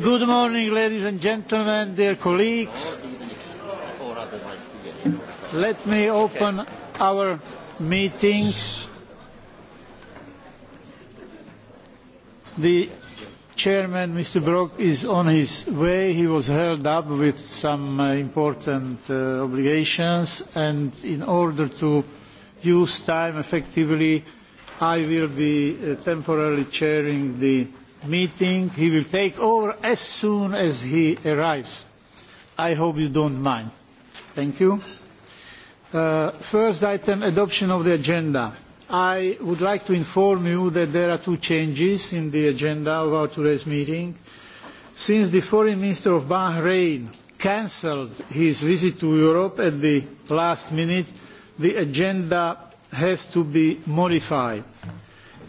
Good morning, ladies and gentlemen, dear colleagues. Let me open our meeting. The chairman, Mr. Brok, is on his way. He was held up with some uh, important uh, obligations, and in order to use time effectively, I will be uh, temporarily chairing the meeting. He will take over as soon as he arrives. I hope you don't mind. Thank you. Uh, first item, adoption of the agenda. I would like to inform you that there are two changes in the agenda of our today's meeting. Since the Foreign Minister of Bahrain cancelled his visit to Europe at the last minute, the agenda has to be modified.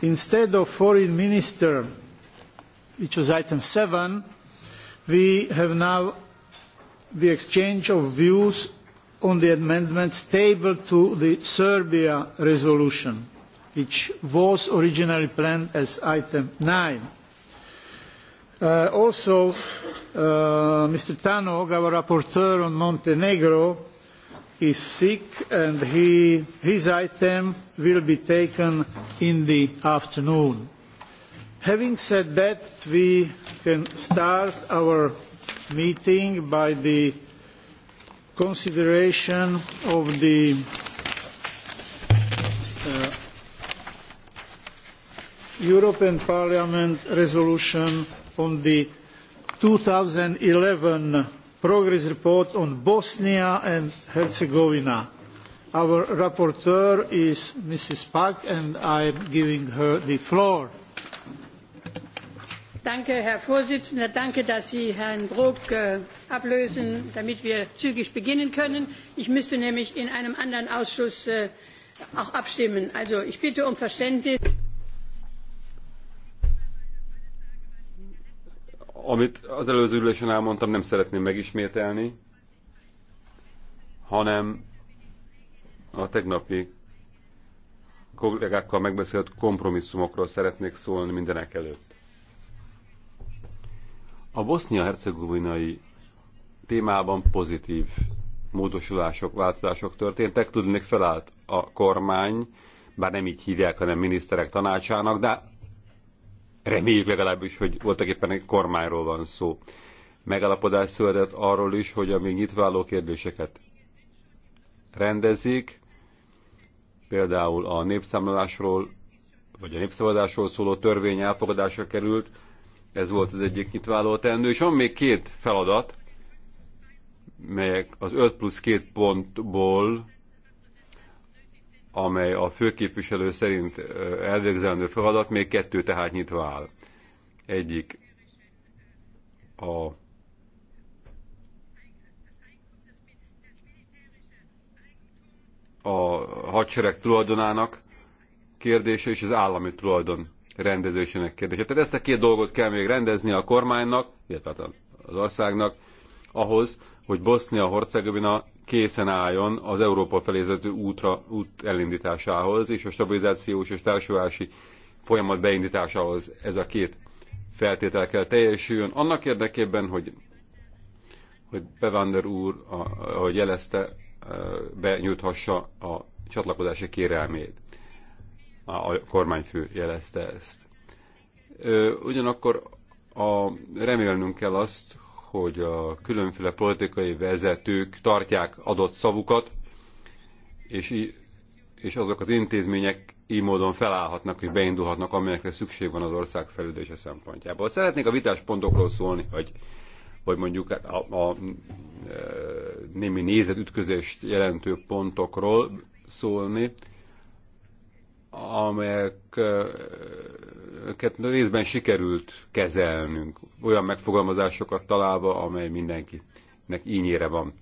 Instead of Foreign Minister which was item 7, we have now the exchange of views on the amendments tabled to the Serbia resolution, which was originally planned as item 9. Uh, also, uh, Mr. Tanog, our rapporteur on Montenegro, is sick and he, his item will be taken in the afternoon. Having said that, we can start our meeting by the consideration of the uh, European Parliament resolution on the 2011 progress report on Bosnia and Herzegovina. Our rapporteur is Mrs. Pak, and I'm giving her the floor. Danke, Herr Vorsitzender. Danke, dass Sie Herrn Brok äh, ablösen, damit wir zügig beginnen können. Ich müsste nämlich in einem anderen Ausschuss äh, auch abstimmen. Also ich bitte um Verständnis. Amit az előző ülésen elmondtam, nem szeretném megismételni, hanem a tegnapi kollégákkal megbeszélt kompromisszumokról szeretnék szólni mindenek előtt a bosznia-hercegovinai témában pozitív módosulások, változások történtek. Tudnék felállt a kormány, bár nem így hívják, hanem miniszterek tanácsának, de reméljük legalábbis, hogy voltak éppen egy kormányról van szó. Megalapodás született arról is, hogy a még nyitváló kérdéseket rendezik, például a népszámlálásról, vagy a népszavazásról szóló törvény elfogadásra került, ez volt az egyik nyitváló teendő, és van még két feladat, melyek az 5 plusz 2 pontból, amely a főképviselő szerint elvégzelendő feladat, még kettő tehát nyitva áll. Egyik a a hadsereg tulajdonának kérdése és az állami tulajdon rendezésének kérdése. Tehát ezt a két dolgot kell még rendezni a kormánynak, illetve hát az országnak, ahhoz, hogy Bosznia-Hercegovina készen álljon az Európa felé vezető útra, út elindításához és a stabilizációs és társulási folyamat beindításához ez a két feltétel kell teljesüljön. Annak érdekében, hogy, hogy Bevander úr, ahogy jelezte, eh, benyújthassa a csatlakozási kérelmét a kormányfő jelezte ezt. Ugyanakkor a, remélnünk kell azt, hogy a különféle politikai vezetők tartják adott szavukat, és, és azok az intézmények így módon felállhatnak és beindulhatnak, amelyekre szükség van az ország felüldése szempontjából. Szeretnék a vitáspontokról szólni, hogy vagy mondjuk a, a, a e, némi nézetütközést jelentő pontokról szólni amelyeket részben sikerült kezelnünk, olyan megfogalmazásokat találva, amely mindenkinek ínyére van.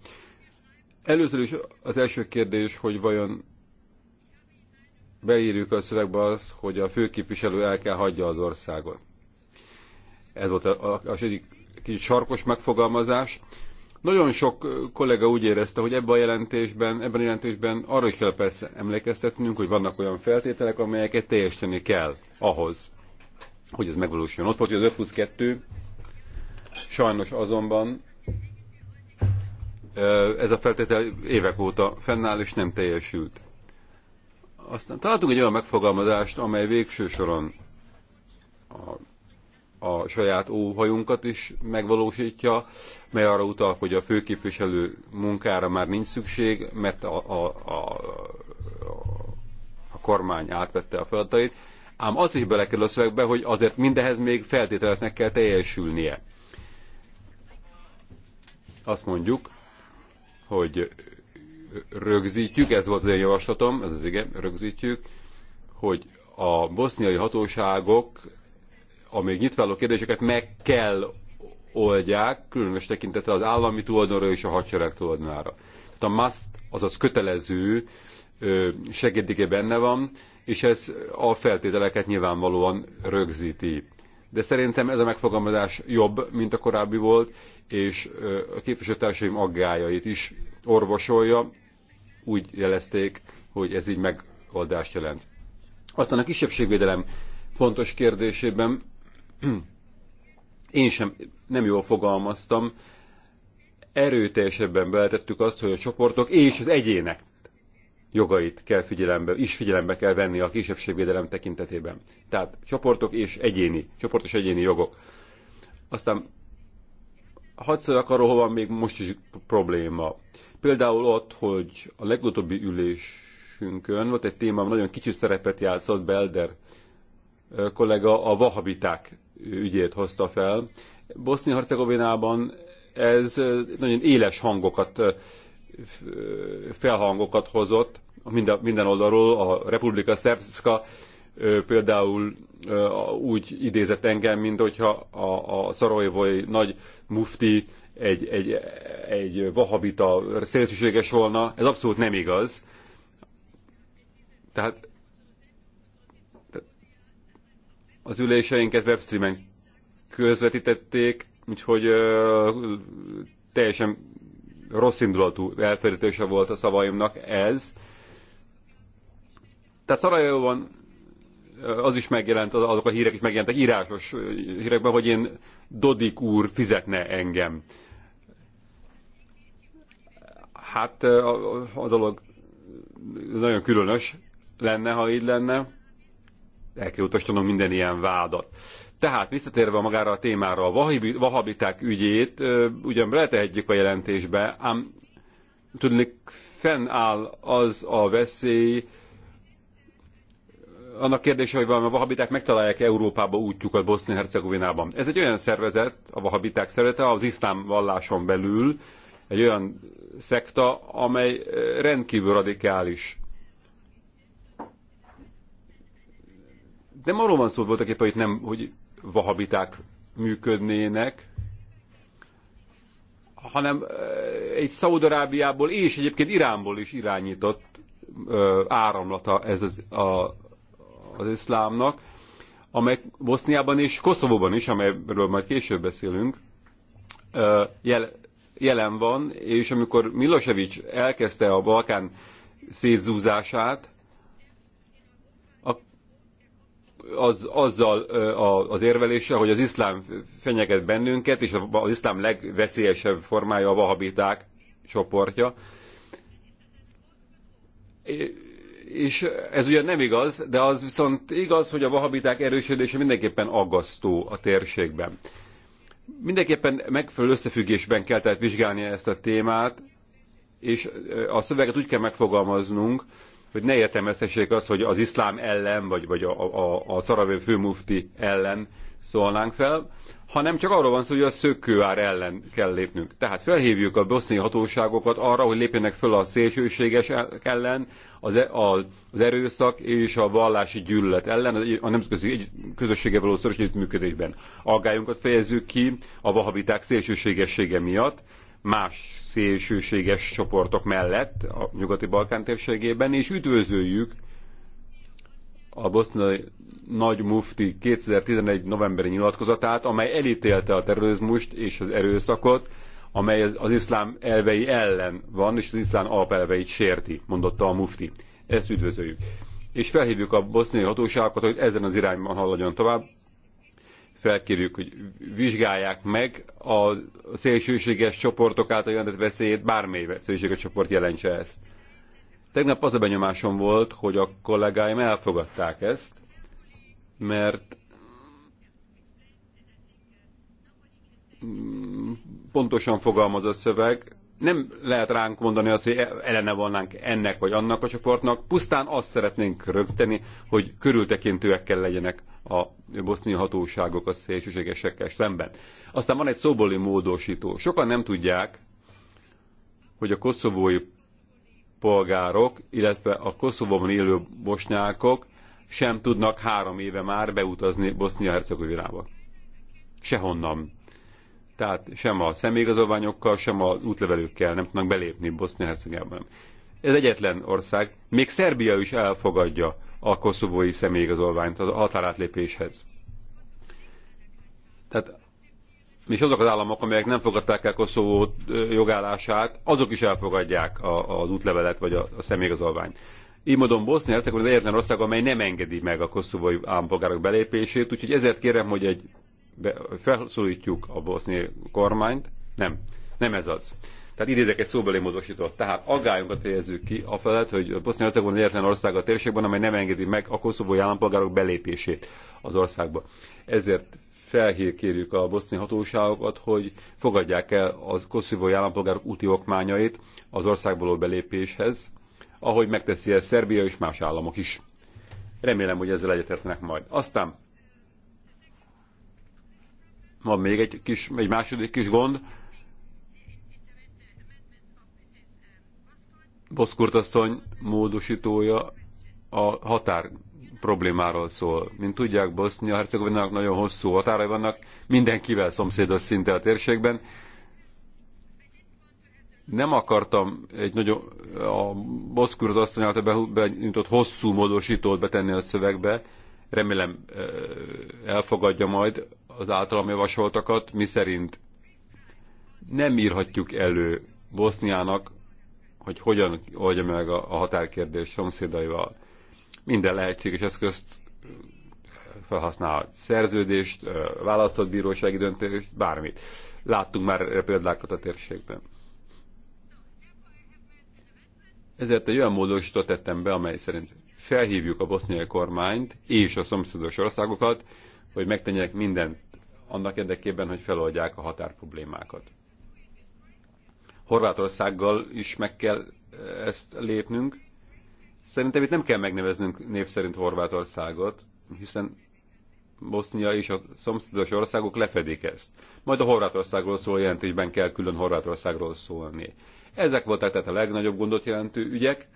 Először is az első kérdés, hogy vajon beírjuk a szövegbe az, hogy a főképviselő el kell hagyja az országot. Ez volt az egyik kicsit sarkos megfogalmazás. Nagyon sok kollega úgy érezte, hogy ebben a jelentésben, ebben a jelentésben arra is kell persze emlékeztetnünk, hogy vannak olyan feltételek, amelyeket teljesíteni kell ahhoz, hogy ez megvalósuljon. Ott volt, hogy az 5 plusz 2, sajnos azonban ez a feltétel évek óta fennáll és nem teljesült. Aztán találtunk egy olyan megfogalmazást, amely végső soron a saját óhajunkat is megvalósítja, mely arra utal, hogy a főképviselő munkára már nincs szükség, mert a, a, a, a kormány átvette a feladatait, ám az is belekerül a szövegbe, hogy azért mindehez még feltételeknek kell teljesülnie. Azt mondjuk, hogy rögzítjük, ez volt az én javaslatom, ez az igen, rögzítjük, hogy a boszniai hatóságok a még nyitváló kérdéseket meg kell oldják, különös tekintettel az állami tulajdonra és a hadsereg tulajdonára. Tehát a must, azaz kötelező segédike benne van, és ez a feltételeket nyilvánvalóan rögzíti. De szerintem ez a megfogalmazás jobb, mint a korábbi volt, és a képviselőtársaim aggájait is orvosolja, úgy jelezték, hogy ez így megoldást jelent. Aztán a kisebbségvédelem fontos kérdésében én sem nem jól fogalmaztam, erőteljesebben beletettük azt, hogy a csoportok és az egyének jogait kell figyelembe, is figyelembe kell venni a kisebbségvédelem tekintetében. Tehát csoportok és egyéni, csoportos egyéni jogok. Aztán hadd szóljak arról, hova még most is probléma. Például ott, hogy a legutóbbi ülésünkön volt egy téma, nagyon kicsit szerepet játszott Belder kollega, a vahabiták ügyét hozta fel. Bosznia-Hercegovinában ez nagyon éles hangokat, felhangokat hozott minden, oldalról. A Republika Szerbszka például úgy idézett engem, mint hogyha a, a szarajevói nagy mufti egy, egy, egy vahabita szélsőséges volna. Ez abszolút nem igaz. Tehát Az üléseinket webstreamen közvetítették, úgyhogy ö, teljesen rossz indulatú elfelejtése volt a szavaimnak ez. Tehát Szarajevóban az is megjelent, azok a hírek is megjelentek írásos hírekben, hogy én Dodik úr fizetne engem. Hát a, a dolog nagyon különös lenne, ha így lenne el kell utasítanom minden ilyen vádat. Tehát visszatérve magára a témára, a vahabiták ügyét ugyan beletehetjük a jelentésbe, ám tudni fennáll az a veszély, annak kérdése, hogy valami a vahabiták megtalálják Európába útjukat Bosznia-Hercegovinában. Ez egy olyan szervezet, a vahabiták szervezete az iszlám valláson belül, egy olyan szekta, amely rendkívül radikális de arról van szó voltak éppen, hogy nem, hogy vahabiták működnének, hanem egy Szaudarábiából és egyébként Iránból is irányított áramlata ez az, a, az iszlámnak, amely Boszniában és Koszovóban is, amelyről majd később beszélünk, jel, jelen van, és amikor Milosevic elkezdte a Balkán szétzúzását, az, azzal az érvelése, hogy az iszlám fenyeget bennünket, és az iszlám legveszélyesebb formája a vahabiták csoportja. És ez ugyan nem igaz, de az viszont igaz, hogy a vahabiták erősödése mindenképpen aggasztó a térségben. Mindenképpen megfelelő összefüggésben kell tehát vizsgálni ezt a témát, és a szöveget úgy kell megfogalmaznunk, hogy ne értelmeztessék azt, hogy az iszlám ellen, vagy, vagy a, a, a szaravé főmufti ellen szólnánk fel, hanem csak arról van szó, hogy a szökőár ellen kell lépnünk. Tehát felhívjuk a boszniai hatóságokat arra, hogy lépjenek föl a szélsőséges ellen, az, e-, a, az erőszak és a vallási gyűlölet ellen, a nemzetközi egy, közössége való szoros együttműködésben. Aggályunkat fejezzük ki a vahabiták szélsőségessége miatt, más szélsőséges csoportok mellett a nyugati Balkán térségében, és üdvözöljük a boszniai nagy mufti 2011. novemberi nyilatkozatát, amely elítélte a terrorizmust és az erőszakot, amely az iszlám elvei ellen van, és az iszlám alapelveit sérti, mondotta a mufti. Ezt üdvözöljük. És felhívjuk a boszniai hatóságokat, hogy ezen az irányban haladjon tovább, felkérjük, hogy vizsgálják meg a szélsőséges csoportok által jelentett veszélyét, bármely szélsőséges csoport jelentse ezt. Tegnap az a benyomásom volt, hogy a kollégáim elfogadták ezt, mert pontosan fogalmaz a szöveg, nem lehet ránk mondani azt, hogy ellene volnánk ennek vagy annak a csoportnak, pusztán azt szeretnénk rögzíteni, hogy körültekintőek kell legyenek a bosznia hatóságok a szélsőségesekkel szemben. Aztán van egy szóbóli módosító. Sokan nem tudják, hogy a koszovói polgárok, illetve a Koszovóban élő bosnyákok sem tudnak három éve már beutazni Bosznia-Hercegovinába. Sehonnan. Tehát sem a személyigazolványokkal, sem a útlevelőkkel nem tudnak belépni bosznia hercegovinába Ez egyetlen ország. Még Szerbia is elfogadja a koszovói személyigazolványt a határátlépéshez. Tehát és azok az államok, amelyek nem fogadták el Koszovó jogállását, azok is elfogadják a, az útlevelet vagy a, a személyigazolványt. Így mondom, bosznia hercegovina az egyetlen ország, amely nem engedi meg a koszovói állampolgárok belépését, úgyhogy ezért kérem, hogy egy felszólítjuk a bosznia kormányt. Nem, nem ez az. Tehát idézek egy szóbeli módosítót. Tehát aggályunkat fejezzük ki a felett, hogy Bosznia-Hercegovina egyetlen ország a térségben, amely nem engedi meg a koszovói állampolgárok belépését az országba. Ezért felhír kérjük a bosznia hatóságokat, hogy fogadják el a koszovói állampolgárok úti okmányait az országból belépéshez, ahogy megteszi ezt Szerbia és más államok is. Remélem, hogy ezzel egyetértenek majd. Aztán van még egy, kis, egy második kis gond, Boszkurtasszony módosítója a határ problémáról szól. Mint tudják, Bosznia-Hercegovinának nagyon hosszú határai vannak, mindenkivel szomszédos szinte a térségben. Nem akartam egy nagyon, a Boszkurt asszony által benyújtott hosszú módosítót betenni a szövegbe, remélem elfogadja majd az általam javasoltakat, mi szerint nem írhatjuk elő Boszniának hogy hogyan oldja meg a határkérdés szomszédaival. Minden lehetséges eszközt felhasznál szerződést, választott bírósági döntést, bármit. Láttunk már példákat a térségben. Ezért egy olyan módosítót tettem be, amely szerint felhívjuk a boszniai kormányt és a szomszédos országokat, hogy megtenjenek mindent annak érdekében, hogy feloldják a határproblémákat. Horvátországgal is meg kell eh, ezt lépnünk. Szerintem itt nem kell megneveznünk név szerint Horvátországot, hiszen Bosznia és a szomszédos országok lefedik ezt. Majd a Horvátországról szól jelentésben kell külön Horvátországról szólni. Ezek voltak tehát a legnagyobb gondot jelentő ügyek.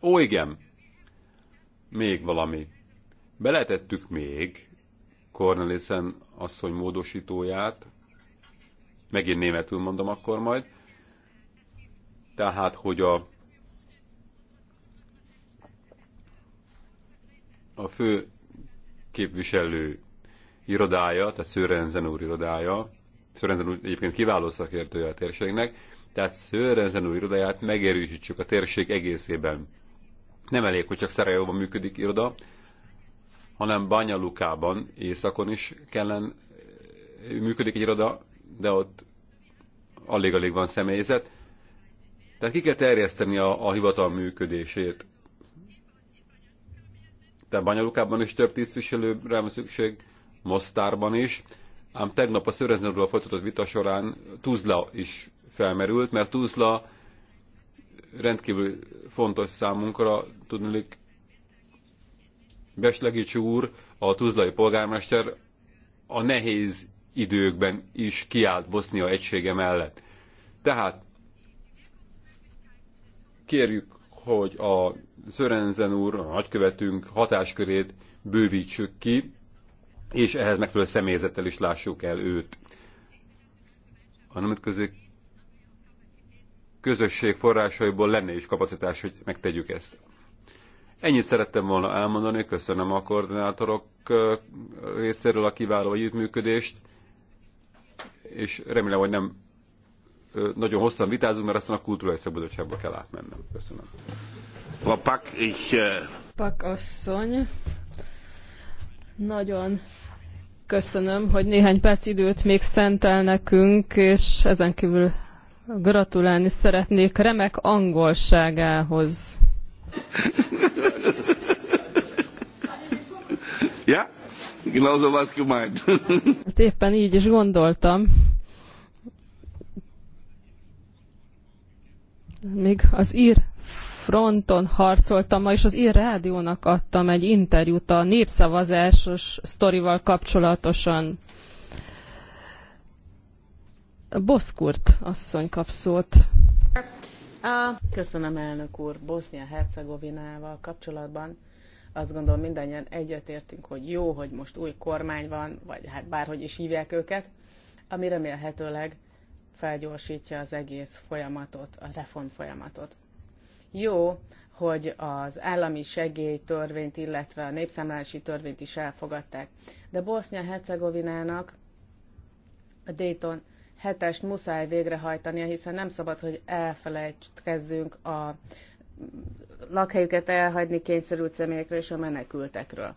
Ó, igen, még valami. Beletettük még Cornelissen asszony módosítóját, megint németül mondom akkor majd, tehát hogy a, a fő képviselő irodája, tehát Szőrenzen úr irodája, Szőrenzen úr egyébként kiváló szakértője a térségnek, tehát Szőrenzen úr irodáját megerősítsük a térség egészében. Nem elég, hogy csak Szerajóban működik iroda, hanem Banyalukában, északon is kellen eh, működik egy iroda, de ott alig-alig van személyzet. Tehát ki kell terjeszteni a, a hivatal működését. Tehát Banyalukában is több tisztviselőre van szükség, Mosztárban is, ám tegnap a Szöreznerről folytatott vita során Tuzla is felmerült, mert Tuzla rendkívül fontos számunkra, tudnék, Beslegics úr, a tuzlai polgármester a nehéz időkben is kiállt Bosznia egysége mellett. Tehát kérjük, hogy a Szörenzen úr, a nagykövetünk hatáskörét bővítsük ki, és ehhez megfelelő személyzettel is lássuk el őt. A nemzetközi közösség forrásaiból lenne is kapacitás, hogy megtegyük ezt. Ennyit szerettem volna elmondani, köszönöm a koordinátorok részéről a kiváló együttműködést, és remélem, hogy nem nagyon hosszan vitázunk, mert aztán a kulturális szabadságba kell átmennem. Köszönöm. A pak, ich, äh, pak asszony, nagyon köszönöm, hogy néhány perc időt még szentel nekünk, és ezen kívül gratulálni szeretnék remek angolságához. Ja, genauso was gemeint. Hát éppen így is gondoltam. még az ír fronton harcoltam és az ír rádiónak adtam egy interjút a népszavazásos sztorival kapcsolatosan. Boszkurt asszony kap szót. Köszönöm, elnök úr. Bosznia-Hercegovinával kapcsolatban azt gondolom mindannyian egyetértünk, hogy jó, hogy most új kormány van, vagy hát bárhogy is hívják őket, ami remélhetőleg felgyorsítja az egész folyamatot, a reform folyamatot. Jó, hogy az állami segélytörvényt, illetve a népszámlálási törvényt is elfogadták. De Bosznia-Hercegovinának a Dayton hetest muszáj végrehajtania, hiszen nem szabad, hogy elfelejtkezzünk a lakhelyüket elhagyni kényszerült személyekről és a menekültekről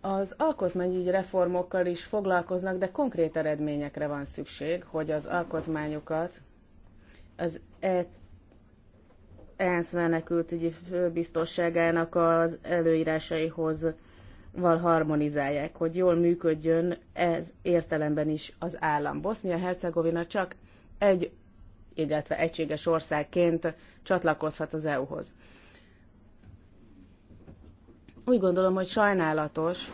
az alkotmányügyi reformokkal is foglalkoznak, de konkrét eredményekre van szükség, hogy az alkotmányokat az e ENSZ menekültügyi főbiztosságának az előírásaihoz val harmonizálják, hogy jól működjön ez értelemben is az állam. Bosznia-Hercegovina csak egy, illetve egységes országként csatlakozhat az EU-hoz. Úgy gondolom, hogy sajnálatos,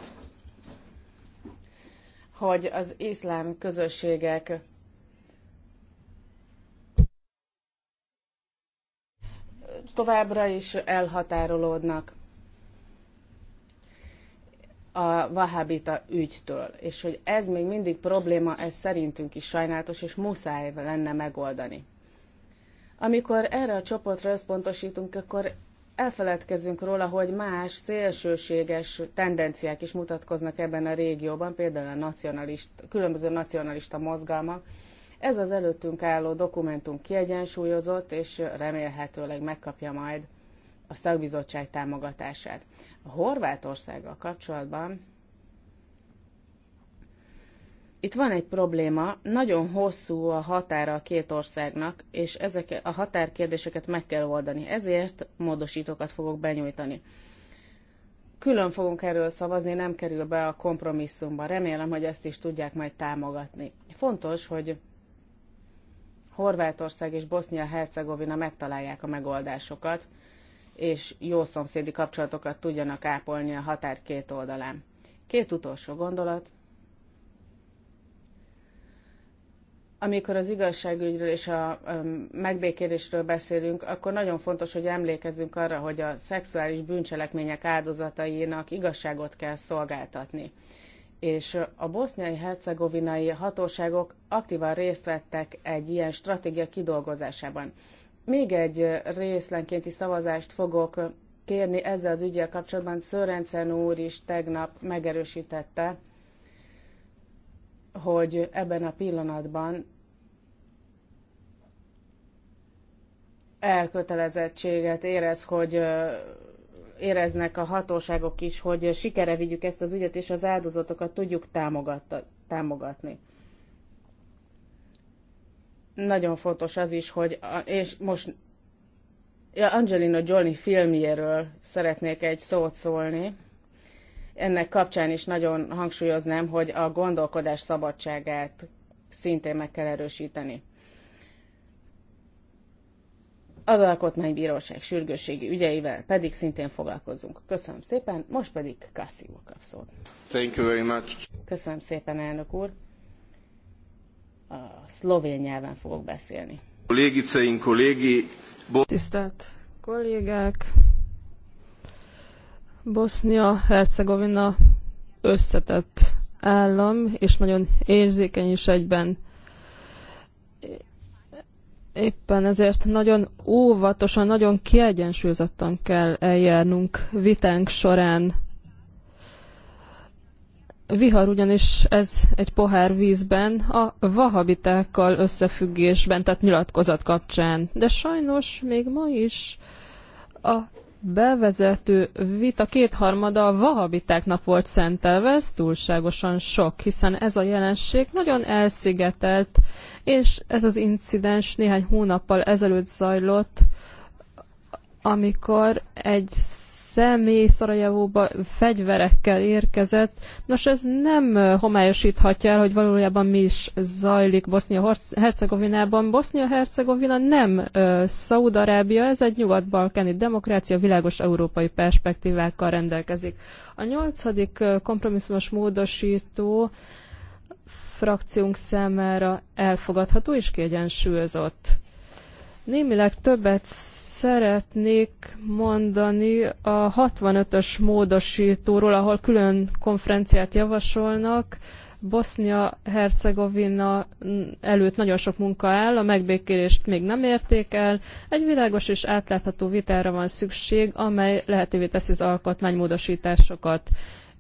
hogy az iszlám közösségek továbbra is elhatárolódnak a vahábita ügytől, és hogy ez még mindig probléma, ez szerintünk is sajnálatos, és muszáj lenne megoldani. Amikor erre a csoportra összpontosítunk, akkor elfeledkezünk róla, hogy más szélsőséges tendenciák is mutatkoznak ebben a régióban, például a nacionalist, különböző nacionalista mozgalmak. Ez az előttünk álló dokumentum kiegyensúlyozott, és remélhetőleg megkapja majd a szakbizottság támogatását. A Horvátországgal kapcsolatban itt van egy probléma, nagyon hosszú a határa a két országnak, és ezek a határkérdéseket meg kell oldani. Ezért módosítókat fogok benyújtani. Külön fogunk erről szavazni, nem kerül be a kompromisszumba. Remélem, hogy ezt is tudják majd támogatni. Fontos, hogy Horvátország és Bosznia-Hercegovina megtalálják a megoldásokat, és jó szomszédi kapcsolatokat tudjanak ápolni a határ két oldalán. Két utolsó gondolat. amikor az igazságügyről és a um, megbékélésről beszélünk, akkor nagyon fontos, hogy emlékezzünk arra, hogy a szexuális bűncselekmények áldozatainak igazságot kell szolgáltatni. És a boszniai-hercegovinai hatóságok aktívan részt vettek egy ilyen stratégia kidolgozásában. Még egy részlenkénti szavazást fogok kérni ezzel az ügyel kapcsolatban. Szörenszen úr is tegnap megerősítette, hogy ebben a pillanatban elkötelezettséget érez, hogy éreznek a hatóságok is, hogy sikere vigyük ezt az ügyet, és az áldozatokat tudjuk támogatni. Nagyon fontos az is, hogy, és most Angelina Jolie filmjéről szeretnék egy szót szólni, ennek kapcsán is nagyon hangsúlyoznám, hogy a gondolkodás szabadságát szintén meg kell erősíteni. Az Alkotmánybíróság sürgősségi ügyeivel pedig szintén foglalkozunk. Köszönöm szépen, most pedig Kassi úr kap szót. Thank you very much. Köszönöm szépen, elnök úr. A szlovén nyelven fogok beszélni. Kollégiceink, kollégi... Tisztelt kollégák, Bosznia-Hercegovina összetett állam, és nagyon érzékeny is egyben. Éppen ezért nagyon óvatosan, nagyon kiegyensúlyozottan kell eljárnunk vitánk során. Vihar ugyanis ez egy pohár vízben, a vahabitákkal összefüggésben, tehát nyilatkozat kapcsán. De sajnos még ma is a bevezető vita kétharmada a vahabitáknak volt szentelve, ez túlságosan sok, hiszen ez a jelenség nagyon elszigetelt, és ez az incidens néhány hónappal ezelőtt zajlott, amikor egy személy Szarajevóba fegyverekkel érkezett. Nos, ez nem homályosíthatja el, hogy valójában mi is zajlik Bosznia-Hercegovinában. Bosznia-Hercegovina nem Szaúd-Arábia, ez egy nyugat-balkáni demokrácia, világos európai perspektívákkal rendelkezik. A nyolcadik kompromisszumos módosító frakciónk számára elfogadható és kiegyensúlyozott Némileg többet szeretnék mondani a 65-ös módosítóról, ahol külön konferenciát javasolnak. Bosznia-Hercegovina előtt nagyon sok munka áll, a megbékélést még nem érték el. Egy világos és átlátható vitára van szükség, amely lehetővé teszi az alkotmánymódosításokat.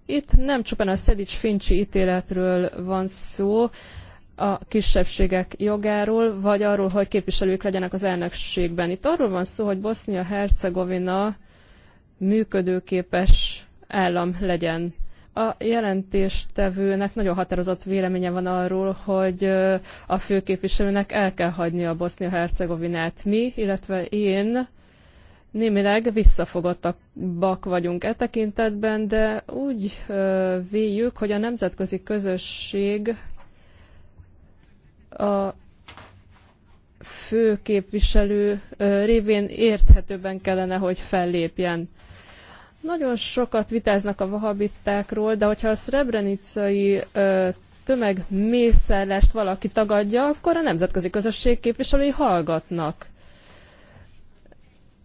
Itt nem csupán a Szedics-Fincsi ítéletről van szó, a kisebbségek jogáról, vagy arról, hogy képviselők legyenek az elnökségben. Itt arról van szó, hogy Bosznia-Hercegovina működőképes állam legyen. A jelentéstevőnek nagyon határozott véleménye van arról, hogy a főképviselőnek el kell hagyni a Bosznia-Hercegovinát. Mi, illetve én némileg visszafogottabbak vagyunk e tekintetben, de úgy véljük, hogy a nemzetközi közösség a főképviselő révén érthetőben kellene, hogy fellépjen. Nagyon sokat vitáznak a vahabitákról, de hogyha a szrebrenicai tömegmészállást valaki tagadja, akkor a nemzetközi közösség képviselői hallgatnak.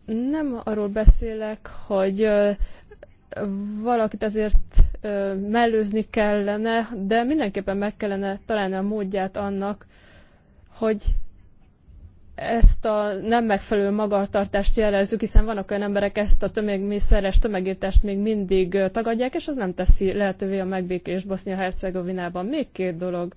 Nem arról beszélek, hogy valakit ezért mellőzni kellene, de mindenképpen meg kellene találni a módját annak, hogy ezt a nem megfelelő magatartást jelezzük, hiszen vannak olyan emberek, ezt a tömegmészeres tömegírtást még mindig tagadják, és az nem teszi lehetővé a megbékés Bosznia-Hercegovinában. Még két dolog.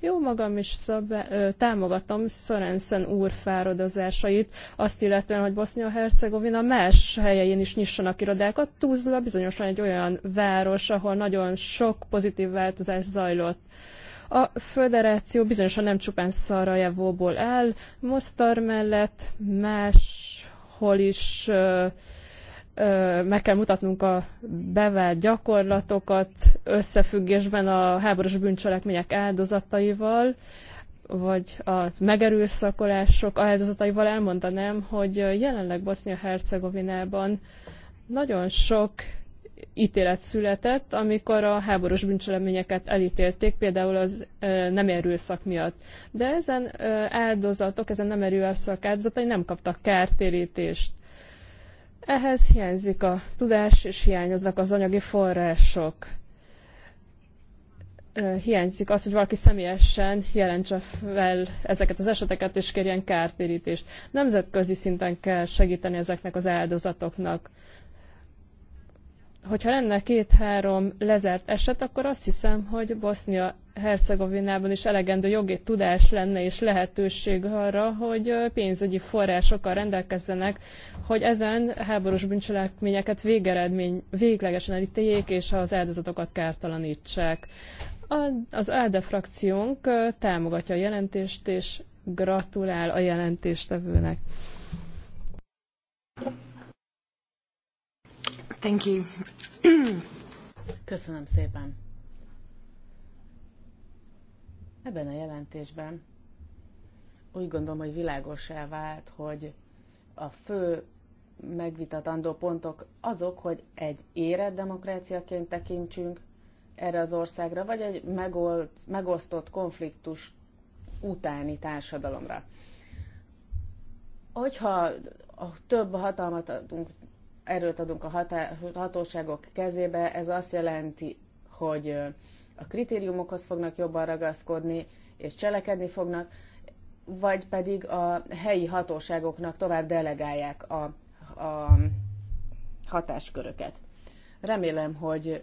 Jó magam is szabá- ö, támogatom Szorenszen úr fáradozásait, azt illetően, hogy Bosznia-Hercegovina más helyein is nyissanak irodákat. Tuzla bizonyosan egy olyan város, ahol nagyon sok pozitív változás zajlott. A föderáció bizonyosan nem csupán Szarajevóból áll, Mostar mellett máshol is ö, meg kell mutatnunk a bevált gyakorlatokat összefüggésben a háborús bűncselekmények áldozataival, vagy a megerőszakolások áldozataival elmondanám, hogy jelenleg Bosznia-Hercegovinában nagyon sok ítélet született, amikor a háborús bűncselekményeket elítélték, például az ö, nem erőszak miatt. De ezen ö, áldozatok, ezen nem erőszak áldozatai nem kaptak kártérítést. Ehhez hiányzik a tudás, és hiányoznak az anyagi források. Hiányzik az, hogy valaki személyesen jelentse fel ezeket az eseteket, és kérjen kártérítést. Nemzetközi szinten kell segíteni ezeknek az áldozatoknak. Hogyha lenne két-három lezárt eset, akkor azt hiszem, hogy Bosznia Hercegovinában is elegendő jogi tudás lenne és lehetőség arra, hogy pénzügyi forrásokkal rendelkezzenek, hogy ezen háborús bűncselekményeket végeredmény, véglegesen elítéljék és az áldozatokat kártalanítsák. Az ALDE frakciónk támogatja a jelentést és gratulál a jelentéstevőnek. Thank you. Köszönöm szépen. Ebben a jelentésben úgy gondolom, hogy világosá vált, hogy a fő megvitatandó pontok azok, hogy egy érett demokráciaként tekintsünk erre az országra, vagy egy megold, megosztott konfliktus utáni társadalomra. Hogyha a több hatalmat adunk, erőt adunk a hatá- hatóságok kezébe, ez azt jelenti, hogy a kritériumokhoz fognak jobban ragaszkodni, és cselekedni fognak, vagy pedig a helyi hatóságoknak tovább delegálják a, a hatásköröket. Remélem, hogy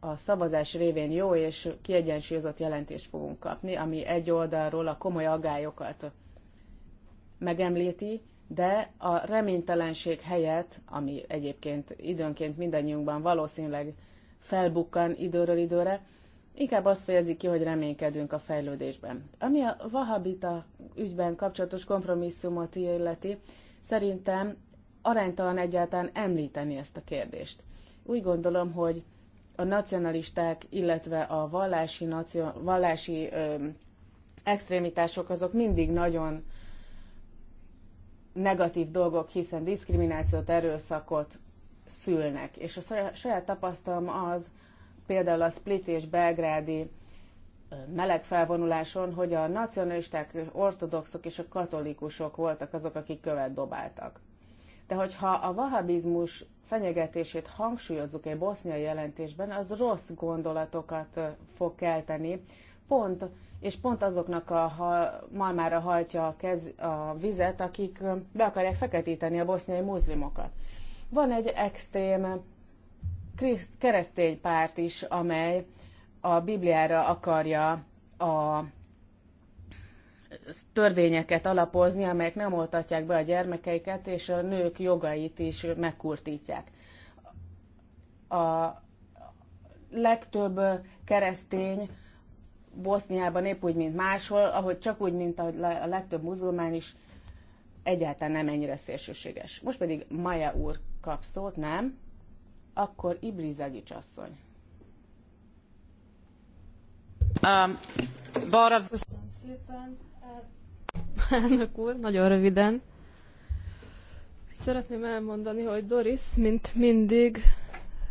a szavazás révén jó és kiegyensúlyozott jelentést fogunk kapni, ami egy oldalról a komoly agályokat megemlíti, de a reménytelenség helyett, ami egyébként időnként mindannyiunkban valószínűleg felbukkan időről időre, inkább azt fejezi ki, hogy reménykedünk a fejlődésben. Ami a Vahabita ügyben kapcsolatos kompromisszumot illeti, szerintem aránytalan egyáltalán említeni ezt a kérdést. Úgy gondolom, hogy a nacionalisták, illetve a vallási, nacio- vallási ö, extrémitások azok mindig nagyon negatív dolgok, hiszen diszkriminációt, erőszakot szülnek. És a saját tapasztalom az, például a Split és Belgrádi meleg felvonuláson, hogy a nacionalisták, ortodoxok és a katolikusok voltak azok, akik követ dobáltak. De hogyha a vahabizmus fenyegetését hangsúlyozzuk egy boszniai jelentésben, az rossz gondolatokat fog kelteni, pont, és pont azoknak a ha, malmára hajtja a, kez, a vizet, akik be akarják feketíteni a boszniai muzlimokat. Van egy extrém keresztény párt is, amely a Bibliára akarja a törvényeket alapozni, amelyek nem oltatják be a gyermekeiket, és a nők jogait is megkurtítják. A legtöbb keresztény Boszniában épp úgy, mint máshol, ahogy csak úgy, mint a legtöbb muzulmán is, egyáltalán nem ennyire szélsőséges. Most pedig Maja úr kap szót, nem? akkor Ibrizagics asszony. Um, bara... Köszönöm szépen. Eh. Elnök úr, nagyon röviden. Szeretném elmondani, hogy Doris, mint mindig,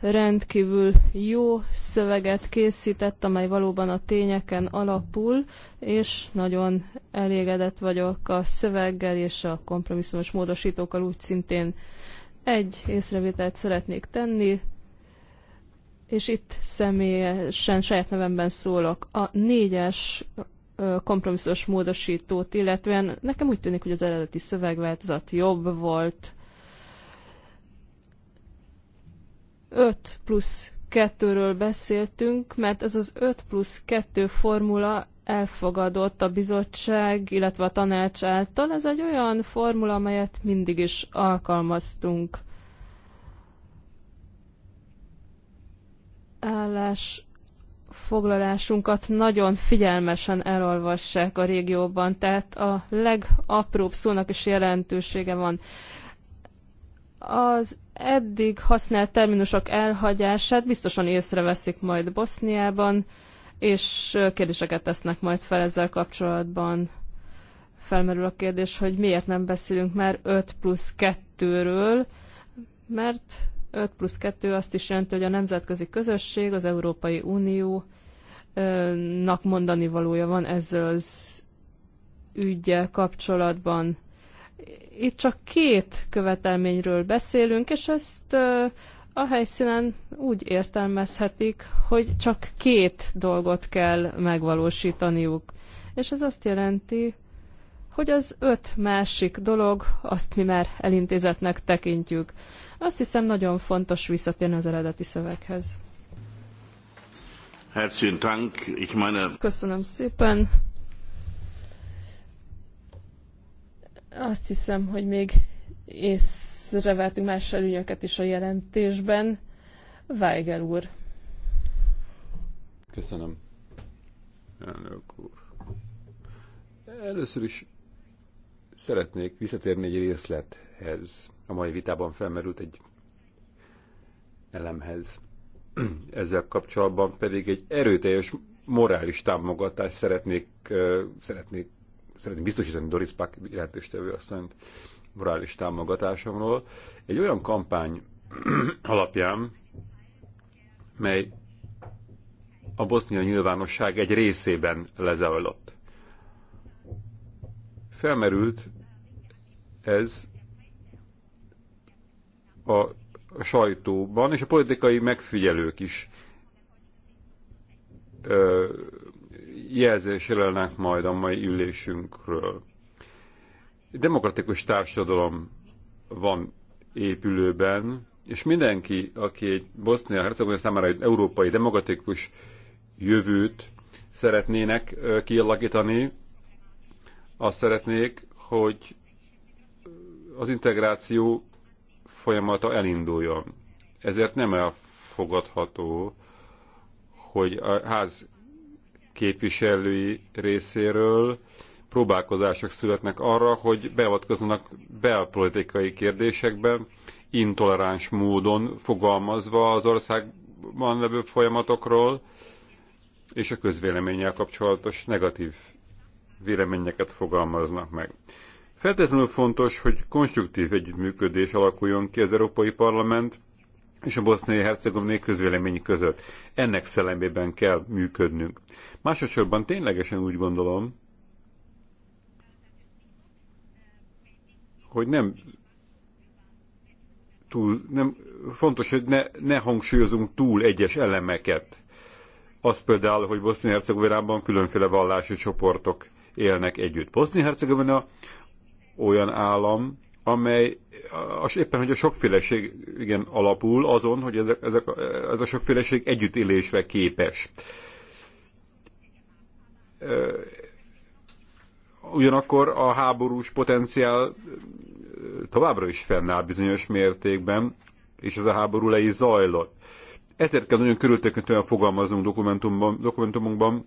rendkívül jó szöveget készített, amely valóban a tényeken alapul, és nagyon elégedett vagyok a szöveggel és a kompromisszumos módosítókkal úgy szintén egy észrevételt szeretnék tenni, és itt személyesen saját nevemben szólok. A négyes kompromisszós módosítót, illetően nekem úgy tűnik, hogy az eredeti szövegváltozat jobb volt. 5 plusz 2-ről beszéltünk, mert ez az 5 plusz 2 formula elfogadott a bizottság, illetve a tanács által. Ez egy olyan formula, amelyet mindig is alkalmaztunk. Állás foglalásunkat nagyon figyelmesen elolvassák a régióban, tehát a legapróbb szónak is jelentősége van. Az eddig használt terminusok elhagyását biztosan észreveszik majd Boszniában, és kérdéseket tesznek majd fel ezzel kapcsolatban. Felmerül a kérdés, hogy miért nem beszélünk már 5 plusz 2-ről, mert 5 plusz 2 azt is jelenti, hogy a nemzetközi közösség, az Európai Unió, nak mondani valója van ezzel az ügyel kapcsolatban. Itt csak két követelményről beszélünk, és ezt a helyszínen úgy értelmezhetik, hogy csak két dolgot kell megvalósítaniuk. És ez azt jelenti, hogy az öt másik dolog, azt mi már elintézetnek tekintjük. Azt hiszem nagyon fontos visszatérni az eredeti szöveghez. Herzlichen Dank. Ich meine... Köszönöm szépen. Azt hiszem, hogy még ész észrevettünk más előnyöket is a jelentésben. Weiger úr. Köszönöm. Elnök úr. Először is szeretnék visszatérni egy részlethez. A mai vitában felmerült egy elemhez. Ezzel kapcsolatban pedig egy erőteljes morális támogatást szeretnék, szeretnék, szeretnék biztosítani Doris Pak jelentéstevő asszonyt morális támogatásomról, egy olyan kampány alapján, mely a bosznia nyilvánosság egy részében lezajlott. Felmerült ez a sajtóban, és a politikai megfigyelők is jelzésre lennek majd a mai ülésünkről demokratikus társadalom van épülőben, és mindenki, aki egy Bosznia-Hercegovina számára egy európai demokratikus jövőt szeretnének kialakítani, azt szeretnék, hogy az integráció folyamata elinduljon. Ezért nem elfogadható, hogy a ház képviselői részéről próbálkozások születnek arra, hogy beavatkozzanak belpolitikai kérdésekbe intoleráns módon fogalmazva az országban levő folyamatokról, és a közvéleménnyel kapcsolatos negatív véleményeket fogalmaznak meg. Feltétlenül fontos, hogy konstruktív együttműködés alakuljon ki az Európai Parlament és a boszniai hercegovinai közvélemény között. Ennek szellemében kell működnünk. Másodszorban ténylegesen úgy gondolom, hogy nem túl, nem, fontos, hogy ne, ne hangsúlyozunk túl egyes elemeket. Az például, hogy Bosznia-Hercegovinában különféle vallási csoportok élnek együtt. Bosznia-Hercegovina olyan állam, amely az éppen, hogy a sokféleség igen, alapul azon, hogy ezek, ezek, ez a sokféleség együttélésre képes. Ugyanakkor a háborús potenciál továbbra is fennáll bizonyos mértékben, és ez a háború le is zajlott. Ezért kell nagyon körültekintően fogalmaznunk dokumentumban, dokumentumunkban,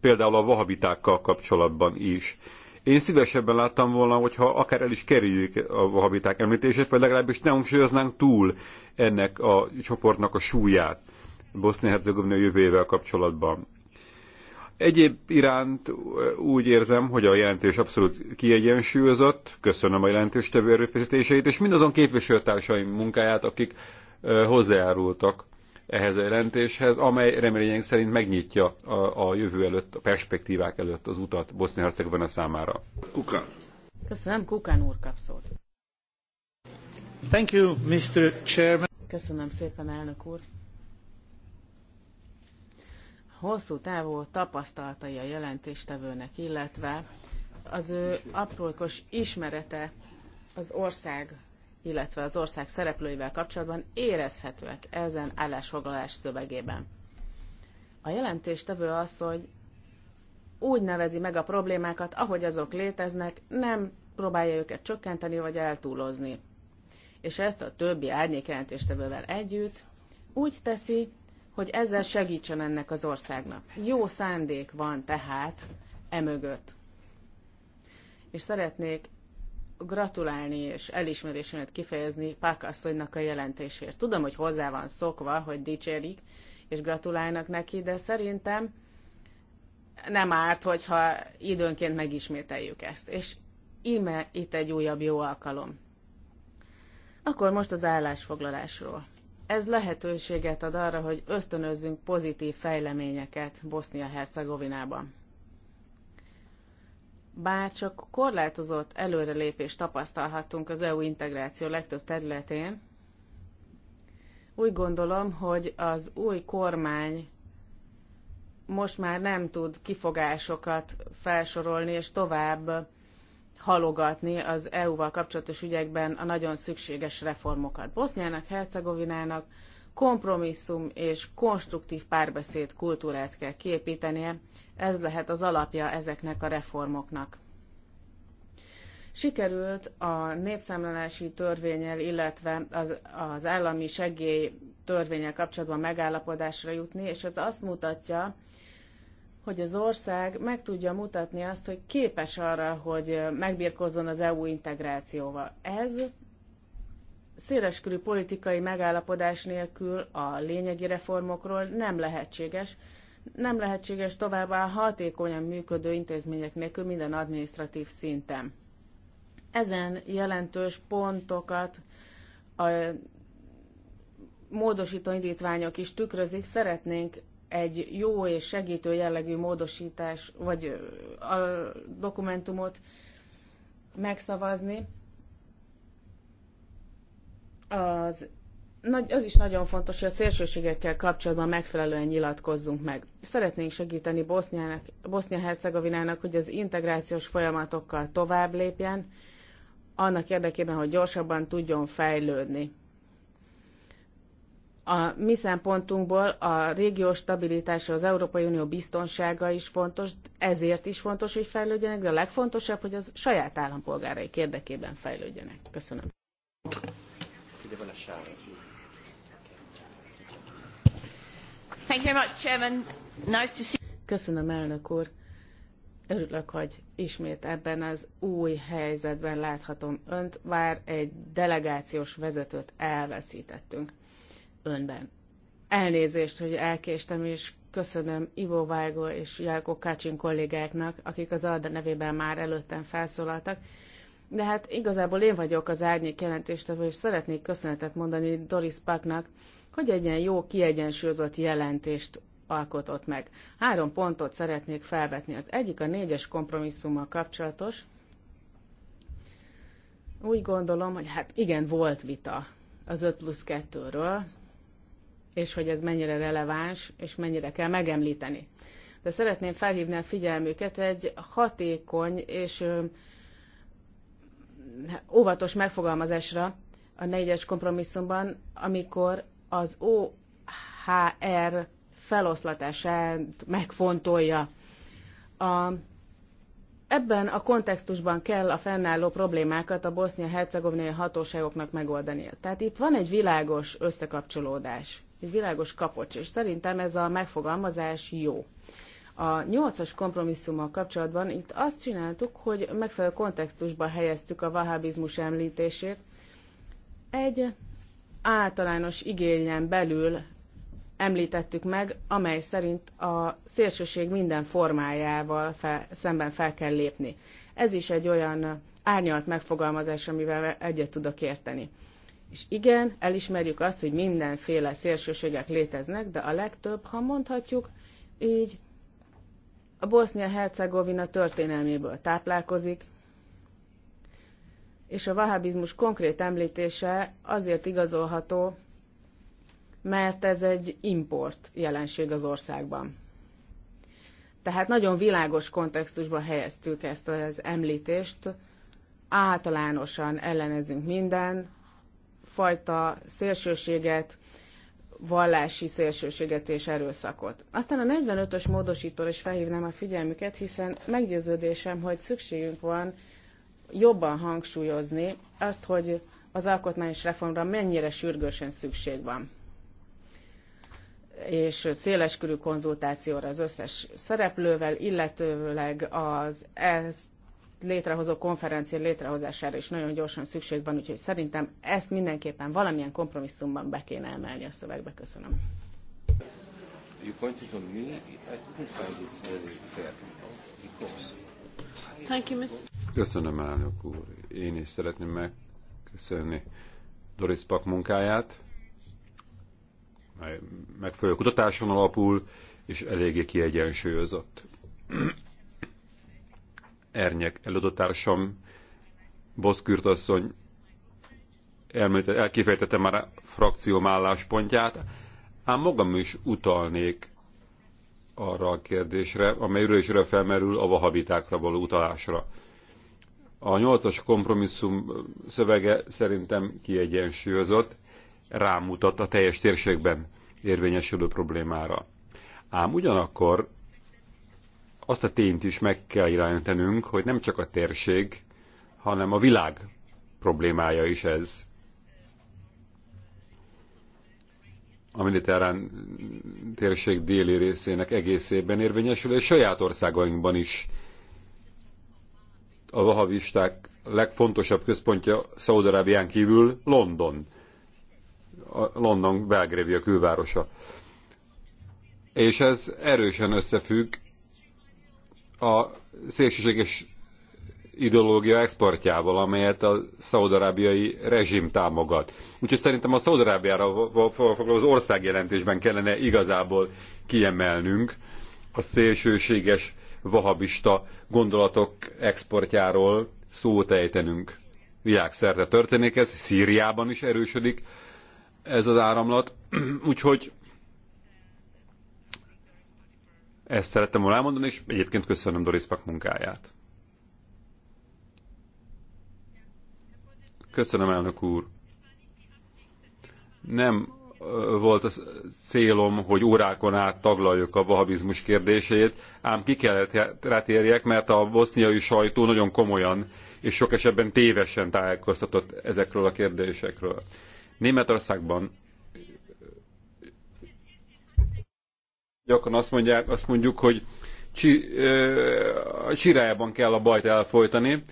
például a vahabitákkal kapcsolatban is. Én szívesebben láttam volna, hogyha akár el is kerüljük a vahabiták említését, vagy legalábbis nem hangsúlyoznánk túl ennek a csoportnak a súlyát Bosznia-Hercegovina jövőjével kapcsolatban. Egyéb iránt úgy érzem, hogy a jelentés abszolút kiegyensúlyozott, köszönöm a tevő erőfeszítéseit, és mindazon képviselőtársaim munkáját, akik hozzájárultak ehhez a jelentéshez, amely reményeink szerint megnyitja a, a jövő előtt, a perspektívák előtt az utat Bosznia-Hercegovina számára. Kuka. Köszönöm, Kukán úr kapszolt. Thank you, Mr. Chairman. Köszönöm szépen, elnök úr hosszú távú tapasztalatai a jelentéstevőnek, illetve az ő aprókos ismerete az ország, illetve az ország szereplőivel kapcsolatban érezhetőek ezen állásfoglalás szövegében. A jelentéstevő az, hogy úgy nevezi meg a problémákat, ahogy azok léteznek, nem próbálja őket csökkenteni vagy eltúlozni. És ezt a többi árnyék jelentéstevővel együtt úgy teszi, hogy ezzel segítsen ennek az országnak. Jó szándék van tehát emögött. És szeretnék gratulálni és elismerésemet kifejezni Pákasszonynak a jelentésért. Tudom, hogy hozzá van szokva, hogy dicsérik és gratulálnak neki, de szerintem nem árt, hogyha időnként megismételjük ezt. És íme itt egy újabb jó alkalom. Akkor most az állásfoglalásról ez lehetőséget ad arra, hogy ösztönözzünk pozitív fejleményeket Bosznia-Hercegovinában. Bár csak korlátozott előrelépést tapasztalhattunk az EU integráció legtöbb területén, úgy gondolom, hogy az új kormány most már nem tud kifogásokat felsorolni és tovább halogatni az EU-val kapcsolatos ügyekben a nagyon szükséges reformokat. Boszniának, Hercegovinának kompromisszum és konstruktív párbeszéd kultúrát kell kiépítenie, ez lehet az alapja ezeknek a reformoknak. Sikerült a népszámlálási törvényel, illetve az, az állami segély törvényel kapcsolatban megállapodásra jutni, és ez azt mutatja, hogy az ország meg tudja mutatni azt, hogy képes arra, hogy megbírkozzon az EU integrációval. Ez széleskörű politikai megállapodás nélkül a lényegi reformokról nem lehetséges. Nem lehetséges továbbá hatékonyan működő intézmények nélkül minden administratív szinten. Ezen jelentős pontokat a módosító indítványok is tükrözik, szeretnénk egy jó és segítő jellegű módosítás, vagy a dokumentumot megszavazni. Az, az is nagyon fontos, hogy a szélsőségekkel kapcsolatban megfelelően nyilatkozzunk meg. Szeretnénk segíteni Bosznia-Hercegovinának, hogy az integrációs folyamatokkal tovább lépjen, annak érdekében, hogy gyorsabban tudjon fejlődni a mi szempontunkból a régió stabilitása, az Európai Unió biztonsága is fontos, ezért is fontos, hogy fejlődjenek, de a legfontosabb, hogy az saját állampolgáraik érdekében fejlődjenek. Köszönöm. Köszönöm, elnök úr. Örülök, hogy ismét ebben az új helyzetben láthatom önt, vár egy delegációs vezetőt elveszítettünk önben. Elnézést, hogy elkéstem, és köszönöm Ivo Vágó és Jákó Kácsin kollégáknak, akik az Alda nevében már előttem felszólaltak. De hát igazából én vagyok az árnyék jelentéstevő, és szeretnék köszönetet mondani Doris Paknak, hogy egy ilyen jó, kiegyensúlyozott jelentést alkotott meg. Három pontot szeretnék felvetni. Az egyik a négyes kompromisszummal kapcsolatos. Úgy gondolom, hogy hát igen, volt vita az 5 plusz 2-ről, és hogy ez mennyire releváns, és mennyire kell megemlíteni. De szeretném felhívni a figyelmüket egy hatékony és óvatos megfogalmazásra a négyes kompromisszumban, amikor az OHR feloszlatását megfontolja. A, ebben a kontextusban kell a fennálló problémákat a bosznia-hercegovinai hatóságoknak megoldania. Tehát itt van egy világos összekapcsolódás egy világos kapocs, és szerintem ez a megfogalmazás jó. A nyolcas kompromisszummal kapcsolatban itt azt csináltuk, hogy megfelelő kontextusba helyeztük a vahábizmus említését. Egy általános igényen belül említettük meg, amely szerint a szélsőség minden formájával fel, szemben fel kell lépni. Ez is egy olyan árnyalt megfogalmazás, amivel egyet tudok érteni. És igen, elismerjük azt, hogy mindenféle szélsőségek léteznek, de a legtöbb, ha mondhatjuk, így a Bosznia-Hercegovina történelméből táplálkozik, és a vahábizmus konkrét említése azért igazolható, mert ez egy import jelenség az országban. Tehát nagyon világos kontextusban helyeztük ezt az említést, általánosan ellenezünk minden, fajta szélsőséget, vallási szélsőséget és erőszakot. Aztán a 45-ös módosítól is felhívnám a figyelmüket, hiszen meggyőződésem, hogy szükségünk van jobban hangsúlyozni azt, hogy az alkotmányos reformra mennyire sürgősen szükség van és széleskörű konzultációra az összes szereplővel, illetőleg az ezt létrehozó konferencia létrehozására is nagyon gyorsan szükség van, úgyhogy szerintem ezt mindenképpen valamilyen kompromisszumban be kéne emelni a szövegbe. Köszönöm. Köszönöm, elnök úr. Én is szeretném megköszönni Doris Pak munkáját, mely megfelelő kutatáson alapul, és eléggé kiegyensúlyozott. Ernyek előadótársam, Boszkürt asszony elkifejtette már a frakcióm álláspontját, ám magam is utalnék arra a kérdésre, amelyről is felmerül a vahabitákra való utalásra. A nyolcas kompromisszum szövege szerintem kiegyensúlyozott, rámutat a teljes térségben érvényesülő problémára. Ám ugyanakkor azt a tényt is meg kell irányítanunk, hogy nem csak a térség, hanem a világ problémája is ez. A mediterrán térség déli részének egészében érvényesül, és saját országainkban is a vahavisták legfontosabb központja Szaudarábián kívül London. A London Belgrévia külvárosa. És ez erősen összefügg a szélsőséges ideológia exportjával, amelyet a szaudarábiai rezsim támogat. Úgyhogy szerintem a Szaudarábiára foglalkozó országjelentésben kellene igazából kiemelnünk a szélsőséges vahabista gondolatok exportjáról szót ejtenünk. Világszerte történik ez, Szíriában is erősödik ez az áramlat, úgyhogy ezt szerettem volna elmondani, és egyébként köszönöm Doris Pak munkáját. Köszönöm, elnök úr. Nem volt a célom, hogy órákon át taglaljuk a vahabizmus kérdését, ám ki kellett rátérjek, mert a boszniai sajtó nagyon komolyan és sok esetben tévesen tájékoztatott ezekről a kérdésekről. Németországban Gyakran azt, mondják, azt mondjuk, hogy csi, ö, csirájában kell a bajt elfolytani.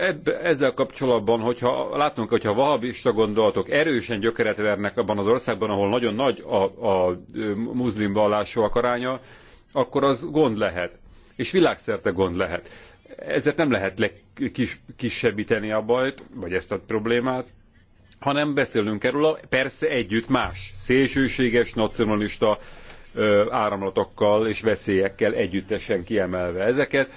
Ebbe, ezzel kapcsolatban, hogyha látunk, hogyha vahabista gondolatok erősen gyökeret vernek abban az országban, ahol nagyon nagy a, a muszlim vallásúak aránya, akkor az gond lehet. És világszerte gond lehet. Ezért nem lehet legkisebbíteni kisebbíteni a bajt, vagy ezt a problémát, hanem beszélünk erről, persze együtt más szélsőséges, nacionalista, áramlatokkal és veszélyekkel együttesen kiemelve ezeket.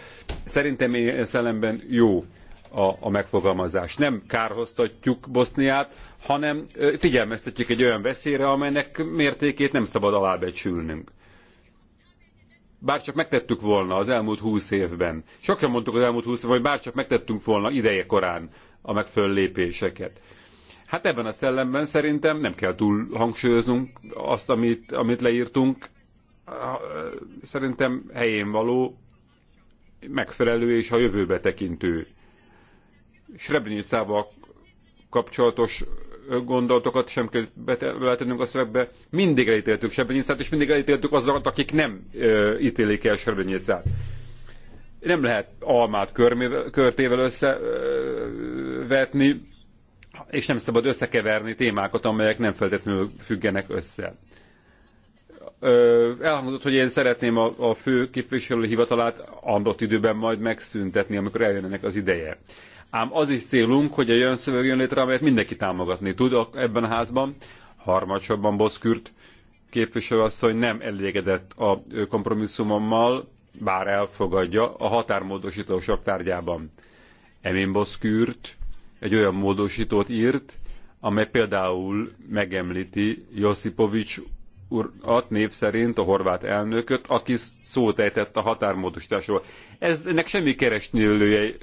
Szerintem én szellemben jó a, a megfogalmazás. Nem kárhoztatjuk Boszniát, hanem figyelmeztetjük egy olyan veszélyre, amelynek mértékét nem szabad alábecsülnünk. Bárcsak megtettük volna az elmúlt húsz évben. Sokra mondtuk az elmúlt húsz évben, hogy bárcsak megtettünk volna ideje korán a megfelelő lépéseket. Hát ebben a szellemben szerintem nem kell túl hangsúlyoznunk azt, amit, amit leírtunk. Szerintem helyén való, megfelelő és a jövőbe tekintő. Srebrenicával kapcsolatos gondolatokat sem kell beletennünk a szövegbe. Mindig elítéltük Srebrenicát, és mindig elítéltük azokat, akik nem ö, ítélik el Srebrenicát. Nem lehet almát körmével, körtével összevetni és nem szabad összekeverni témákat, amelyek nem feltétlenül függenek össze. Elhangzott, hogy én szeretném a, a fő képviselő hivatalát adott időben majd megszüntetni, amikor eljönnek az ideje. Ám az is célunk, hogy a jön szöveg jön létre, amelyet mindenki támogatni tud ebben a házban. Harmadsorban Boszkürt képviselőasszony nem elégedett a kompromisszumommal, bár elfogadja a határmódosítások tárgyában. Emin Boszkürt egy olyan módosítót írt, amely például megemlíti Josipovic urat név szerint, a horvát elnököt, aki szót ejtett a határmódosításról. Ez, ennek semmi keresnélője eh,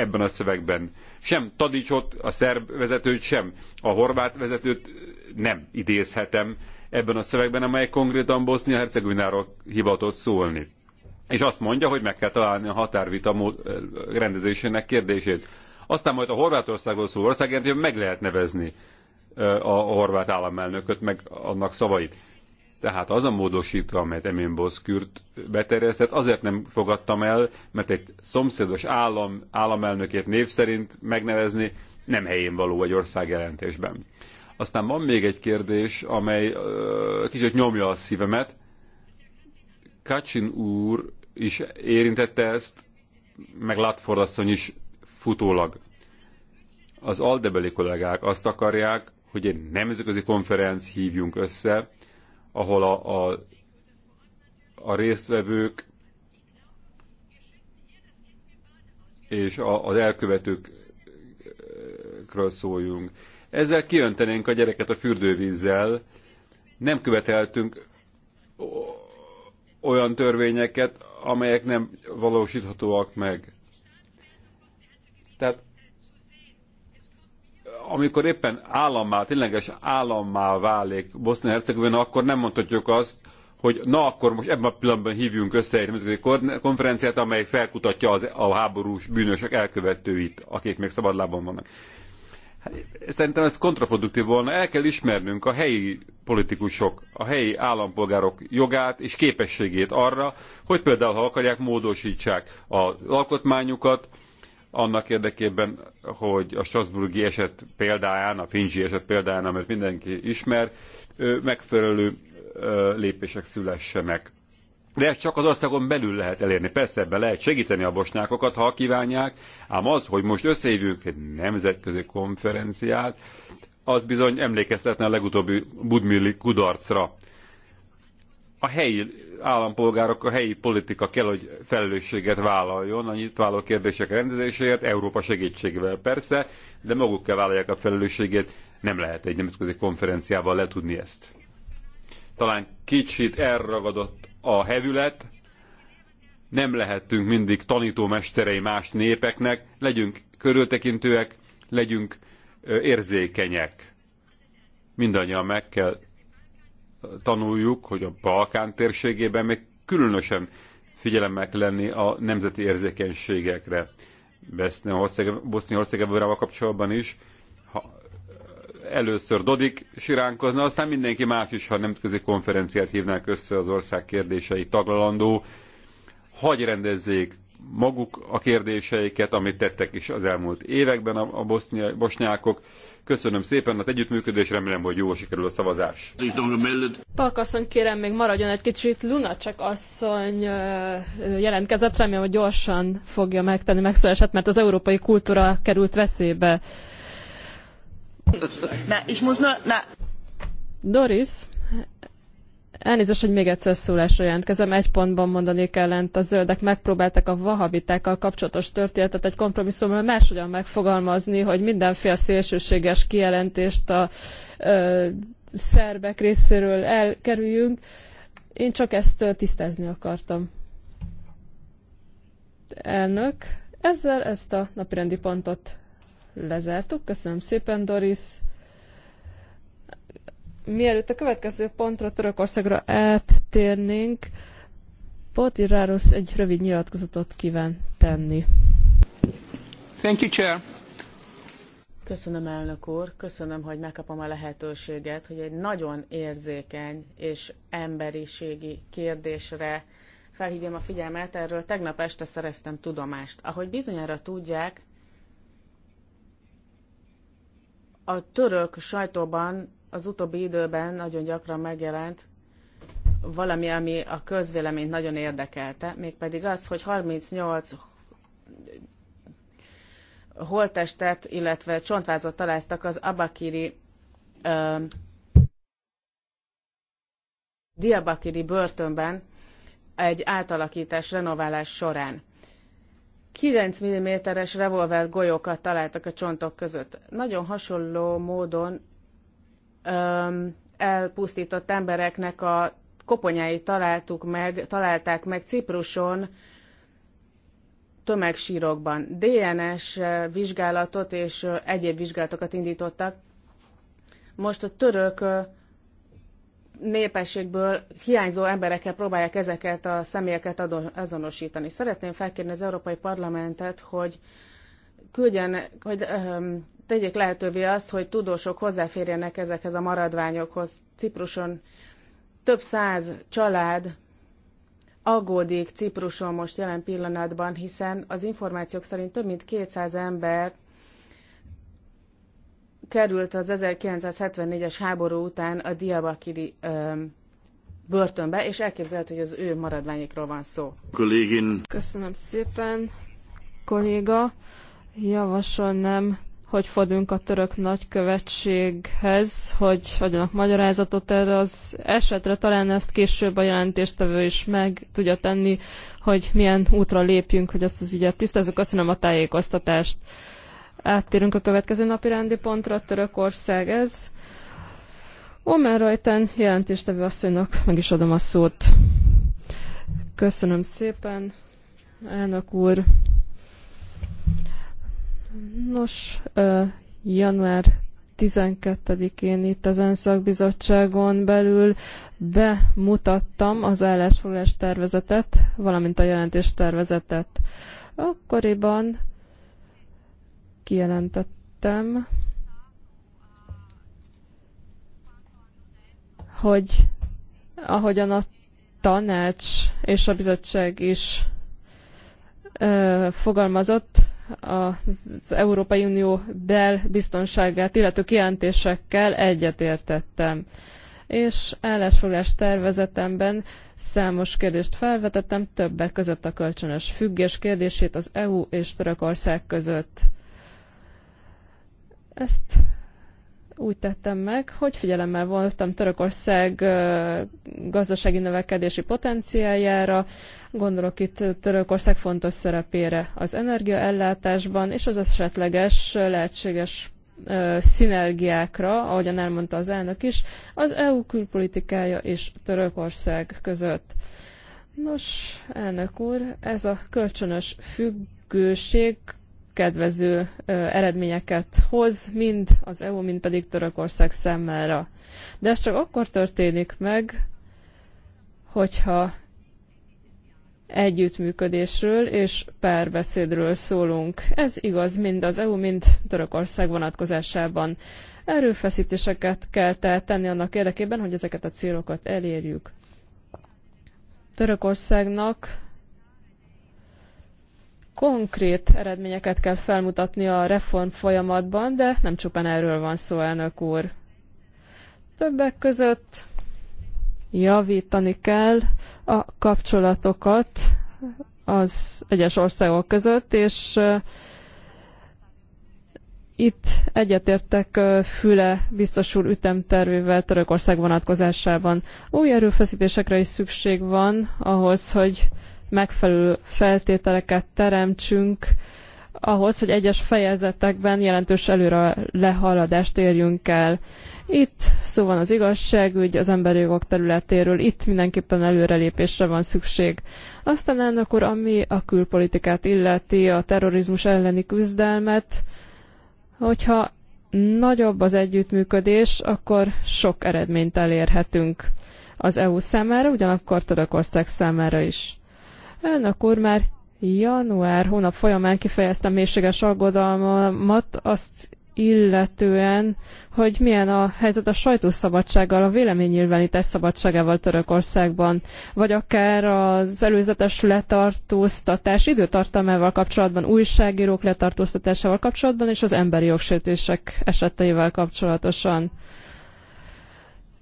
ebben a szövegben. Sem Tadicsot, a szerb vezetőt, sem a horvát vezetőt nem idézhetem ebben a szövegben, amely konkrétan Bosznia-Hercegovináról hivatott szólni. És azt mondja, hogy meg kell találni a határvita eh, rendezésének kérdését. Aztán majd a Horvátországról szóló országjelentő meg lehet nevezni a horvát államelnököt, meg annak szavait. Tehát az a módosító, amelyet Emin Boszkürt beterjesztett, azért nem fogadtam el, mert egy szomszédos állam államelnökét név szerint megnevezni nem helyén való egy ország jelentésben. Aztán van még egy kérdés, amely uh, kicsit nyomja a szívemet. Kacsin úr is érintette ezt, meg Latford asszony is futólag. Az aldebeli kollégák azt akarják, hogy egy nemzetközi konferenc hívjunk össze, ahol a, a, a résztvevők és a, az elkövetőkről szóljunk. Ezzel kiöntenénk a gyereket a fürdővízzel, nem követeltünk olyan törvényeket, amelyek nem valósíthatóak meg. Tehát amikor éppen állammá, tényleges állammá válik Bosznia-Hercegovina, akkor nem mondhatjuk azt, hogy na akkor most ebben a pillanatban hívjunk össze egy konferenciát, amely felkutatja az, a háborús bűnösök elkövetőit, akik még szabadlábon vannak. Hát, szerintem ez kontraproduktív volna. El kell ismernünk a helyi politikusok, a helyi állampolgárok jogát és képességét arra, hogy például, ha akarják, módosítsák az alkotmányukat, annak érdekében, hogy a Strasburgi eset példáján, a Finzsi eset példáján, amit mindenki ismer, megfelelő lépések szülessenek. De ezt csak az országon belül lehet elérni. Persze ebben lehet segíteni a bosnyákokat, ha kívánják, ám az, hogy most összehívjuk egy nemzetközi konferenciát, az bizony emlékeztetne a legutóbbi budmilli kudarcra. A helyi állampolgárok a helyi politika kell, hogy felelősséget vállaljon a nyitváló kérdések rendezéséért, Európa segítségével persze, de maguk kell vállalják a felelősséget, nem lehet egy nemzetközi konferenciával letudni ezt. Talán kicsit elragadott a hevület, nem lehetünk mindig tanítómesterei más népeknek, legyünk körültekintőek, legyünk érzékenyek. Mindannyian meg kell tanuljuk, hogy a Balkán térségében még különösen figyelemmel kell lenni a nemzeti érzékenységekre. Bosznia-Hercegovinával kapcsolatban is, ha először Dodik siránkozna, aztán mindenki más is, ha nemzetközi konferenciát hívnák össze az ország kérdései taglalandó, hagy rendezzék maguk a kérdéseiket, amit tettek is az elmúlt években a, a bosznia, bosnyákok. Köszönöm szépen az együttműködés, remélem, hogy jól sikerül a szavazás. Palkasszony, kérem, még maradjon egy kicsit. Luna csak asszony jelentkezett, remélem, hogy gyorsan fogja megtenni megszólását, mert az európai kultúra került veszélybe. Na, és most na, na. Doris, Elnézést, hogy még egyszer szólásra jelentkezem. Egy pontban mondanék ellent a zöldek megpróbáltak a vahabitákkal kapcsolatos történetet egy kompromisszumra máshogyan megfogalmazni, hogy mindenféle szélsőséges kijelentést a ö, szerbek részéről elkerüljünk. Én csak ezt tisztázni akartam. Elnök, ezzel ezt a napirendi pontot lezártuk. Köszönöm szépen, Doris. Mielőtt a következő pontra Törökországra áttérnénk, Potiráros egy rövid nyilatkozatot kíván tenni. Thank you, Chair. Köszönöm, elnök úr, köszönöm, hogy megkapom a lehetőséget, hogy egy nagyon érzékeny és emberiségi kérdésre felhívjam a figyelmet. Erről tegnap este szereztem tudomást. Ahogy bizonyára tudják, a török sajtóban az utóbbi időben nagyon gyakran megjelent valami, ami a közvéleményt nagyon érdekelte, mégpedig az, hogy 38 holttestet, illetve csontvázat találtak az Abakiri ö, Diabakiri börtönben egy átalakítás, renoválás során. 9 mm-es revolver golyókat találtak a csontok között. Nagyon hasonló módon öm, elpusztított embereknek a koponyáit találtuk meg, találták meg Cipruson tömegsírokban. DNS vizsgálatot és egyéb vizsgálatokat indítottak. Most a török népességből hiányzó emberekkel próbálják ezeket a személyeket azonosítani. Szeretném felkérni az Európai Parlamentet, hogy küldjen, hogy tegyék lehetővé azt, hogy tudósok hozzáférjenek ezekhez a maradványokhoz. Cipruson több száz család aggódik Cipruson most jelen pillanatban, hiszen az információk szerint több mint 200 ember került az 1974-es háború után a Diabakiri börtönbe, és elképzelhető, hogy az ő maradványokról van szó. Kollégin. Köszönöm szépen, kolléga javasolnám, hogy forduljunk a török nagykövetséghez, hogy adjanak magyarázatot erre az esetre. Talán ezt később a jelentéstevő is meg tudja tenni, hogy milyen útra lépjünk, hogy ezt az ügyet tisztázzuk. Köszönöm a tájékoztatást. Áttérünk a következő napi rendi pontra. Törökország ez. Omer Rajten jelentéstevő asszonynak meg is adom a szót. Köszönöm szépen, elnök úr. Nos, január 12-én itt az ENSZ szakbizottságon belül bemutattam az állásfoglalás tervezetet, valamint a jelentés tervezetet. Akkoriban kijelentettem, hogy ahogyan a tanács és a bizottság is ö, fogalmazott, az Európai Unió belbiztonságát illető kijelentésekkel egyetértettem és állásfoglalás tervezetemben számos kérdést felvetettem, többek között a kölcsönös függés kérdését az EU és Törökország között. Ezt úgy tettem meg, hogy figyelemmel voltam Törökország gazdasági növekedési potenciáljára, gondolok itt Törökország fontos szerepére az energiaellátásban és az esetleges lehetséges szinergiákra, ahogyan elmondta az elnök is, az EU külpolitikája és Törökország között. Nos, elnök úr, ez a kölcsönös függőség kedvező eredményeket hoz, mind az EU, mind pedig Törökország számára. De ez csak akkor történik meg, hogyha együttműködésről és párbeszédről szólunk. Ez igaz mind az EU, mind Törökország vonatkozásában. Erőfeszítéseket kell tehát tenni annak érdekében, hogy ezeket a célokat elérjük. Törökországnak konkrét eredményeket kell felmutatni a reform folyamatban, de nem csupán erről van szó, elnök úr. Többek között javítani kell a kapcsolatokat az egyes országok között, és itt egyetértek Füle biztos úr ütemtervével Törökország vonatkozásában. Új erőfeszítésekre is szükség van ahhoz, hogy megfelelő feltételeket teremtsünk ahhoz, hogy egyes fejezetekben jelentős előre lehaladást érjünk el. Itt szó van az igazságügy, az emberi jogok területéről, itt mindenképpen előrelépésre van szükség. Aztán elnök úr, ami a külpolitikát illeti, a terrorizmus elleni küzdelmet, hogyha nagyobb az együttműködés, akkor sok eredményt elérhetünk az EU számára, ugyanakkor Törökország számára is. Elnök úr már január hónap folyamán kifejeztem mélységes aggodalmat, azt illetően, hogy milyen a helyzet a sajtószabadsággal, a véleménynyilvánítás szabadságával Törökországban, vagy akár az előzetes letartóztatás időtartamával kapcsolatban, újságírók letartóztatásával kapcsolatban, és az emberi jogsértések eseteivel kapcsolatosan.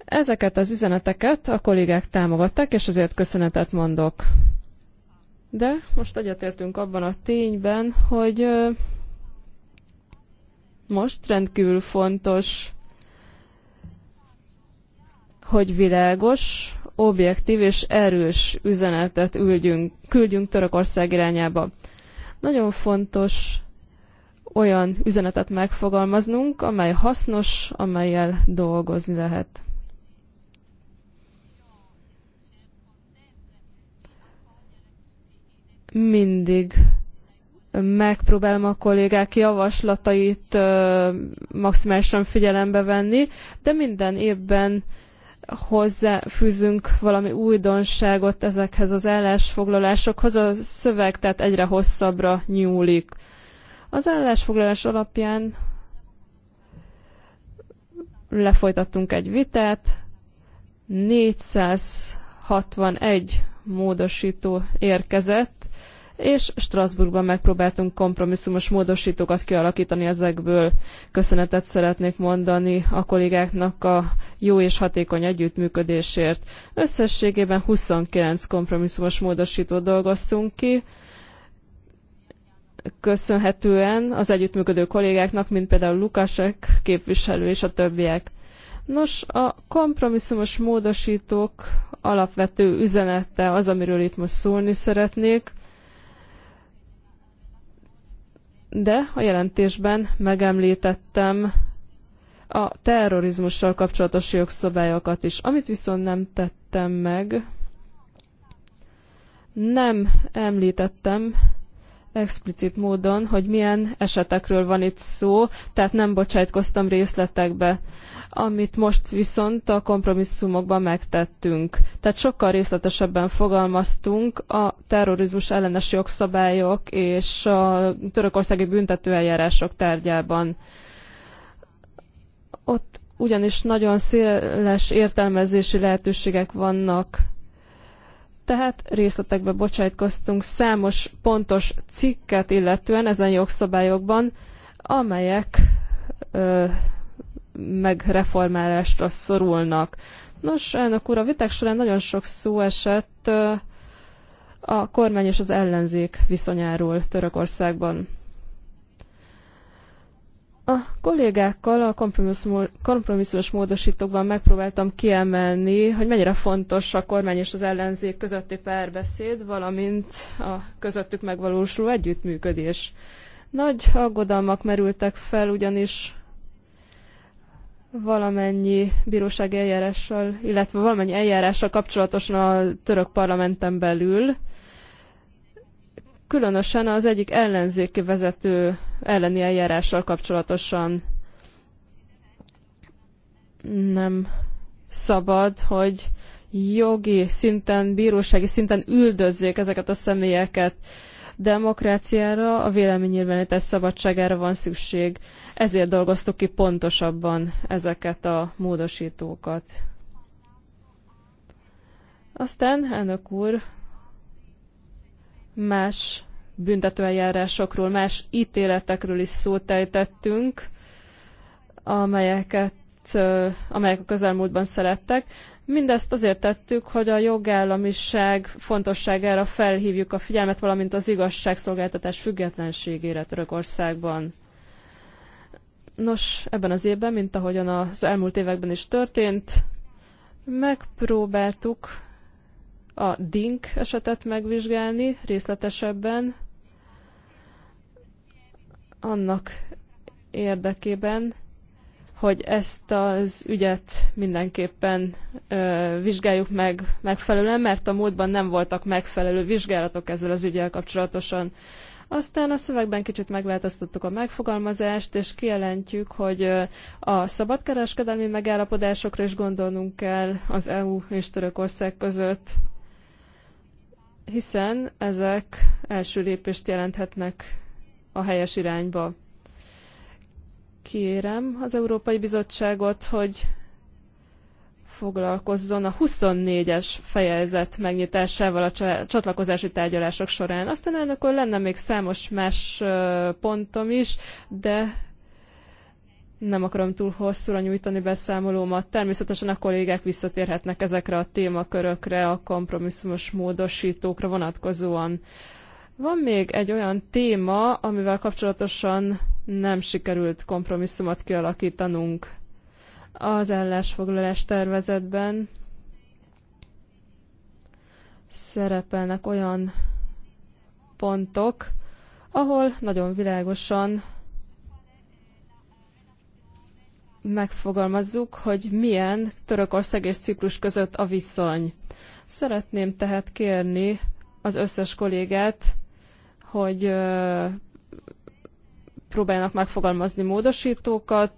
Ezeket az üzeneteket a kollégák támogatták, és ezért köszönetet mondok. De most egyetértünk abban a tényben, hogy most rendkívül fontos, hogy világos, objektív és erős üzenetet üldjünk, küldjünk Törökország irányába. Nagyon fontos olyan üzenetet megfogalmaznunk, amely hasznos, amelyel dolgozni lehet. mindig megpróbálom a kollégák javaslatait maximálisan figyelembe venni, de minden évben hozzáfűzünk valami újdonságot ezekhez az állásfoglalásokhoz, a szöveg tehát egyre hosszabbra nyúlik. Az állásfoglalás alapján lefolytattunk egy vitát, 461 módosító érkezett, és Strasbourgban megpróbáltunk kompromisszumos módosítókat kialakítani ezekből. Köszönetet szeretnék mondani a kollégáknak a jó és hatékony együttműködésért. Összességében 29 kompromisszumos módosítót dolgoztunk ki, köszönhetően az együttműködő kollégáknak, mint például Lukasek képviselő és a többiek. Nos, a kompromisszumos módosítók alapvető üzenete az, amiről itt most szólni szeretnék. de a jelentésben megemlítettem a terrorizmussal kapcsolatos jogszabályokat is. Amit viszont nem tettem meg, nem említettem explicit módon, hogy milyen esetekről van itt szó, tehát nem bocsájtkoztam részletekbe amit most viszont a kompromisszumokban megtettünk. Tehát sokkal részletesebben fogalmaztunk a terrorizmus ellenes jogszabályok és a törökországi büntetőeljárások tárgyában. Ott ugyanis nagyon széles értelmezési lehetőségek vannak. Tehát részletekbe bocsájtkoztunk számos pontos cikket illetően ezen jogszabályokban, amelyek ö, megreformálásra szorulnak. Nos, elnök úr, a viták során nagyon sok szó esett a kormány és az ellenzék viszonyáról Törökországban. A kollégákkal a kompromisszumos módosítókban megpróbáltam kiemelni, hogy mennyire fontos a kormány és az ellenzék közötti párbeszéd, valamint a közöttük megvalósuló együttműködés. Nagy aggodalmak merültek fel ugyanis valamennyi bírósági eljárással, illetve valamennyi eljárással kapcsolatosan a török parlamenten belül, különösen az egyik ellenzéki vezető elleni eljárással kapcsolatosan nem szabad, hogy jogi szinten, bírósági szinten üldözzék ezeket a személyeket demokráciára, a véleménynyilvánítás szabadságára van szükség. Ezért dolgoztuk ki pontosabban ezeket a módosítókat. Aztán, elnök úr, más büntetőeljárásokról, más ítéletekről is szót ejtettünk, amelyeket, amelyek a közelmúltban szerettek. Mindezt azért tettük, hogy a jogállamiság fontosságára felhívjuk a figyelmet, valamint az igazságszolgáltatás függetlenségére Törökországban. Nos, ebben az évben, mint ahogyan az elmúlt években is történt, megpróbáltuk a DINK esetet megvizsgálni részletesebben, annak érdekében, hogy ezt az ügyet mindenképpen ö, vizsgáljuk meg megfelelően, mert a múltban nem voltak megfelelő vizsgálatok ezzel az ügyel kapcsolatosan. Aztán a szövegben kicsit megváltoztattuk a megfogalmazást, és kijelentjük, hogy a szabadkereskedelmi megállapodásokra is gondolnunk kell az EU és Törökország között, hiszen ezek első lépést jelenthetnek a helyes irányba kérem az Európai Bizottságot, hogy foglalkozzon a 24-es fejezet megnyitásával a csatlakozási tárgyalások során. Aztán akkor lenne még számos más pontom is, de nem akarom túl hosszúra nyújtani beszámolómat. Természetesen a kollégák visszatérhetnek ezekre a témakörökre, a kompromisszumos módosítókra vonatkozóan. Van még egy olyan téma, amivel kapcsolatosan nem sikerült kompromisszumot kialakítanunk az ellásfoglalás tervezetben. Szerepelnek olyan pontok, ahol nagyon világosan megfogalmazzuk, hogy milyen Törökország és Ciprus között a viszony. Szeretném tehát kérni az összes kollégát, hogy próbáljanak megfogalmazni módosítókat,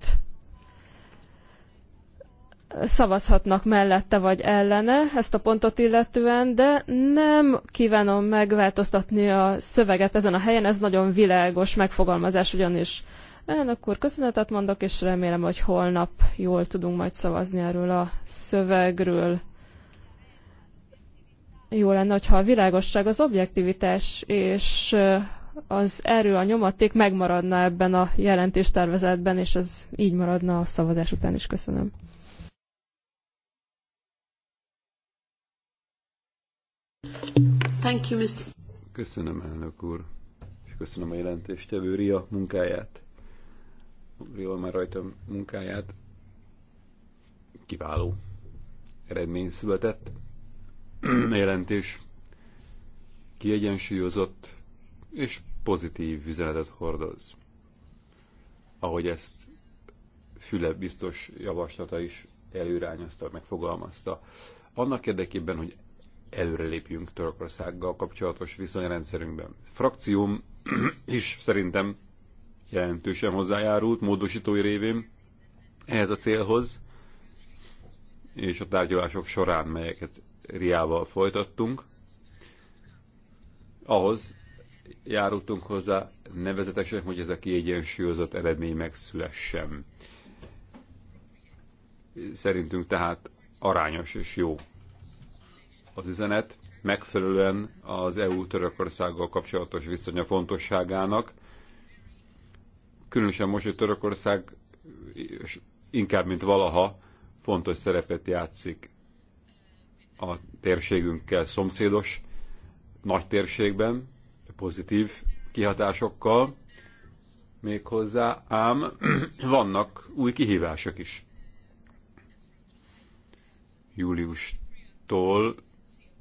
szavazhatnak mellette vagy ellene ezt a pontot illetően, de nem kívánom megváltoztatni a szöveget ezen a helyen, ez nagyon világos megfogalmazás ugyanis. Elnök úr, köszönetet mondok, és remélem, hogy holnap jól tudunk majd szavazni erről a szövegről jó lenne, ha a világosság, az objektivitás és az erő, a nyomaték megmaradna ebben a jelentéstervezetben, és ez így maradna a szavazás után is. Köszönöm. Thank you, Mr. Köszönöm, elnök úr, és köszönöm a jelentéstevő Ria munkáját. Ria már rajtam munkáját. Kiváló eredmény született. Mm. jelentés kiegyensúlyozott és pozitív üzenetet hordoz. Ahogy ezt Füle biztos javaslata is előrányozta, megfogalmazta. Annak érdekében, hogy előrelépjünk Törökországgal kapcsolatos viszonyrendszerünkben. Frakcióm is szerintem jelentősen hozzájárult módosítói révén ehhez a célhoz, és a tárgyalások során, melyeket Riával folytattunk, ahhoz járultunk hozzá nevezetesen, hogy ez a kiegyensúlyozott eredmény megszülessen. Szerintünk tehát arányos és jó az üzenet, megfelelően az EU-Törökországgal kapcsolatos viszonya fontosságának, különösen most, hogy Törökország inkább, mint valaha fontos szerepet játszik a térségünkkel szomszédos nagy térségben, pozitív kihatásokkal, méghozzá, ám vannak új kihívások is. Júliustól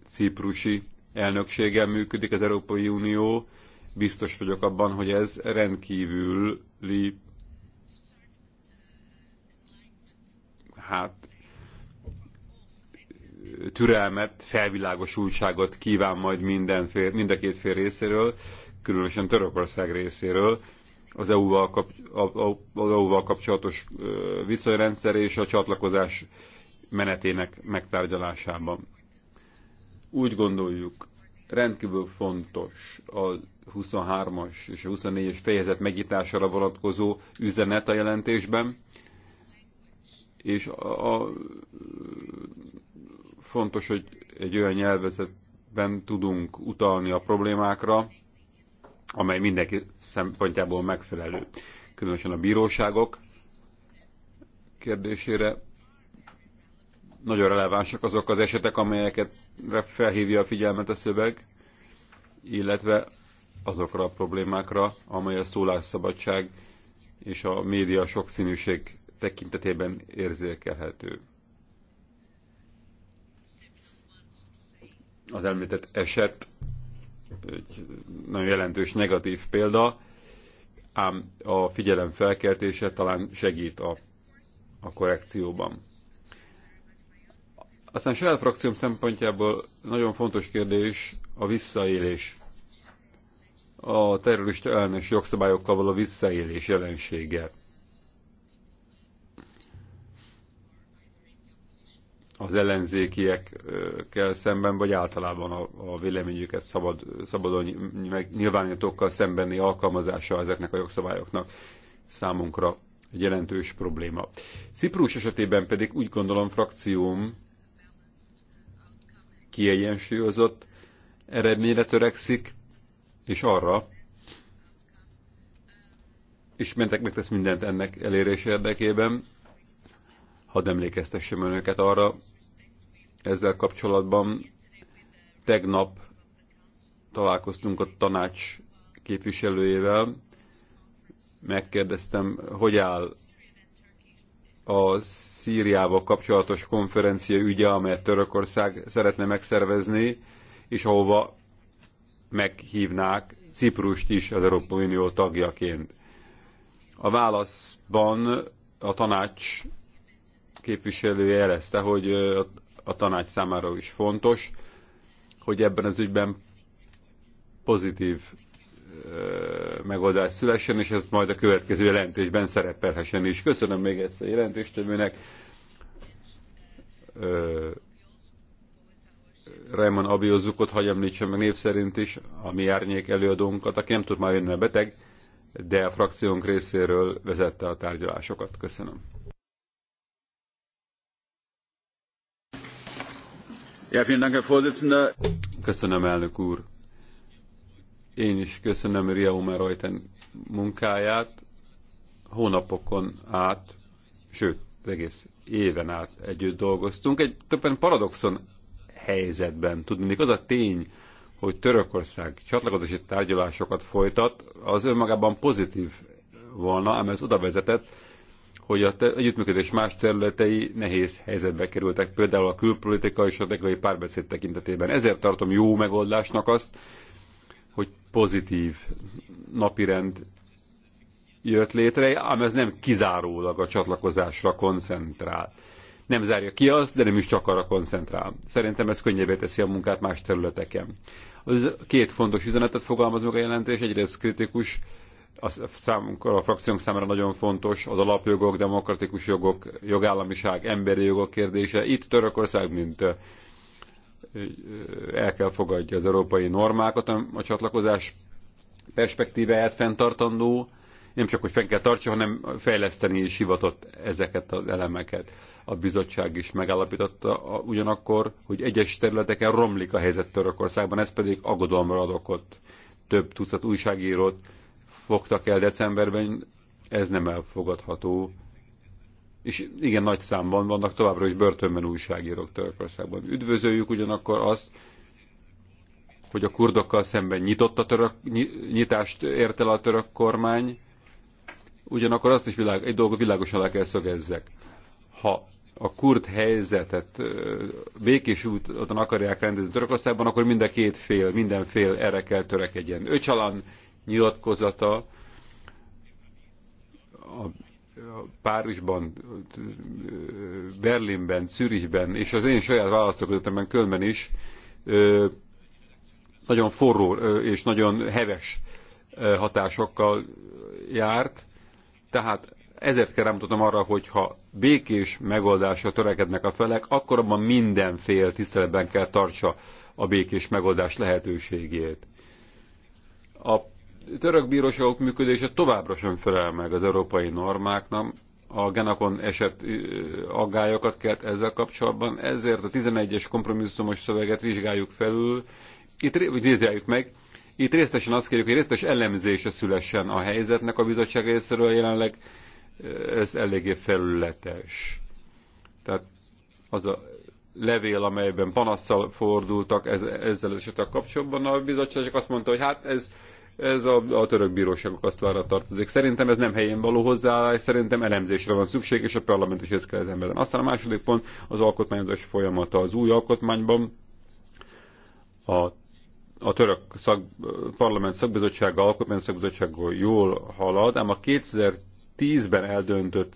ciprusi elnökséggel működik az Európai Unió, biztos vagyok abban, hogy ez rendkívüli hát türelmet, felvilágosultságot kíván majd minden fél, mind a két fél részéről, különösen Törökország részéről, az EU-val, kap, EU kapcsolatos viszonyrendszer és a csatlakozás menetének megtárgyalásában. Úgy gondoljuk, rendkívül fontos a 23-as és a 24-es fejezet megnyitására vonatkozó üzenet a jelentésben, és a, a fontos, hogy egy olyan nyelvezetben tudunk utalni a problémákra, amely mindenki szempontjából megfelelő. Különösen a bíróságok kérdésére nagyon relevánsak azok az esetek, amelyeket felhívja a figyelmet a szöveg, illetve azokra a problémákra, amely a szólásszabadság és a média sokszínűség tekintetében érzékelhető. az említett eset egy nagyon jelentős negatív példa, ám a figyelem felkeltése talán segít a, a korrekcióban. Aztán saját frakcióm szempontjából nagyon fontos kérdés a visszaélés. A terrorista ellenes jogszabályokkal való visszaélés jelensége. az ellenzékiekkel szemben, vagy általában a, a véleményüket szabad, szabadon nyilvánítókkal szembeni alkalmazása ezeknek a jogszabályoknak számunkra egy jelentős probléma. Ciprus esetében pedig úgy gondolom frakcióm kiegyensúlyozott eredményre törekszik, és arra, és mentek megtesz mindent ennek elérés érdekében, Hadd emlékeztessem önöket arra, ezzel kapcsolatban tegnap találkoztunk a tanács képviselőjével, megkérdeztem, hogy áll a Szíriával kapcsolatos konferencia ügye, amelyet Törökország szeretne megszervezni, és ahova meghívnák Ciprust is az Európai Unió tagjaként. A válaszban a tanács képviselő jelezte, hogy a tanács számára is fontos, hogy ebben az ügyben pozitív megoldás szülessen, és ez majd a következő jelentésben szerepelhessen is. Köszönöm még egyszer a jelentéstevőnek. Raymond Abiozukot hagyj említsem meg név szerint is, a mi árnyék előadónkat, aki nem tud már jönni a beteg, de a frakciónk részéről vezette a tárgyalásokat. Köszönöm. Köszönöm, elnök úr. Én is köszönöm Ria Omerojten munkáját. Hónapokon át, sőt, egész éven át együtt dolgoztunk. Egy többen paradoxon helyzetben. tudni. az a tény, hogy Törökország csatlakozási tárgyalásokat folytat, az önmagában pozitív volna, ám ez oda vezetett, hogy a együttműködés más területei nehéz helyzetbe kerültek, például a külpolitika és a technikai párbeszéd tekintetében. Ezért tartom jó megoldásnak azt, hogy pozitív napirend jött létre, ám ez nem kizárólag a csatlakozásra koncentrál. Nem zárja ki azt, de nem is csak arra koncentrál. Szerintem ez könnyebbé teszi a munkát más területeken. Az két fontos üzenetet fogalmaz meg a jelentés, egyrészt kritikus a számunkra, a frakciónk számára nagyon fontos az alapjogok, demokratikus jogok, jogállamiság, emberi jogok kérdése. Itt Törökország, mint el kell fogadja az európai normákat, a csatlakozás perspektíváját fenntartandó, nem csak, hogy fenn kell tartsa, hanem fejleszteni is hivatott ezeket az elemeket. A bizottság is megállapította a, ugyanakkor, hogy egyes területeken romlik a helyzet Törökországban, ez pedig aggodalomra ad okot. Több tucat újságírót fogtak el decemberben, ez nem elfogadható. És igen, nagy számban vannak továbbra is börtönben újságírók Törökországban. Üdvözöljük ugyanakkor azt, hogy a kurdokkal szemben nyitott a török, nyitást ért el a török kormány, ugyanakkor azt is világ, egy dolgot világosan le kell szögezzek. Ha a kurd helyzetet békés úton akarják rendezni Törökországban, akkor mind a két fél, minden fél erre kell törekedjen. Öcsalan nyilatkozata a Párizsban, Berlinben, Zürichben és az én saját választókodatomban Kölnben is nagyon forró és nagyon heves hatásokkal járt. Tehát ezért kell rámutatnom arra, hogy ha békés megoldásra törekednek a felek, akkor abban minden fél tiszteletben kell tartsa a békés megoldás lehetőségét. A török bíróságok működése továbbra sem felel meg az európai normáknak, a Genakon eset aggályokat kelt ezzel kapcsolatban, ezért a 11-es kompromisszumos szöveget vizsgáljuk felül, itt nézzük meg, itt részletesen azt kérjük, hogy részletes elemzése szülessen a helyzetnek a bizottság részéről, jelenleg ez eléggé felületes. Tehát az a levél, amelyben panasszal fordultak ez, ezzel esetek kapcsolatban, a bizottság csak azt mondta, hogy hát ez ez a, a török bíróságok asztalára tartozik. Szerintem ez nem helyén való hozzáállás, szerintem elemzésre van szükség, és a parlament is ezt kell az emberen. Aztán a második pont az alkotmányozás folyamata. Az új alkotmányban a a török szak, parlament szakbizottsága, alkotmány szakbizottsága jól halad, ám a 2010-ben eldöntött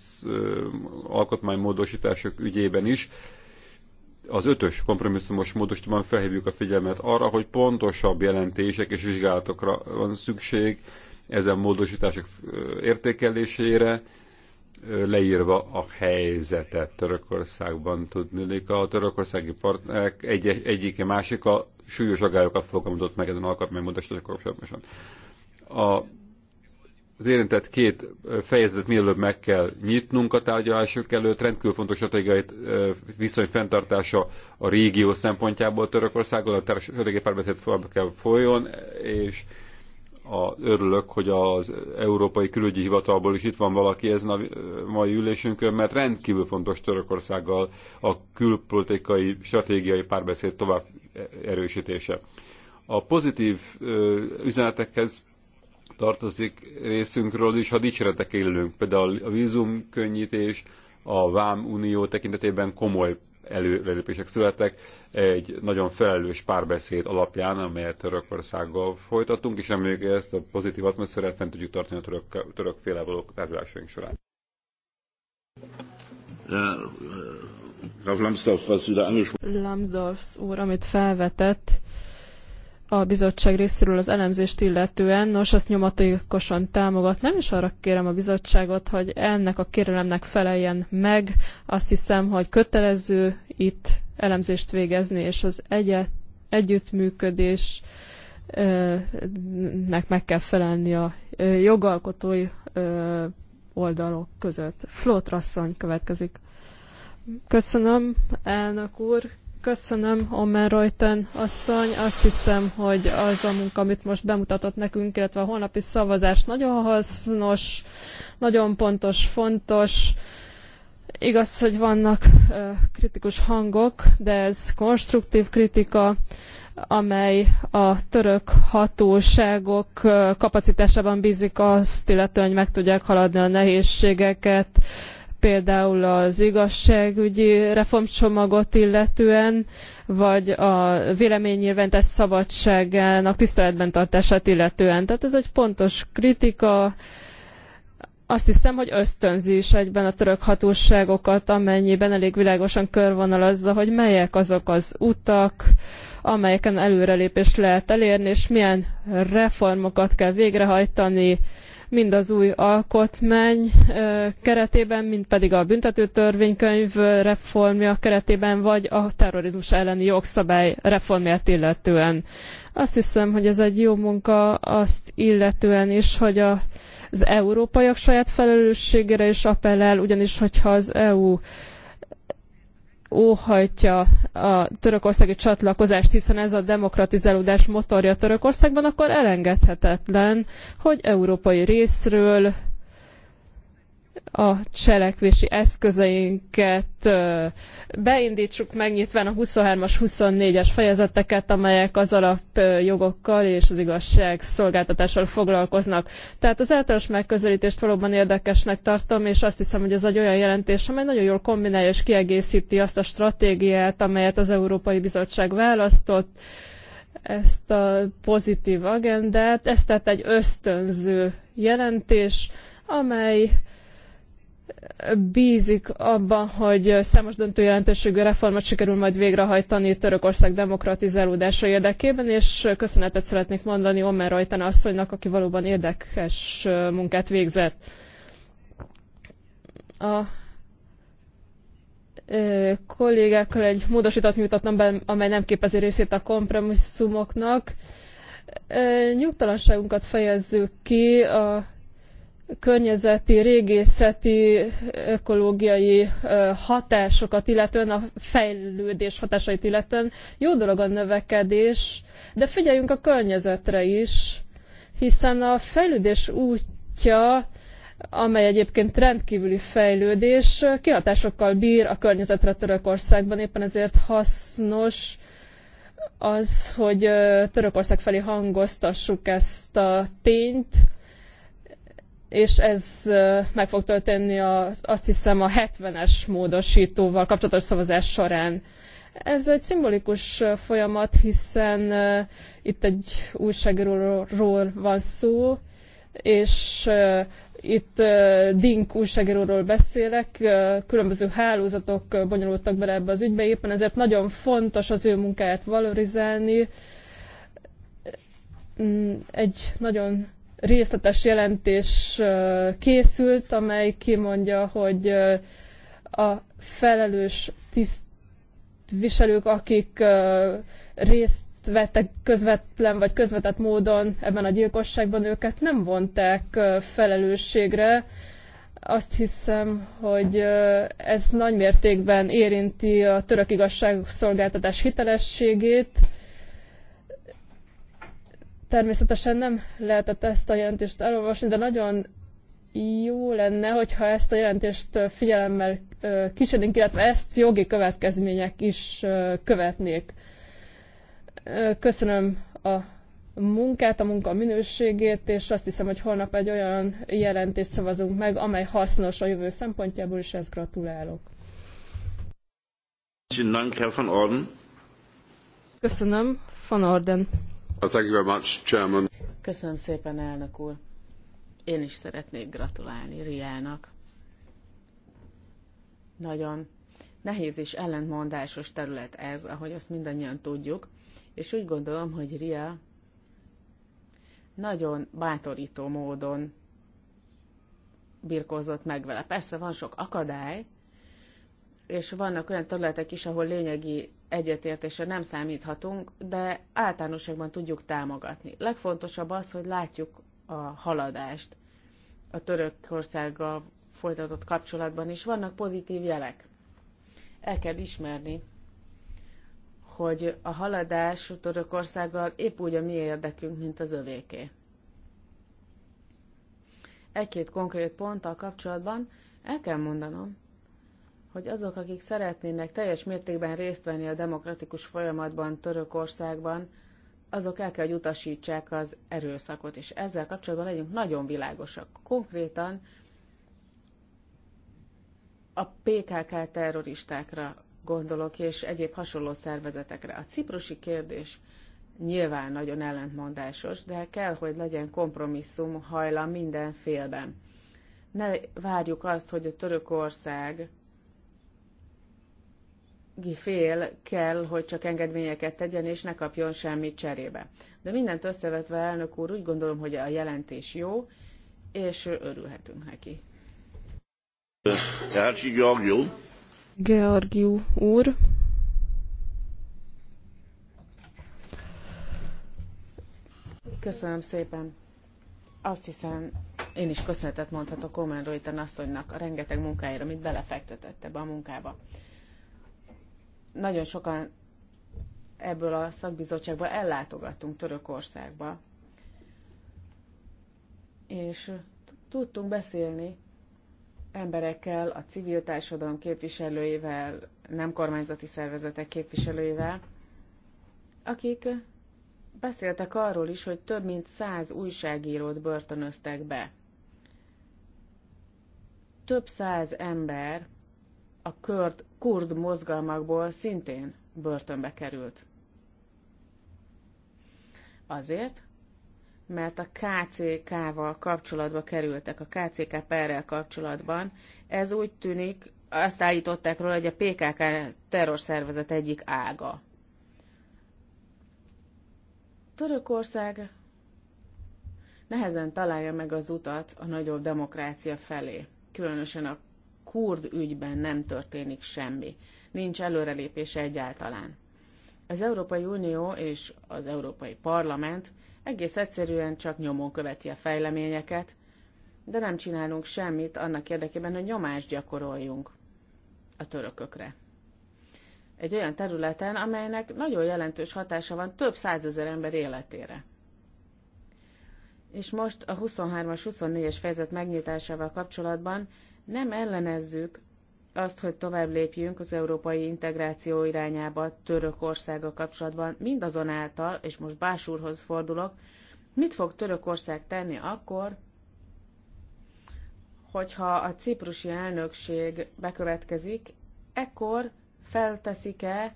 alkotmánymódosítások ügyében is az ötös kompromisszumos módosítóban felhívjuk a figyelmet arra, hogy pontosabb jelentések és vizsgálatokra van szükség ezen módosítások értékelésére, leírva a helyzetet Törökországban tudni. A törökországi partnerek egy, egyike másik a súlyos agályokat fogalmazott meg ezen alkotmánymódosítások kapcsolatban. A az érintett két fejezet mielőbb meg kell nyitnunk a tárgyalások előtt. Rendkívül fontos stratégiai viszony fenntartása a régió szempontjából Törökországgal, a stratégiai párbeszéd kell folyjon, és a, örülök, hogy az Európai Külügyi Hivatalból is itt van valaki ezen a mai ülésünkön, mert rendkívül fontos Törökországgal a külpolitikai, stratégiai párbeszéd tovább erősítése. A pozitív üzenetekhez tartozik részünkről is, ha dicséretek élünk. Például a vízumkönnyítés, a Vám Unió tekintetében komoly előrelépések születtek egy nagyon felelős párbeszéd alapján, amelyet Törökországgal folytatunk, és reméljük, hogy ezt a pozitív atmoszférát fent tudjuk tartani a török, török féle való tárgyalásaink során. Lambsdorff úr, amit felvetett, a bizottság részéről az elemzést illetően, nos, ezt nyomatékosan támogatnám, és arra kérem a bizottságot, hogy ennek a kérelemnek feleljen meg. Azt hiszem, hogy kötelező itt elemzést végezni, és az egyet, együttműködésnek meg kell felelni a jogalkotói oldalok között. Flótrasszony következik. Köszönöm, elnök úr, Köszönöm, Omen Reuten asszony. Azt hiszem, hogy az a munka, amit most bemutatott nekünk, illetve a holnapi szavazás nagyon hasznos, nagyon pontos, fontos. Igaz, hogy vannak kritikus hangok, de ez konstruktív kritika, amely a török hatóságok kapacitásában bízik azt, illetően, hogy meg tudják haladni a nehézségeket, például az igazságügyi reformcsomagot illetően, vagy a véleménynyilvántás szabadságának tiszteletben tartását illetően. Tehát ez egy pontos kritika, azt hiszem, hogy ösztönzi is egyben a török hatóságokat, amennyiben elég világosan körvonalazza, hogy melyek azok az utak, amelyeken előrelépést lehet elérni, és milyen reformokat kell végrehajtani, mind az új alkotmány keretében, mind pedig a büntetőtörvénykönyv reformja keretében, vagy a terrorizmus elleni jogszabály reformját illetően. Azt hiszem, hogy ez egy jó munka azt illetően is, hogy a, az európaiak saját felelősségére is appellál, ugyanis hogyha az EU óhajtja a törökországi csatlakozást, hiszen ez a demokratizálódás motorja Törökországban, akkor elengedhetetlen, hogy európai részről a cselekvési eszközeinket beindítsuk megnyitván a 23-as, 24-es fejezeteket, amelyek az alapjogokkal és az igazság szolgáltatással foglalkoznak. Tehát az általános megközelítést valóban érdekesnek tartom, és azt hiszem, hogy ez egy olyan jelentés, amely nagyon jól kombinálja és kiegészíti azt a stratégiát, amelyet az Európai Bizottság választott, ezt a pozitív agendát, ez tehát egy ösztönző jelentés, amely bízik abban, hogy számos döntő jelentőségű reformot sikerül majd végrehajtani Törökország demokratizálódása érdekében, és köszönetet szeretnék mondani Omer Rajtana asszonynak, aki valóban érdekes munkát végzett. A kollégákkal egy módosítat nyújtottam be, amely nem képezi részét a kompromisszumoknak. Nyugtalanságunkat fejezzük ki a környezeti, régészeti, ökológiai hatásokat illetően, a fejlődés hatásait illetően jó dolog a növekedés, de figyeljünk a környezetre is, hiszen a fejlődés útja amely egyébként rendkívüli fejlődés, kihatásokkal bír a környezetre Törökországban, éppen ezért hasznos az, hogy Törökország felé hangoztassuk ezt a tényt, és ez meg fog történni a, azt hiszem a 70-es módosítóval kapcsolatos szavazás során. Ez egy szimbolikus folyamat, hiszen itt egy újságíróról van szó, és itt Dink újságíróról beszélek, különböző hálózatok bonyolultak bele ebbe az ügybe, éppen ezért nagyon fontos az ő munkáját valorizálni. Egy nagyon részletes jelentés készült, amely kimondja, hogy a felelős tisztviselők, akik részt vettek közvetlen vagy közvetett módon ebben a gyilkosságban, őket nem vonták felelősségre. Azt hiszem, hogy ez nagymértékben érinti a török igazságszolgáltatás hitelességét, Természetesen nem lehetett ezt a jelentést elolvasni, de nagyon jó lenne, hogyha ezt a jelentést figyelemmel kísérnénk, illetve ezt jogi következmények is követnék. Köszönöm a munkát, a munka minőségét, és azt hiszem, hogy holnap egy olyan jelentést szavazunk meg, amely hasznos a jövő szempontjából, és ezt gratulálok. Köszönöm, Van Orden. Köszönöm szépen, elnök úr. Én is szeretnék gratulálni Riának. Nagyon nehéz és ellentmondásos terület ez, ahogy azt mindannyian tudjuk, és úgy gondolom, hogy Ria nagyon bátorító módon birkózott meg vele. Persze van sok akadály, és vannak olyan területek is, ahol lényegi egyetértésre nem számíthatunk, de általánosságban tudjuk támogatni. Legfontosabb az, hogy látjuk a haladást a Törökországgal folytatott kapcsolatban is. Vannak pozitív jelek. El kell ismerni, hogy a haladás Törökországgal épp úgy a mi érdekünk, mint az övéké. Egy-két konkrét ponttal kapcsolatban el kell mondanom, hogy azok, akik szeretnének teljes mértékben részt venni a demokratikus folyamatban Törökországban, azok el kell, hogy utasítsák az erőszakot, és ezzel kapcsolatban legyünk nagyon világosak. Konkrétan a PKK terroristákra gondolok, és egyéb hasonló szervezetekre. A ciprusi kérdés nyilván nagyon ellentmondásos, de kell, hogy legyen kompromisszum hajla minden félben. Ne várjuk azt, hogy a Törökország fél kell, hogy csak engedményeket tegyen, és ne kapjon semmit cserébe. De mindent összevetve, elnök úr, úgy gondolom, hogy a jelentés jó, és örülhetünk neki. Tárcsi Georgiú. Georgiú úr. Köszönöm szépen. Azt hiszem, én is köszönetet mondhatok Komen Rojten asszonynak a rengeteg munkáira, amit belefektetett ebbe a munkába nagyon sokan ebből a szakbizottságból ellátogattunk Törökországba, és tudtunk beszélni emberekkel, a civil társadalom képviselőivel, nem kormányzati szervezetek képviselőivel, akik beszéltek arról is, hogy több mint száz újságírót börtönöztek be. Több száz ember a körd kurd mozgalmakból szintén börtönbe került. Azért, mert a KCK-val kapcsolatba kerültek, a KCK perrel kapcsolatban. Ez úgy tűnik, azt állították róla, hogy a PKK terrorszervezet egyik ága. Törökország nehezen találja meg az utat a nagyobb demokrácia felé, különösen a kurd ügyben nem történik semmi. Nincs előrelépés egyáltalán. Az Európai Unió és az Európai Parlament egész egyszerűen csak nyomon követi a fejleményeket, de nem csinálunk semmit annak érdekében, hogy nyomást gyakoroljunk a törökökre. Egy olyan területen, amelynek nagyon jelentős hatása van több százezer ember életére. És most a 23-as, 24-es fejezet megnyitásával kapcsolatban nem ellenezzük azt, hogy tovább lépjünk az európai integráció irányába Törökországa kapcsolatban, mindazonáltal, és most Básúrhoz fordulok, mit fog Törökország tenni akkor, hogyha a ciprusi elnökség bekövetkezik, ekkor felteszik-e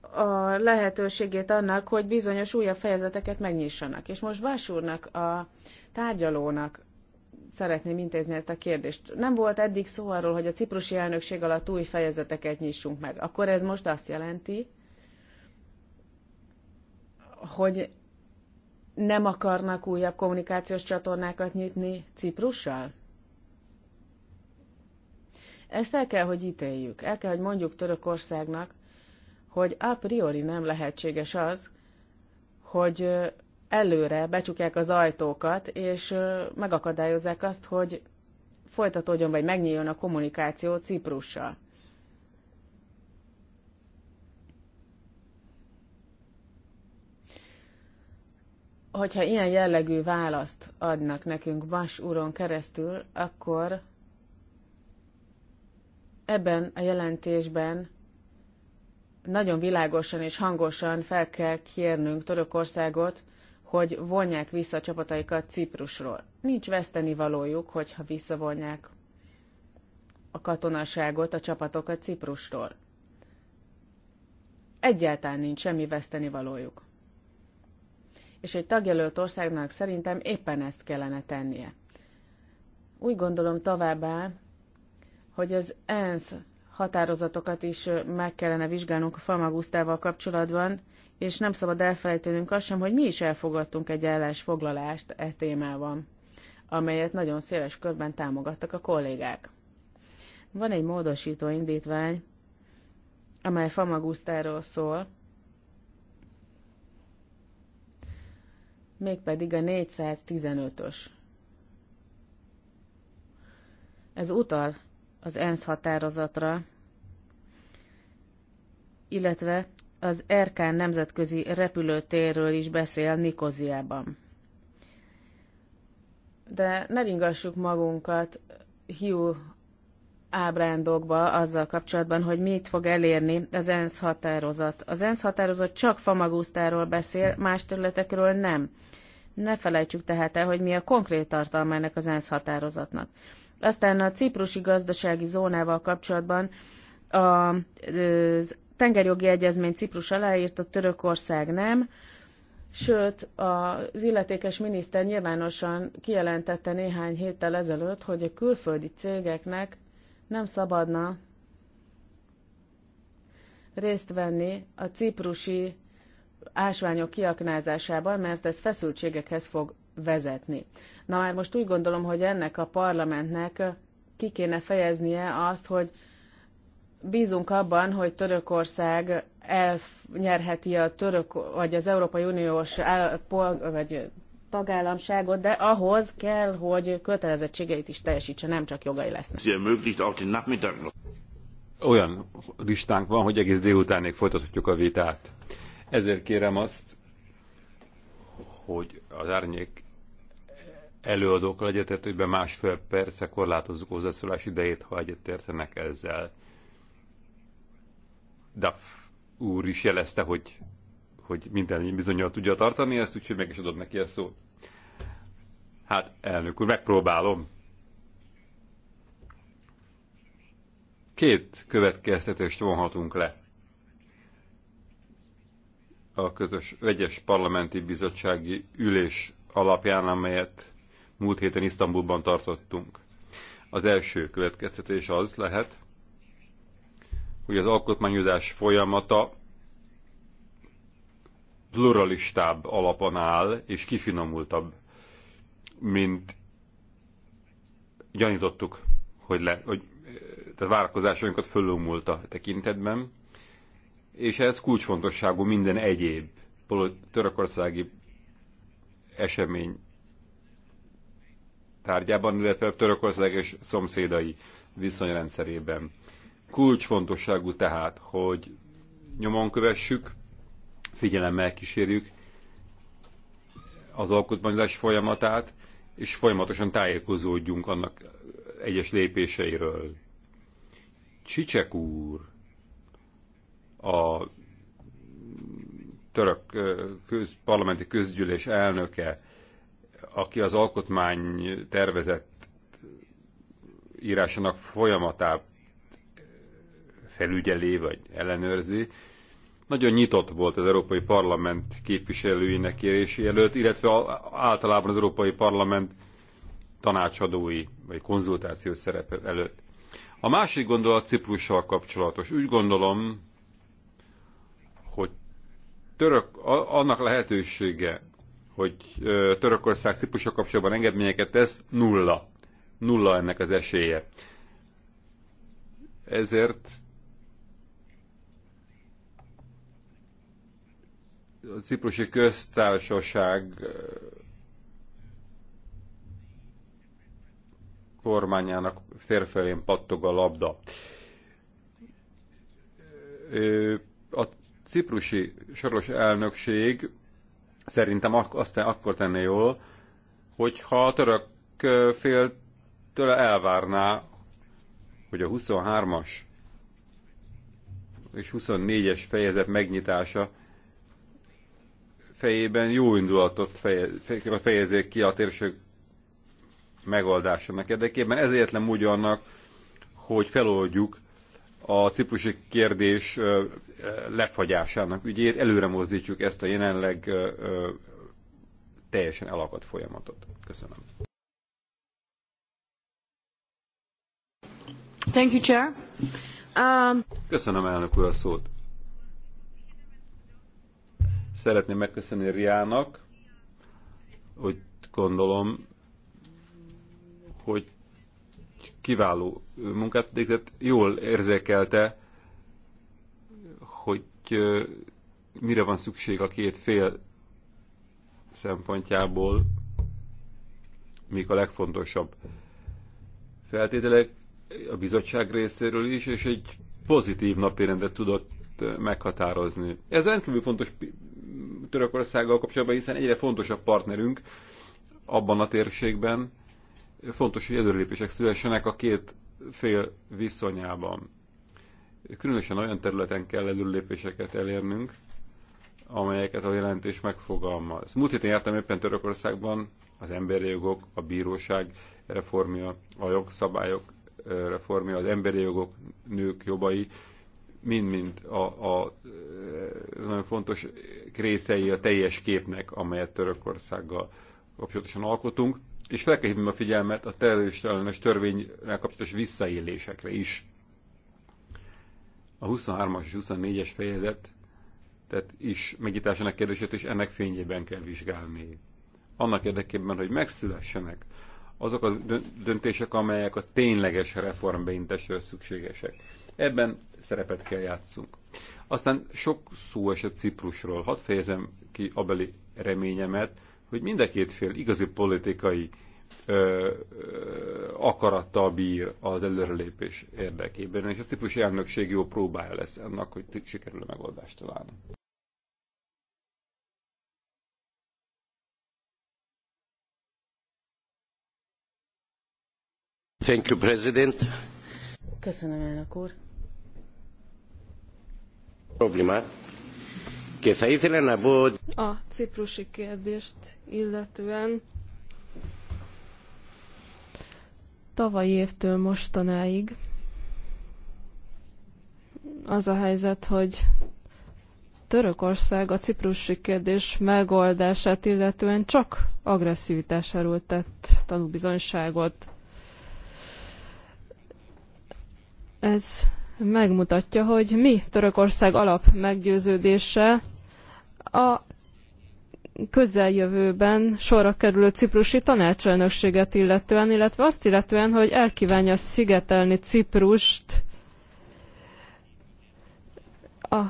a lehetőségét annak, hogy bizonyos újabb fejezeteket megnyissanak. És most Vásúrnak, a tárgyalónak szeretném intézni ezt a kérdést. Nem volt eddig szó arról, hogy a ciprusi elnökség alatt új fejezeteket nyissunk meg. Akkor ez most azt jelenti, hogy nem akarnak újabb kommunikációs csatornákat nyitni Ciprussal? Ezt el kell, hogy ítéljük. El kell, hogy mondjuk Törökországnak, hogy a priori nem lehetséges az, hogy előre becsukják az ajtókat, és megakadályozzák azt, hogy folytatódjon vagy megnyíljon a kommunikáció Ciprussal. Hogyha ilyen jellegű választ adnak nekünk Bas úron keresztül, akkor ebben a jelentésben nagyon világosan és hangosan fel kell kérnünk Törökországot hogy vonják vissza a csapataikat Ciprusról. Nincs vesztenivalójuk, hogyha visszavonják a katonaságot, a csapatokat Ciprusról. Egyáltalán nincs semmi vesztenivalójuk. És egy tagjelölt országnak szerintem éppen ezt kellene tennie. Úgy gondolom továbbá, hogy az ENSZ határozatokat is meg kellene vizsgálnunk a Famagusztával kapcsolatban, és nem szabad elfelejtenünk azt sem, hogy mi is elfogadtunk egy állásfoglalást e témában, amelyet nagyon széles körben támogattak a kollégák. Van egy módosító indítvány, amely Famagusztáról szól, mégpedig a 415-ös. Ez utal az ENSZ határozatra, illetve az Erkán nemzetközi repülőtérről is beszél Nikoziában. De ne ingassuk magunkat hiú ábrándokba azzal kapcsolatban, hogy mit fog elérni az ENSZ határozat. Az ENSZ határozat csak famagusztáról beszél, más területekről nem. Ne felejtsük tehát el, hogy mi a konkrét tartalma ennek az ENSZ határozatnak. Aztán a ciprusi gazdasági zónával kapcsolatban az tengerjogi egyezményt Ciprus aláírt a Törökország nem, sőt az illetékes miniszter nyilvánosan kijelentette néhány héttel ezelőtt, hogy a külföldi cégeknek nem szabadna részt venni a ciprusi ásványok kiaknázásában, mert ez feszültségekhez fog vezetni. Na már hát most úgy gondolom, hogy ennek a parlamentnek ki kéne fejeznie azt, hogy bízunk abban, hogy Törökország elnyerheti a török, vagy az Európai Uniós áll, vagy tagállamságot, de ahhoz kell, hogy kötelezettségeit is teljesítse, nem csak jogai lesznek. Olyan listánk van, hogy egész délutánig folytathatjuk a vitát. Ezért kérem azt, hogy az árnyék előadók előadókkal egyetértőben másfél perce korlátozzuk hozzászólás idejét, ha egyetértenek ezzel. Duff úr is jelezte, hogy, hogy minden bizonyal tudja tartani ezt, úgyhogy meg is adom neki a szót. Hát, elnök úr, megpróbálom. Két következtetést vonhatunk le a közös vegyes parlamenti bizottsági ülés alapján, amelyet múlt héten Isztambulban tartottunk. Az első következtetés az lehet, hogy az alkotmányozás folyamata pluralistább alapon áll és kifinomultabb, mint gyanítottuk, hogy, le, hogy tehát várakozásainkat fölülmúlt a tekintetben, és ez kulcsfontosságú minden egyéb törökországi esemény tárgyában, illetve Törökország és szomszédai viszonyrendszerében. Kulcsfontosságú tehát, hogy nyomon kövessük, figyelemmel kísérjük az alkotmányozás folyamatát, és folyamatosan tájékozódjunk annak egyes lépéseiről. Csicsek úr, a török köz, parlamenti közgyűlés elnöke, aki az alkotmány tervezett írásának folyamatában felügyeli vagy ellenőrzi. Nagyon nyitott volt az Európai Parlament képviselőinek kérési előtt, illetve általában az Európai Parlament tanácsadói vagy konzultációs szerepe előtt. A másik gondolat Ciprussal kapcsolatos. Úgy gondolom, hogy török, annak lehetősége, hogy Törökország Ciprussal kapcsolatban engedményeket tesz, nulla. Nulla ennek az esélye. Ezért a ciprusi köztársaság kormányának térfelén pattog a labda. A ciprusi soros elnökség szerintem aztán akkor tenné jól, hogyha a török fél tőle elvárná, hogy a 23-as és 24-es fejezet megnyitása fejében jó indulatot fejezzék ki a térség megoldásának érdekében. Ez egyetlen módja annak, hogy feloldjuk a ciprusi kérdés lefagyásának ügyét, előre mozdítsuk ezt a jelenleg teljesen elakadt folyamatot. Köszönöm. Thank you, Chair. Um... Köszönöm elnök úr a szót. Szeretném megköszönni Riának, hogy gondolom, hogy kiváló munkát végzett, jól érzékelte, hogy mire van szükség a két fél szempontjából, mik a legfontosabb feltételek a bizottság részéről is, és egy pozitív napirendet tudott meghatározni. Ez rendkívül fontos Törökországgal kapcsolatban, hiszen egyre fontosabb partnerünk abban a térségben. Fontos, hogy előrelépések szülessenek a két fél viszonyában. Különösen olyan területen kell előrelépéseket elérnünk, amelyeket a jelentés megfogalmaz. Múlt héten jártam éppen Törökországban az emberi jogok, a bíróság reformja, a jogszabályok reformja, az emberi jogok, nők jobbai mind-mind a, a, nagyon fontos részei a teljes képnek, amelyet Törökországgal kapcsolatosan alkotunk, és fel kell a figyelmet a terrorista ellenes törvényrel kapcsolatos visszaélésekre is. A 23-as és 24-es fejezet tehát is megításának kérdését és ennek fényében kell vizsgálni. Annak érdekében, hogy megszülessenek azok a döntések, amelyek a tényleges reformbeintesről szükségesek Ebben szerepet kell játszunk. Aztán sok szó esett Ciprusról. Hadd fejezem ki abeli reményemet, hogy mind a két fél igazi politikai ö, ö, akarattal bír az előrelépés érdekében, és a ciprusi elnökség jó próbája lesz annak, hogy sikerül a megoldást találni. Thank you, President. Köszönöm, elnök úr. A ciprusi kérdést illetően tavalyi évtől mostanáig az a helyzet, hogy Törökország a ciprusi kérdés megoldását illetően csak agresszivitásáról tett tanúbizonyságot. Ez megmutatja, hogy mi Törökország alap meggyőződése a közeljövőben sorra kerülő ciprusi tanácselnökséget illetően, illetve azt illetően, hogy elkívánja szigetelni Ciprust a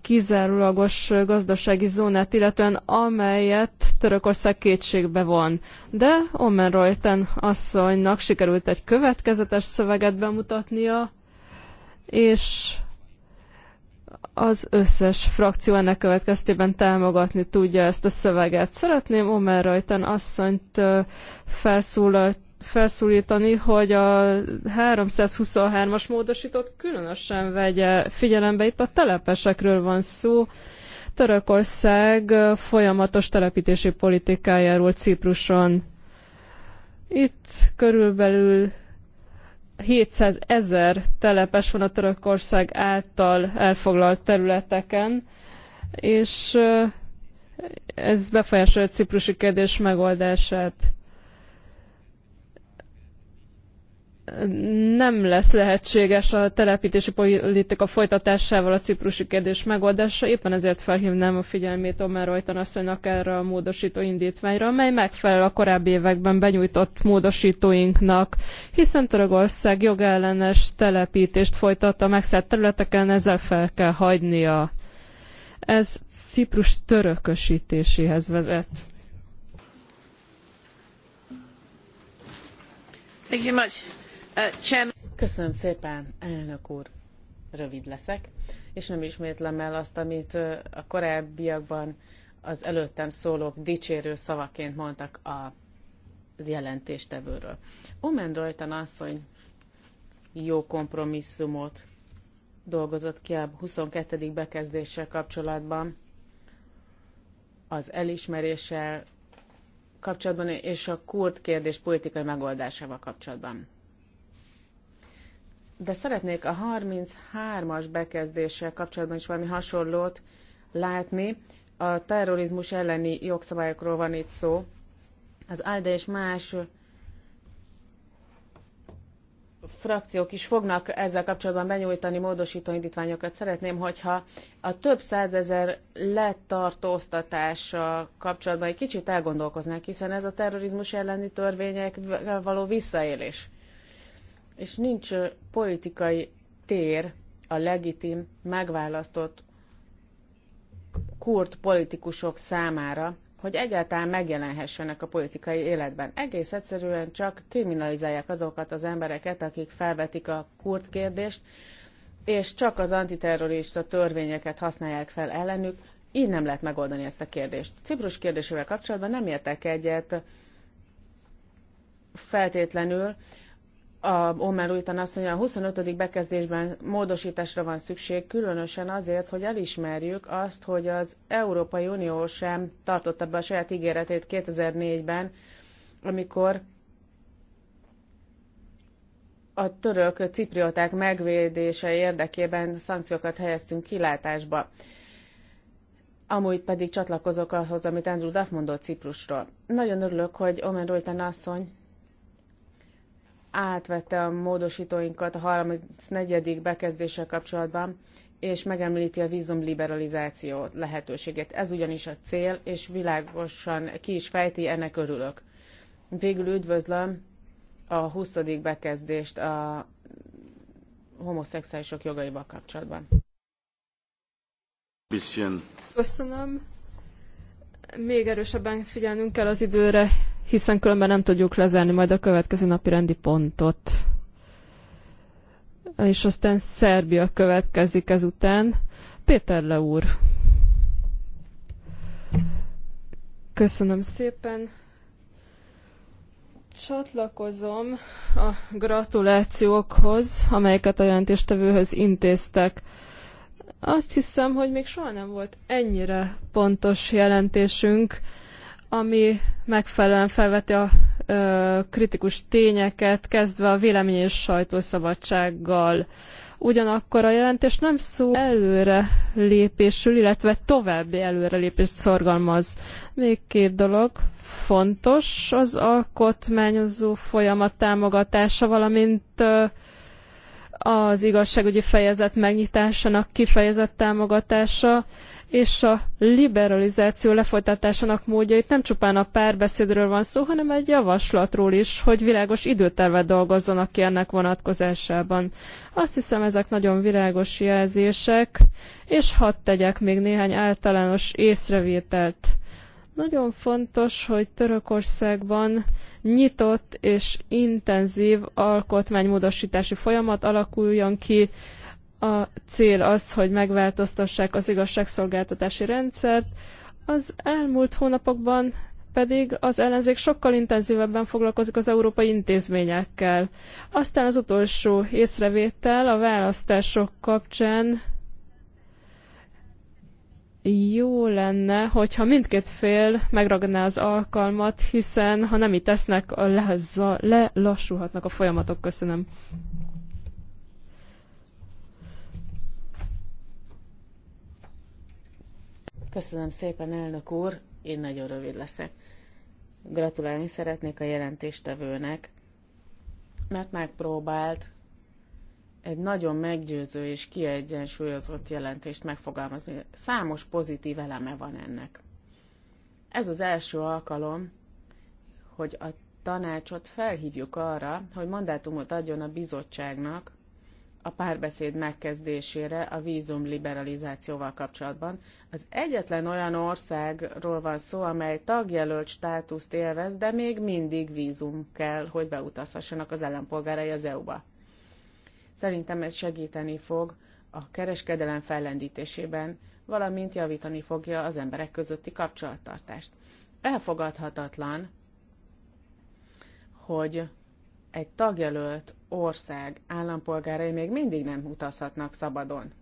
kizárólagos gazdasági zónát, illetően amelyet Törökország kétségbe von. De Omen Reuten asszonynak sikerült egy következetes szöveget bemutatnia, és az összes frakció ennek következtében támogatni tudja ezt a szöveget. Szeretném Omer Rajtan asszonyt felszólalt felszólítani, hogy a 323-as módosított különösen vegye figyelembe, itt a telepesekről van szó. Törökország folyamatos telepítési politikájáról Cipruson. Itt körülbelül 700 ezer telepes van a Törökország által elfoglalt területeken, és ez befolyásolja a ciprusi kérdés megoldását. nem lesz lehetséges a telepítési politika folytatásával a ciprusi kérdés megoldása, éppen ezért felhívnám a figyelmét Omer Rojtan asszonynak erre a módosító indítványra, mely megfelel a korábbi években benyújtott módosítóinknak, hiszen Törökország jogellenes telepítést folytat a megszállt területeken, ezzel fel kell hagynia. Ez Ciprus törökösítéséhez vezet. Thank you much. Uh, Köszönöm szépen, elnök úr. Rövid leszek, és nem ismétlem el azt, amit uh, a korábbiakban az előttem szólók dicsérő szavaként mondtak a az jelentéstevőről. Omen Rajtan asszony jó kompromisszumot dolgozott ki a 22. bekezdéssel kapcsolatban, az elismeréssel kapcsolatban és a kurd kérdés politikai megoldásával kapcsolatban de szeretnék a 33-as bekezdéssel kapcsolatban is valami hasonlót látni. A terrorizmus elleni jogszabályokról van itt szó. Az ALDE és más frakciók is fognak ezzel kapcsolatban benyújtani módosító indítványokat. Szeretném, hogyha a több százezer letartóztatása kapcsolatban egy kicsit elgondolkoznánk, hiszen ez a terrorizmus elleni törvények való visszaélés és nincs politikai tér a legitim, megválasztott kurt politikusok számára, hogy egyáltalán megjelenhessenek a politikai életben. Egész egyszerűen csak kriminalizálják azokat az embereket, akik felvetik a kurt kérdést, és csak az antiterrorista törvényeket használják fel ellenük, így nem lehet megoldani ezt a kérdést. Ciprus kérdésével kapcsolatban nem értek egyet feltétlenül, a Omer Újtan azt mondja, a 25. bekezdésben módosításra van szükség, különösen azért, hogy elismerjük azt, hogy az Európai Unió sem tartotta be a saját ígéretét 2004-ben, amikor a török ciprioták megvédése érdekében szankciókat helyeztünk kilátásba. Amúgy pedig csatlakozok ahhoz, amit Andrew Duff mondott Ciprusról. Nagyon örülök, hogy Omen Reuten asszony átvette a módosítóinkat a 34. bekezdéssel kapcsolatban, és megemlíti a vízumliberalizáció lehetőségét. Ez ugyanis a cél, és világosan ki is fejti, ennek örülök. Végül üdvözlöm a 20. bekezdést a homoszexuálisok jogaival kapcsolatban. Köszönöm. Még erősebben figyelnünk kell az időre hiszen különben nem tudjuk lezárni majd a következő napi rendi pontot. És aztán Szerbia következik ezután. Péter Le úr. Köszönöm szépen. Csatlakozom a gratulációkhoz, amelyeket a jelentéstevőhöz intéztek. Azt hiszem, hogy még soha nem volt ennyire pontos jelentésünk, ami megfelelően felveti a ö, kritikus tényeket, kezdve a vélemény és sajtószabadsággal. Ugyanakkor a jelentés nem szó előre lépésül, illetve további előrelépést szorgalmaz. Még két dolog fontos, az alkotmányozó folyamat támogatása, valamint ö, az igazságügyi fejezet megnyitásának kifejezett támogatása, és a liberalizáció lefolytatásának módjait nem csupán a párbeszédről van szó, hanem egy javaslatról is, hogy világos időtervet dolgozzanak ki ennek vonatkozásában. Azt hiszem, ezek nagyon világos jelzések, és hadd tegyek még néhány általános észrevételt. Nagyon fontos, hogy Törökországban nyitott és intenzív alkotmánymódosítási folyamat alakuljon ki, a cél az, hogy megváltoztassák az igazságszolgáltatási rendszert. Az elmúlt hónapokban pedig az ellenzék sokkal intenzívebben foglalkozik az európai intézményekkel. Aztán az utolsó észrevétel a választások kapcsán jó lenne, hogyha mindkét fél megragadná az alkalmat, hiszen ha nem így tesznek, lelassulhatnak a folyamatok. Köszönöm. Köszönöm szépen, elnök úr, én nagyon rövid leszek. Gratulálni szeretnék a jelentéstevőnek, mert megpróbált egy nagyon meggyőző és kiegyensúlyozott jelentést megfogalmazni. Számos pozitív eleme van ennek. Ez az első alkalom, hogy a tanácsot felhívjuk arra, hogy mandátumot adjon a bizottságnak a párbeszéd megkezdésére a vízum liberalizációval kapcsolatban, az egyetlen olyan országról van szó, amely tagjelölt státuszt élvez, de még mindig vízum kell, hogy beutazhassanak az ellenpolgárai az EU-ba. Szerintem ez segíteni fog a kereskedelem fellendítésében, valamint javítani fogja az emberek közötti kapcsolattartást. Elfogadhatatlan, hogy egy tagjelölt ország állampolgárai még mindig nem utazhatnak szabadon.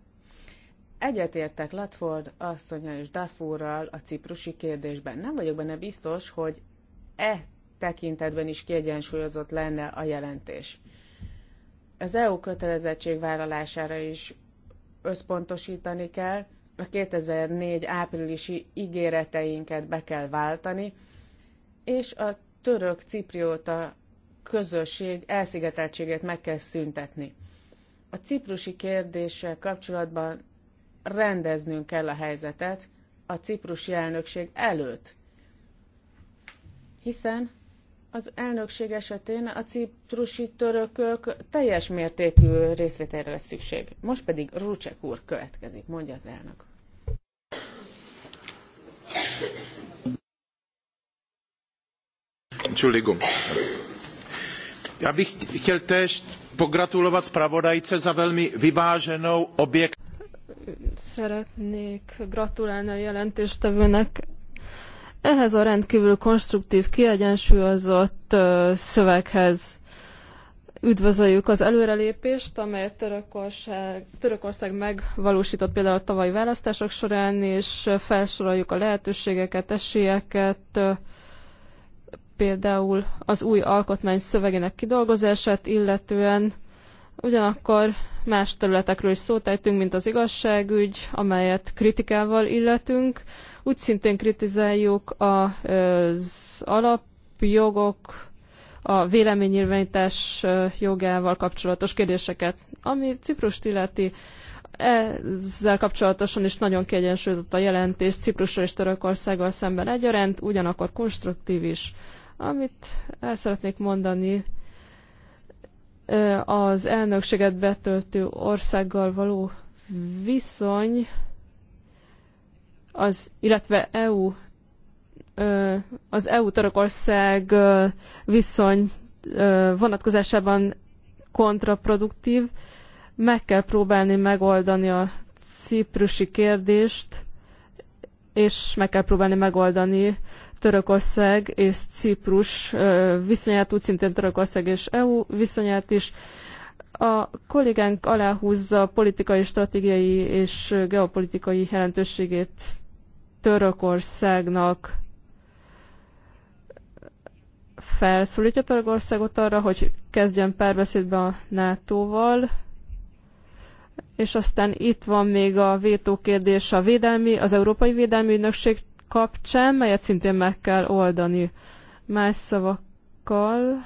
Egyetértek Latford asszonya és Dafurral a ciprusi kérdésben. Nem vagyok benne biztos, hogy e tekintetben is kiegyensúlyozott lenne a jelentés. Az EU vállalására is összpontosítani kell, a 2004 áprilisi ígéreteinket be kell váltani, és a török-ciprióta közösség elszigeteltségét meg kell szüntetni. A ciprusi kérdéssel kapcsolatban rendeznünk kell a helyzetet a ciprusi elnökség előtt. Hiszen az elnökség esetén a ciprusi törökök teljes mértékű részvételre lesz szükség. Most pedig Rucsek úr következik, mondja az elnök. Entschuldigung. Já bych chtěl též pogratulovat zpravodajce za velmi vyváženou objekt. Szeretnék gratulálni a jelentéstevőnek ehhez a rendkívül konstruktív, kiegyensúlyozott szöveghez. Üdvözöljük az előrelépést, amelyet Törökország, Törökország megvalósított például a tavalyi választások során, és felsoroljuk a lehetőségeket, esélyeket, például az új alkotmány szövegének kidolgozását, illetően Ugyanakkor más területekről is szótejtünk, mint az igazságügy, amelyet kritikával illetünk. Úgy szintén kritizáljuk az alapjogok, a véleménynyilvánítás jogával kapcsolatos kérdéseket, ami Ciprust illeti. Ezzel kapcsolatosan is nagyon kiegyensúlyozott a jelentés Ciprusra és Törökországgal szemben egyaránt, ugyanakkor konstruktív is. Amit el szeretnék mondani, az elnökséget betöltő országgal való viszony, az, illetve EU, az EU-Törökország viszony vonatkozásában kontraproduktív. Meg kell próbálni megoldani a ciprusi kérdést, és meg kell próbálni megoldani Törökország és Ciprus viszonyát, úgy szintén Törökország és EU viszonyát is. A kollégánk aláhúzza politikai, stratégiai és geopolitikai jelentőségét Törökországnak. Felszólítja Törökországot arra, hogy kezdjen párbeszédbe a NATO-val, és aztán itt van még a vétókérdés a védelmi, az Európai Védelmi Ügynökség kapcsán, melyet szintén meg kell oldani. Más szavakkal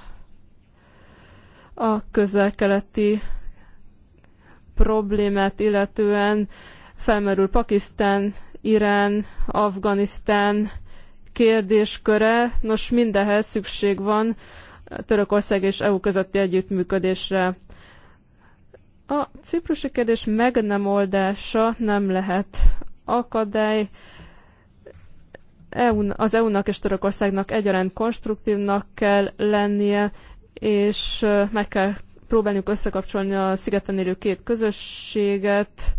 a közel-keleti problémát illetően felmerül Pakisztán, Irán, Afganisztán kérdésköre. Nos, mindehez szükség van Törökország és EU közötti együttműködésre. A ciprusi kérdés meg nem oldása nem lehet akadály EU, az EU-nak és Törökországnak egyaránt konstruktívnak kell lennie, és meg kell próbálniuk összekapcsolni a szigeten élő két közösséget,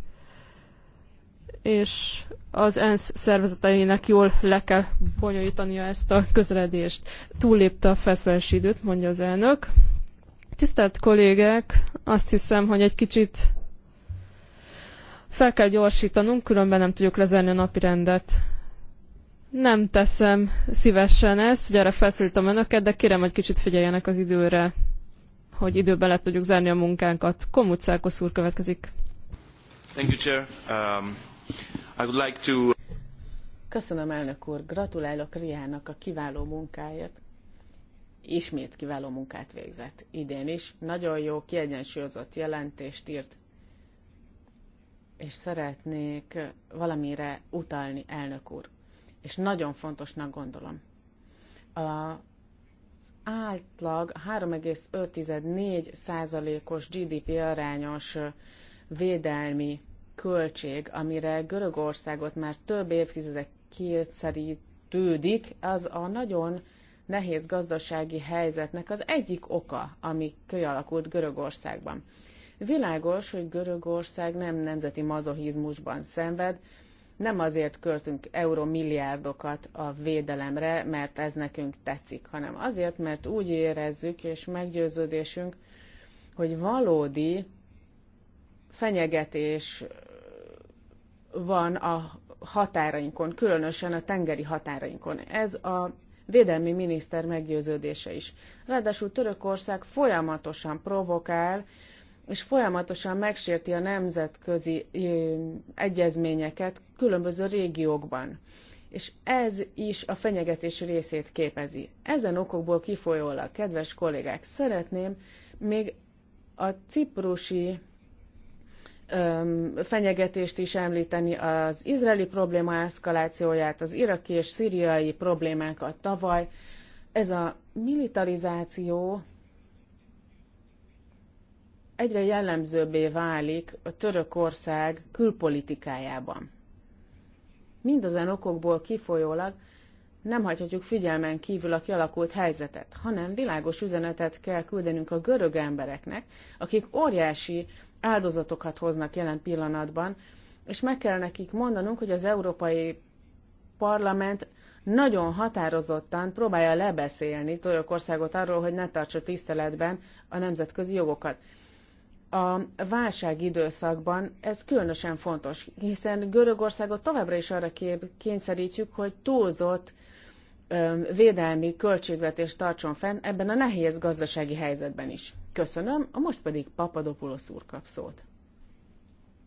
és az ENSZ szervezeteinek jól le kell bonyolítania ezt a közeledést. Túllépte a felszólási időt, mondja az elnök. Tisztelt kollégek, azt hiszem, hogy egy kicsit fel kell gyorsítanunk, különben nem tudjuk lezárni a napi rendet. Nem teszem szívesen ezt, hogy erre felszültem önöket, de kérem, hogy kicsit figyeljenek az időre, hogy időben le tudjuk zárni a munkánkat. Komut Szárkosz úr következik. Thank you, Chair. Um, I would like to... Köszönöm, elnök úr. Gratulálok Riának a kiváló munkáját, Ismét kiváló munkát végzett. Idén is nagyon jó, kiegyensúlyozott jelentést írt, és szeretnék valamire utalni, elnök úr és nagyon fontosnak gondolom. A átlag 3,5-4 százalékos GDP arányos védelmi költség, amire Görögországot már több évtizedek kétszerítődik, az a nagyon nehéz gazdasági helyzetnek az egyik oka, ami kialakult Görögországban. Világos, hogy Görögország nem nemzeti mazohizmusban szenved, nem azért költünk euromilliárdokat a védelemre, mert ez nekünk tetszik, hanem azért, mert úgy érezzük és meggyőződésünk, hogy valódi fenyegetés van a határainkon, különösen a tengeri határainkon. Ez a védelmi miniszter meggyőződése is. Ráadásul Törökország folyamatosan provokál, és folyamatosan megsérti a nemzetközi egyezményeket különböző régiókban. És ez is a fenyegetés részét képezi. Ezen okokból kifolyólag, kedves kollégák, szeretném még a ciprusi fenyegetést is említeni, az izraeli probléma eszkalációját, az iraki és szíriai problémákat tavaly. Ez a militarizáció egyre jellemzőbbé válik a Törökország külpolitikájában. Mindezen okokból kifolyólag nem hagyhatjuk figyelmen kívül a kialakult helyzetet, hanem világos üzenetet kell küldenünk a görög embereknek, akik óriási áldozatokat hoznak jelen pillanatban, és meg kell nekik mondanunk, hogy az Európai Parlament nagyon határozottan próbálja lebeszélni Törökországot arról, hogy ne tartsa tiszteletben a nemzetközi jogokat a válság időszakban ez különösen fontos, hiszen Görögországot továbbra is arra kényszerítjük, hogy túlzott védelmi költségvetést tartson fenn ebben a nehéz gazdasági helyzetben is. Köszönöm, a most pedig Papadopoulos úr kap szót.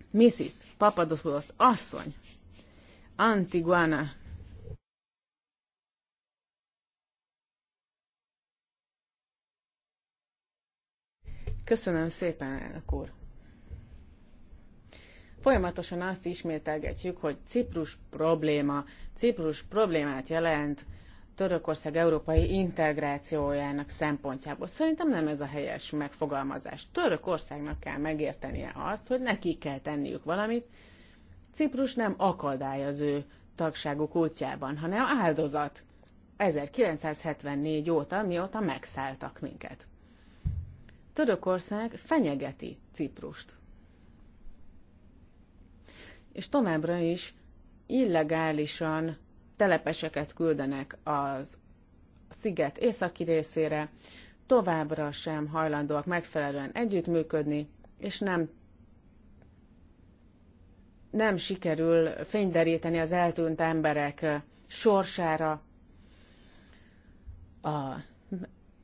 Mrs. Papadopoulos asszony, Antiguana Köszönöm szépen, elnök úr. Folyamatosan azt ismételgetjük, hogy Ciprus probléma, Ciprus problémát jelent Törökország európai integrációjának szempontjából. Szerintem nem ez a helyes megfogalmazás. Törökországnak kell megértenie azt, hogy neki kell tenniük valamit. Ciprus nem akadály az ő tagságuk útjában, hanem áldozat. 1974 óta, mióta megszálltak minket. Törökország fenyegeti Ciprust. És továbbra is illegálisan telepeseket küldenek az sziget északi részére, továbbra sem hajlandóak megfelelően együttműködni, és nem nem sikerül fényderíteni az eltűnt emberek sorsára, a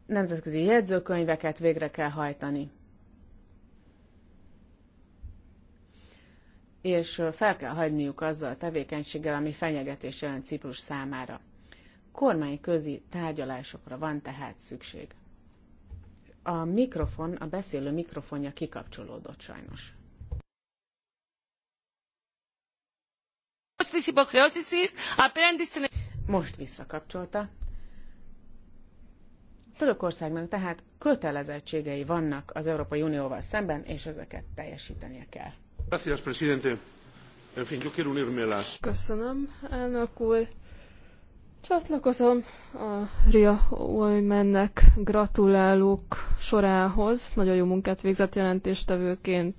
nemzetközi jegyzőkönyveket végre kell hajtani. És fel kell hagyniuk azzal a tevékenységgel, ami fenyegetés jelent Ciprus számára. Kormányközi tárgyalásokra van tehát szükség. A mikrofon, a beszélő mikrofonja kikapcsolódott sajnos. Most visszakapcsolta. Törökországnak tehát kötelezettségei vannak az Európai Unióval szemben, és ezeket teljesítenie kell. Köszönöm, elnök úr. Csatlakozom a Ria Oymennek gratulálók sorához. Nagyon jó munkát végzett jelentéstevőként.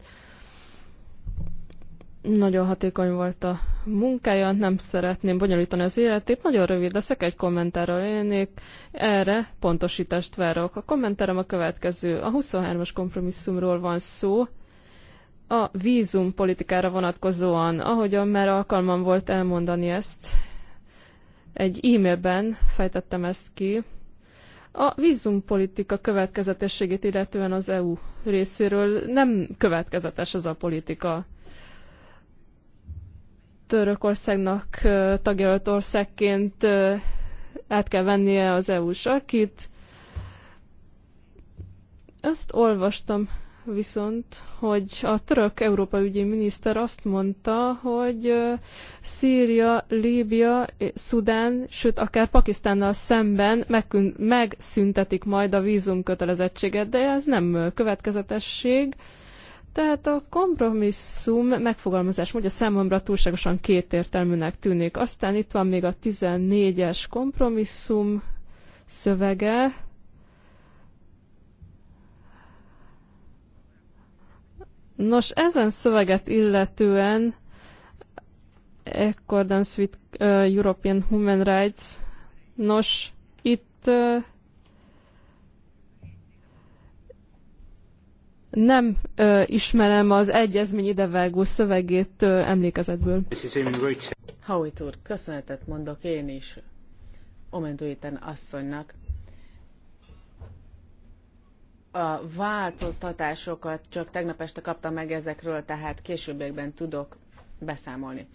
Nagyon hatékony volt a munkája, nem szeretném bonyolítani az életét, nagyon rövid leszek, egy kommentárral élnék, erre pontosítást várok. A kommentárom a következő. A 23-as kompromisszumról van szó, a vízum politikára vonatkozóan, ahogyan már alkalmam volt elmondani ezt, egy e-mailben fejtettem ezt ki, a vízumpolitika következetességét illetően az EU részéről nem következetes az a politika. Törökországnak tagjelölt országként át kell vennie az EU-s akit. Azt olvastam viszont, hogy a török Európa ügyi miniszter azt mondta, hogy Szíria, Líbia, Szudán, sőt akár Pakisztánnal szemben megszüntetik majd a vízumkötelezettséget, de ez nem következetesség. Tehát a kompromisszum megfogalmazás módja számomra túlságosan kétértelműnek tűnik. Aztán itt van még a 14-es kompromisszum szövege. Nos, ezen szöveget illetően accordance with uh, European Human Rights. Nos, itt uh, Nem ö, ismerem az egyezmény idevágó szövegét ö, emlékezetből. Howitt úr, köszönetet mondok én is Omenduiten asszonynak. A változtatásokat csak tegnap este kaptam meg ezekről, tehát későbbiekben tudok beszámolni.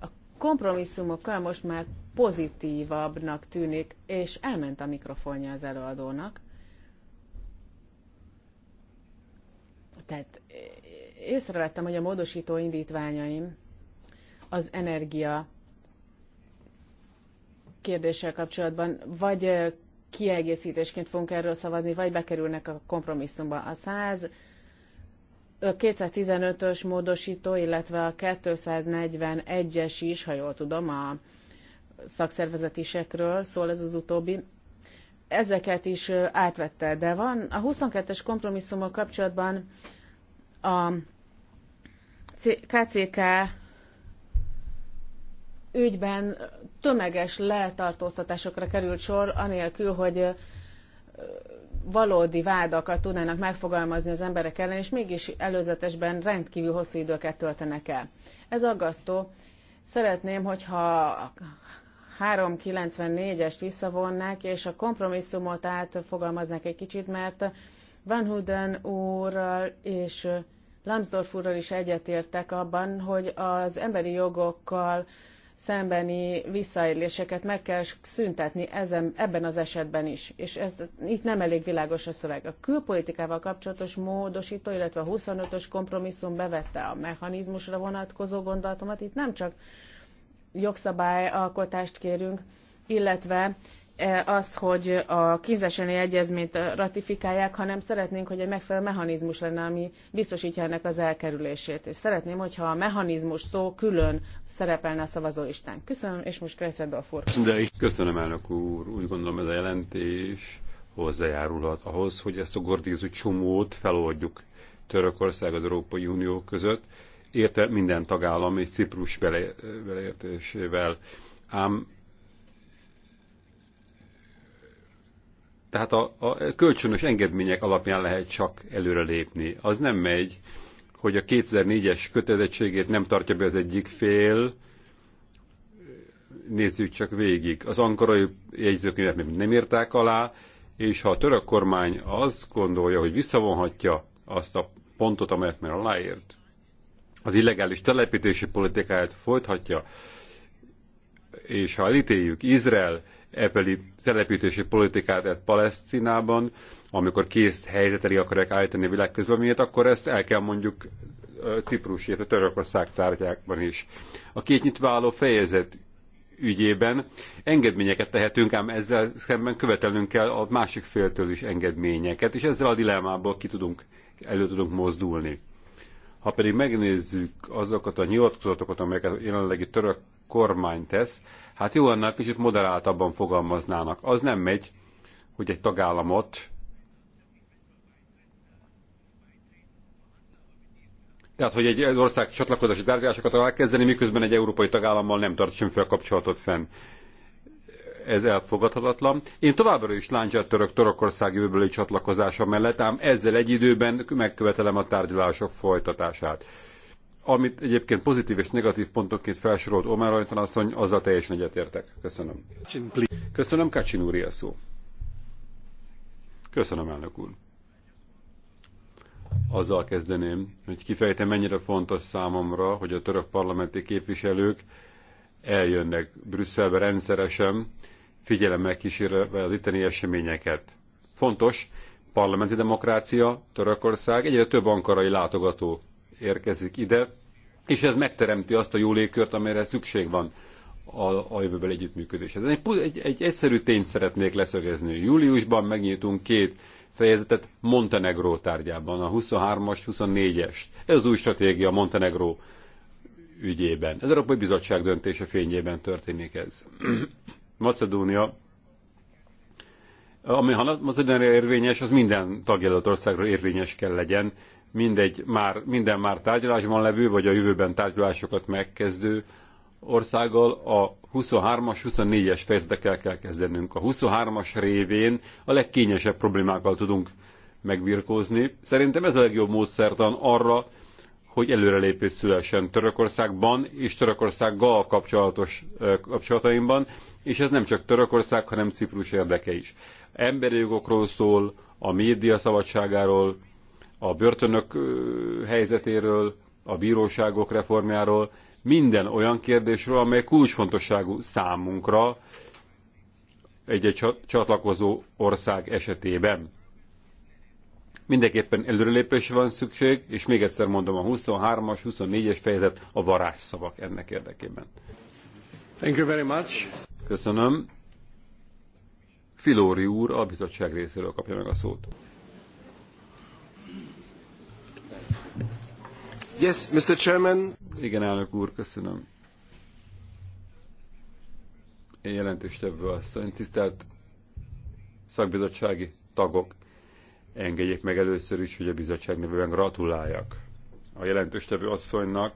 A kompromisszumokkal most már pozitívabbnak tűnik, és elment a mikrofonja az előadónak. Tehát észrevettem, hogy a módosító indítványaim az energia kérdéssel kapcsolatban vagy kiegészítésként fogunk erről szavazni, vagy bekerülnek a kompromisszumba. A 100 a 215-ös módosító, illetve a 241-es is, ha jól tudom, a szakszervezetisekről szól ez az utóbbi ezeket is átvette. De van a 22-es kompromisszumok kapcsolatban a KCK ügyben tömeges letartóztatásokra került sor, anélkül, hogy valódi vádakat tudnának megfogalmazni az emberek ellen, és mégis előzetesben rendkívül hosszú időket töltenek el. Ez aggasztó. Szeretném, hogyha 394-est visszavonnák, és a kompromisszumot átfogalmaznak egy kicsit, mert Van Huden úrral és Lambsdorff úrral is egyetértek abban, hogy az emberi jogokkal szembeni visszaéléseket meg kell szüntetni ezen, ebben az esetben is. És ez, itt nem elég világos a szöveg. A külpolitikával kapcsolatos módosító, illetve a 25-ös kompromisszum bevette a mechanizmusra vonatkozó gondolatomat. Itt nem csak jogszabályalkotást kérünk, illetve e, azt, hogy a kínzeseni egyezményt ratifikálják, hanem szeretnénk, hogy egy megfelelő mechanizmus lenne, ami biztosítja ennek az elkerülését. És szeretném, hogyha a mechanizmus szó külön szerepelne a szavazólistán. Köszönöm, és most a De Köszönöm, elnök úr. Úgy gondolom, ez a jelentés hozzájárulhat ahhoz, hogy ezt a gordízú csomót feloldjuk Törökország az Európai Unió között érte minden tagállam és Ciprus bele, beleértésével. Ám tehát a, a kölcsönös engedmények alapján lehet csak előrelépni. Az nem megy, hogy a 2004-es kötelezettségét nem tartja be az egyik fél, nézzük csak végig. Az ankarai jegyzőkönyvet még nem írták alá, és ha a török kormány azt gondolja, hogy visszavonhatja azt a pontot, amelyet már aláírt, az illegális telepítési politikáját folytatja, és ha elítéljük Izrael epeli telepítési politikát egy Palesztinában, amikor kész helyzetre akarják állítani a világ akkor ezt el kell mondjuk Ciprus, illetve Törökország tárgyákban is. A két nyitváló fejezet ügyében engedményeket tehetünk, ám ezzel szemben követelnünk kell a másik féltől is engedményeket, és ezzel a dilemmából ki tudunk, elő tudunk mozdulni. Ha pedig megnézzük azokat a nyilatkozatokat, amelyeket a jelenlegi török kormány tesz, hát jó lenne, kicsit moderáltabban fogalmaznának. Az nem megy, hogy egy tagállamot Tehát, hogy egy ország csatlakozási tárgyalásokat elkezdeni, miközben egy európai tagállammal nem tart fel kapcsolatot fenn ez elfogadhatatlan. Én továbbra is láncsát török Törökország jövőbeli csatlakozása mellett, ám ezzel egy időben megkövetelem a tárgyalások folytatását. Amit egyébként pozitív és negatív pontokként felsorolt Omer Ajtan asszony, azzal teljesen egyetértek. Köszönöm. Köszönöm, Kacsin úr, szó. Köszönöm, elnök úr. Azzal kezdeném, hogy kifejtem, mennyire fontos számomra, hogy a török parlamenti képviselők eljönnek Brüsszelbe rendszeresen, figyelemmel kísérve az itteni eseményeket. Fontos, parlamenti demokrácia, Törökország, egyre több ankarai látogató érkezik ide, és ez megteremti azt a jó légkört, amelyre szükség van a, a jövőben együttműködéshez. Egy, egy, egy egyszerű tényt szeretnék leszögezni. Júliusban megnyitunk két fejezetet Montenegró tárgyában, a 23-as, 24-es. Ez az új stratégia Montenegró ügyében. Ez a Európai Bizottság döntése fényében történik ez. Macedónia, ami ha Macedónia érvényes, az minden tagjelölt országra érvényes kell legyen, mindegy, már, minden már tárgyalásban levő, vagy a jövőben tárgyalásokat megkezdő országgal a 23-as, 24-es fejezetekkel kell kezdenünk. A 23-as révén a legkényesebb problémákkal tudunk megbirkózni. Szerintem ez a legjobb módszertan arra, hogy előrelépés szülessen Törökországban és Törökországgal kapcsolatos kapcsolataimban, és ez nem csak Törökország, hanem Ciprus érdeke is. Emberi jogokról szól, a média szabadságáról, a börtönök helyzetéről, a bíróságok reformjáról, minden olyan kérdésről, amely kulcsfontosságú számunkra egy-egy csatlakozó ország esetében. Mindenképpen előrelépésre van szükség, és még egyszer mondom, a 23-as, 24-es fejezet a varázsszavak ennek érdekében. Thank you very much. Köszönöm. Filóri úr a bizottság részéről kapja meg a szót. Yes, Mr. Chairman. Igen, elnök úr, köszönöm. Én jelentéstevő asszony, tisztelt szakbizottsági tagok. Engedjék meg először is, hogy a bizottság nevében gratuláljak a jelentős tevő asszonynak,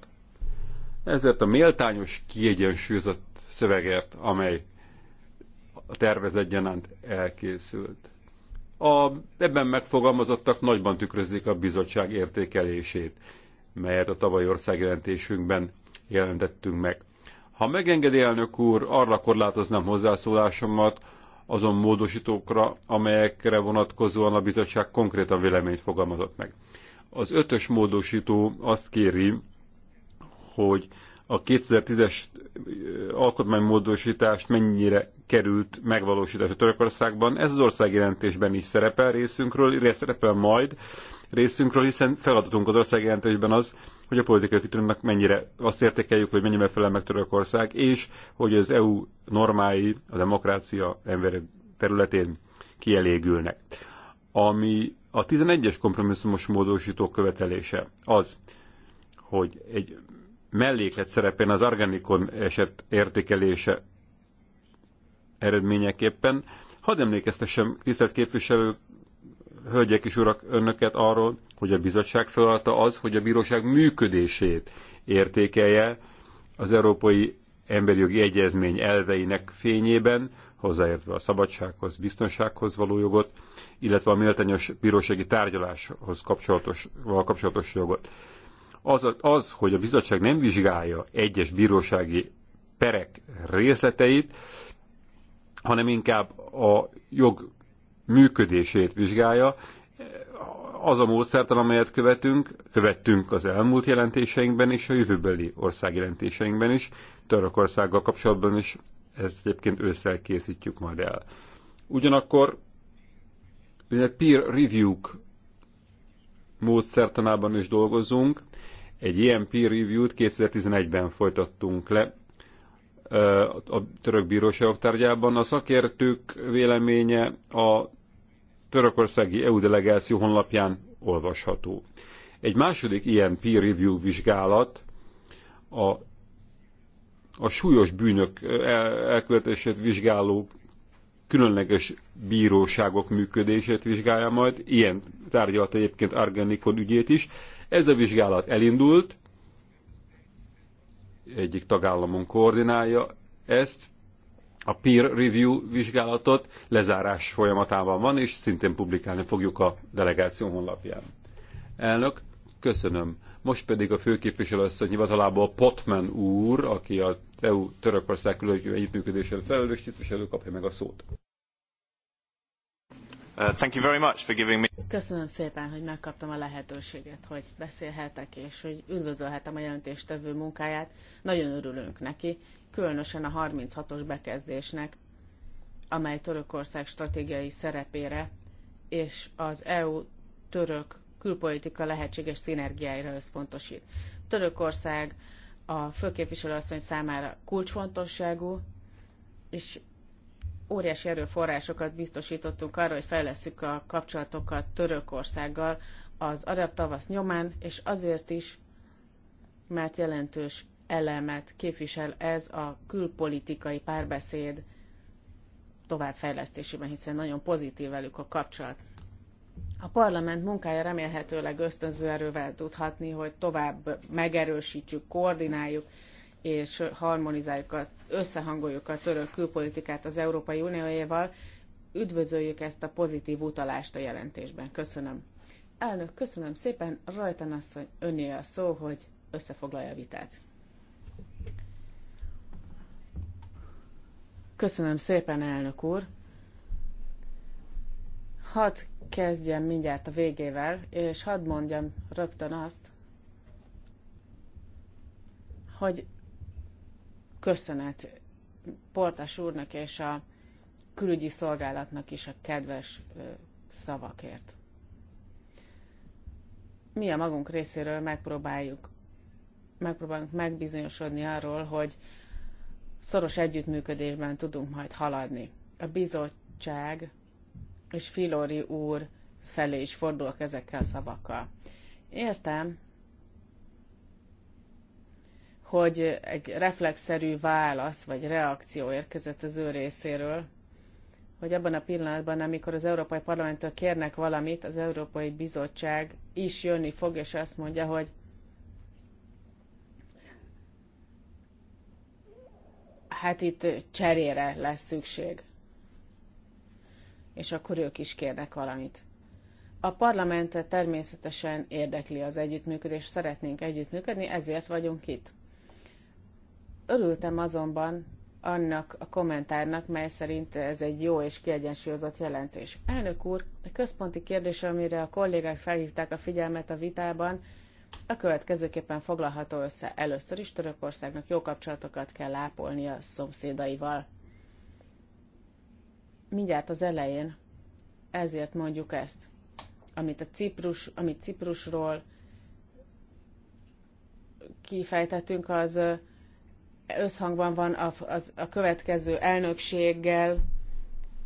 ezért a méltányos, kiegyensúlyozott szövegért, amely a tervezet gyanánt elkészült. A ebben megfogalmazottak nagyban tükrözik a bizottság értékelését, melyet a tavaly országjelentésünkben jelentettünk meg. Ha megengedi elnök úr, arra korlátoznám hozzászólásomat, azon módosítókra, amelyekre vonatkozóan a bizottság konkrétan véleményt fogalmazott meg. Az ötös módosító azt kéri, hogy a 2010-es alkotmánymódosítást mennyire került megvalósításra Törökországban. Ez az ország jelentésben is szerepel részünkről, szerepel majd részünkről, hiszen feladatunk az ország jelentésben az, hogy a politikai kitűnőnek mennyire azt értékeljük, hogy mennyire felel meg Törökország, és hogy az EU normái a demokrácia emberi területén kielégülnek. Ami a 11-es kompromisszumos módosító követelése az, hogy egy melléklet szerepén az Arganikon eset értékelése eredményeképpen. Hadd emlékeztessem tisztelt képviselők hölgyek és urak, önöket arról, hogy a bizottság feladata az, hogy a bíróság működését értékelje az Európai Emberi Jogi Egyezmény elveinek fényében, hozzáértve a szabadsághoz, biztonsághoz való jogot, illetve a méltányos bírósági tárgyaláshoz kapcsolatos, kapcsolatos jogot. Az, az, hogy a bizottság nem vizsgálja egyes bírósági perek részleteit, hanem inkább a jog működését vizsgálja, az a módszertan, amelyet követünk, követtünk az elmúlt jelentéseinkben és a jövőbeli jelentéseinkben is, Törökországgal kapcsolatban is, ezt egyébként ősszel készítjük majd el. Ugyanakkor ugye peer review módszertanában is dolgozunk, egy ilyen peer review-t 2011-ben folytattunk le a török bíróságok tárgyában. A szakértők véleménye a törökországi EU delegáció honlapján olvasható. Egy második ilyen peer review vizsgálat a, a súlyos bűnök el, elkövetését vizsgáló különleges bíróságok működését vizsgálja majd, ilyen tárgyalta egyébként Argenikon ügyét is. Ez a vizsgálat elindult, egyik tagállamon koordinálja ezt, a peer review vizsgálatot lezárás folyamatában van, és szintén publikálni fogjuk a delegáció honlapján. Elnök, köszönöm. Most pedig a főképviselő asszony hivatalából Potman úr, aki a EU Törökország külön együttműködésen felelős tisztviselő kapja meg a szót. Uh, Köszönöm szépen, hogy megkaptam a lehetőséget, hogy beszélhetek, és hogy üdvözölhetem a jelentéstevő munkáját. Nagyon örülünk neki, különösen a 36-os bekezdésnek, amely Törökország stratégiai szerepére és az EU-török külpolitika lehetséges szinergiáira összpontosít. Törökország a főképviselőasszony számára kulcsfontosságú, és óriási erőforrásokat biztosítottunk arra, hogy fejlesszük a kapcsolatokat Törökországgal az arab tavasz nyomán, és azért is, mert jelentős elemet képvisel ez a külpolitikai párbeszéd továbbfejlesztésében, hiszen nagyon pozitív velük a kapcsolat. A parlament munkája remélhetőleg ösztönző erővel tudhatni, hogy tovább megerősítsük, koordináljuk, és harmonizáljuk, a, összehangoljuk a török külpolitikát az Európai Unióéval. Üdvözöljük ezt a pozitív utalást a jelentésben. Köszönöm. Elnök, köszönöm szépen. Rajtan hogy önné a szó, hogy összefoglalja a vitát. Köszönöm szépen, elnök úr. Hadd kezdjem mindjárt a végével, és hadd mondjam rögtön azt, hogy köszönet Portas úrnak és a külügyi szolgálatnak is a kedves szavakért. Mi a magunk részéről megpróbáljuk megpróbálunk megbizonyosodni arról, hogy szoros együttműködésben tudunk majd haladni. A bizottság és Filori úr felé is fordulok ezekkel a szavakkal. Értem, hogy egy reflexzerű válasz vagy reakció érkezett az ő részéről, hogy abban a pillanatban, amikor az Európai Parlamenttől kérnek valamit, az Európai Bizottság is jönni fog, és azt mondja, hogy hát itt cserére lesz szükség. És akkor ők is kérnek valamit. A parlament természetesen érdekli az együttműködés, szeretnénk együttműködni, ezért vagyunk itt. Örültem azonban annak a kommentárnak, mely szerint ez egy jó és kiegyensúlyozott jelentés. Elnök úr, a központi kérdés, amire a kollégák felhívták a figyelmet a vitában, a következőképpen foglalható össze. Először is Törökországnak jó kapcsolatokat kell ápolnia a szomszédaival. Mindjárt az elején ezért mondjuk ezt, amit a Ciprus, amit Ciprusról kifejtettünk, az összhangban van a, az, a következő elnökséggel,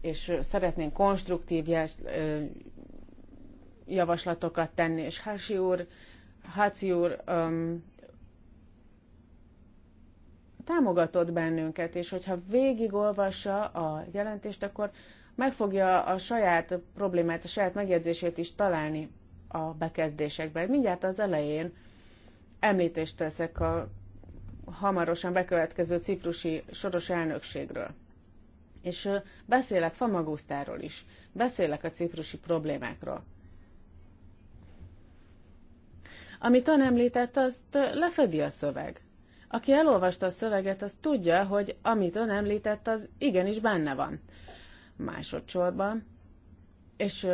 és szeretnénk konstruktív javaslatokat tenni, és Hási úr, Háci úr um, támogatott bennünket, és hogyha végigolvassa a jelentést, akkor meg fogja a saját problémát, a saját megjegyzését is találni a bekezdésekben. Mindjárt az elején említést teszek a hamarosan bekövetkező ciprusi soros elnökségről. És beszélek Famagusztáról is, beszélek a ciprusi problémákról. Amit ön említett, azt lefedi a szöveg. Aki elolvasta a szöveget, az tudja, hogy amit ön említett, az igenis benne van. Másodszorban, és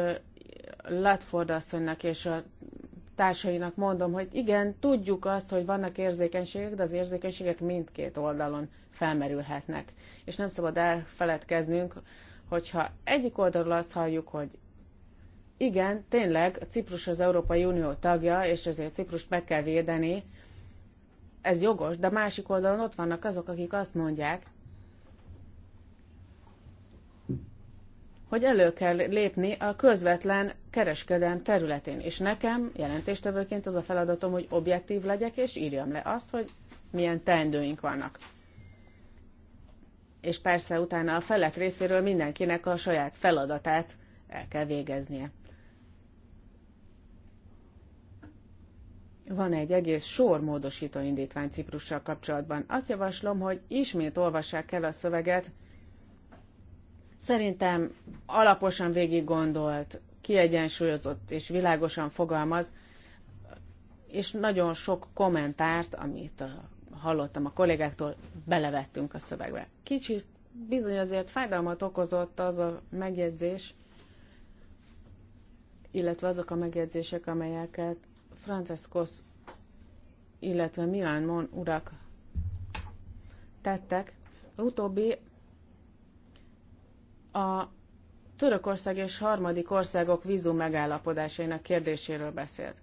Latford asszonynak és a társainak mondom, hogy igen, tudjuk azt, hogy vannak érzékenységek, de az érzékenységek mindkét oldalon felmerülhetnek. És nem szabad elfeledkeznünk, hogyha egyik oldalról azt halljuk, hogy igen, tényleg Ciprus az Európai Unió tagja, és ezért Ciprust meg kell védeni, ez jogos, de másik oldalon ott vannak azok, akik azt mondják, hogy elő kell lépni a közvetlen kereskedelem területén. És nekem jelentéstevőként az a feladatom, hogy objektív legyek, és írjam le azt, hogy milyen teendőink vannak. És persze utána a felek részéről mindenkinek a saját feladatát el kell végeznie. Van egy egész sor módosító indítvány Ciprussal kapcsolatban. Azt javaslom, hogy ismét olvassák el a szöveget. Szerintem alaposan végig gondolt kiegyensúlyozott és világosan fogalmaz, és nagyon sok kommentárt, amit uh, hallottam a kollégáktól, belevettünk a szövegbe. Kicsit bizony azért fájdalmat okozott az a megjegyzés, illetve azok a megjegyzések, amelyeket Francescos, illetve Milán Mon urak tettek. utóbbi a Törökország és harmadik országok vízum megállapodásainak kérdéséről beszélt.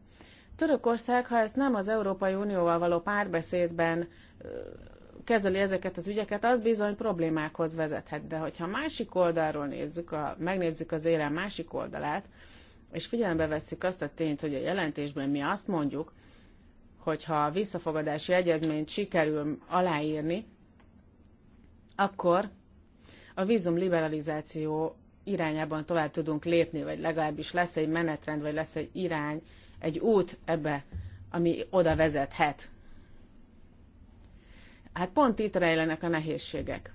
Törökország, ha ezt nem az Európai Unióval való párbeszédben kezeli ezeket az ügyeket, az bizony problémákhoz vezethet. De hogyha másik oldalról nézzük, a, megnézzük az élel másik oldalát, és figyelembe vesszük azt a tényt, hogy a jelentésben mi azt mondjuk, hogyha a visszafogadási egyezményt sikerül aláírni, akkor a vízum liberalizáció irányában tovább tudunk lépni, vagy legalábbis lesz egy menetrend, vagy lesz egy irány, egy út ebbe, ami oda vezethet. Hát pont itt rejlenek a nehézségek.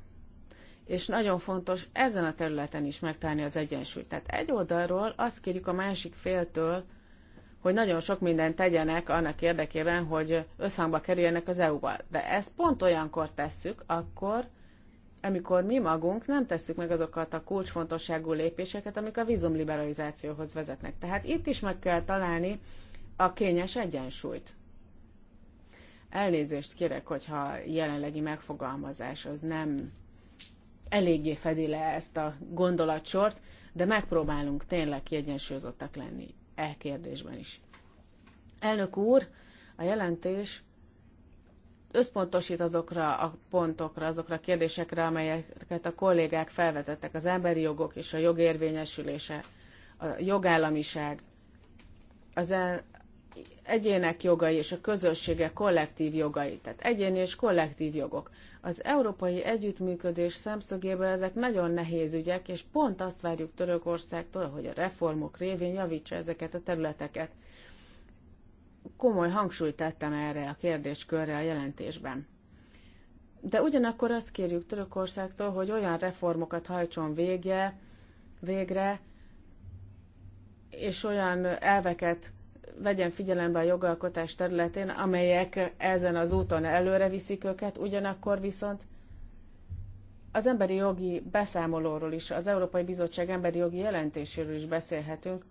És nagyon fontos ezen a területen is megtalálni az egyensúlyt. Tehát egy oldalról azt kérjük a másik féltől, hogy nagyon sok mindent tegyenek annak érdekében, hogy összhangba kerüljenek az EU-val. De ezt pont olyankor tesszük, akkor, amikor mi magunk nem tesszük meg azokat a kulcsfontosságú lépéseket, amik a vízumliberalizációhoz vezetnek. Tehát itt is meg kell találni a kényes egyensúlyt. Elnézést kérek, hogyha a jelenlegi megfogalmazás az nem eléggé fedi le ezt a gondolatsort, de megpróbálunk tényleg kiegyensúlyozottak lenni e kérdésben is. Elnök úr, a jelentés összpontosít azokra a pontokra, azokra a kérdésekre, amelyeket a kollégák felvetettek, az emberi jogok és a jogérvényesülése, a jogállamiság, az egyének jogai és a közössége kollektív jogai, tehát egyéni és kollektív jogok. Az európai együttműködés szemszögéből ezek nagyon nehéz ügyek, és pont azt várjuk Törökországtól, hogy a reformok révén javítsa ezeket a területeket komoly hangsúlyt tettem erre a kérdéskörre a jelentésben. De ugyanakkor azt kérjük Törökországtól, hogy olyan reformokat hajtson végje, végre, és olyan elveket vegyen figyelembe a jogalkotás területén, amelyek ezen az úton előre viszik őket, ugyanakkor viszont az emberi jogi beszámolóról is, az Európai Bizottság emberi jogi jelentéséről is beszélhetünk,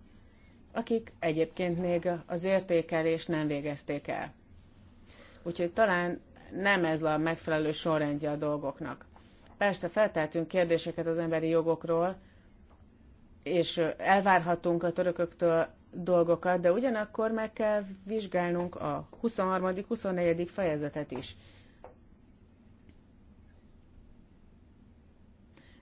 akik egyébként még az értékelést nem végezték el. Úgyhogy talán nem ez a megfelelő sorrendje a dolgoknak. Persze felteltünk kérdéseket az emberi jogokról, és elvárhatunk a törököktől dolgokat, de ugyanakkor meg kell vizsgálnunk a 23.-24. fejezetet is.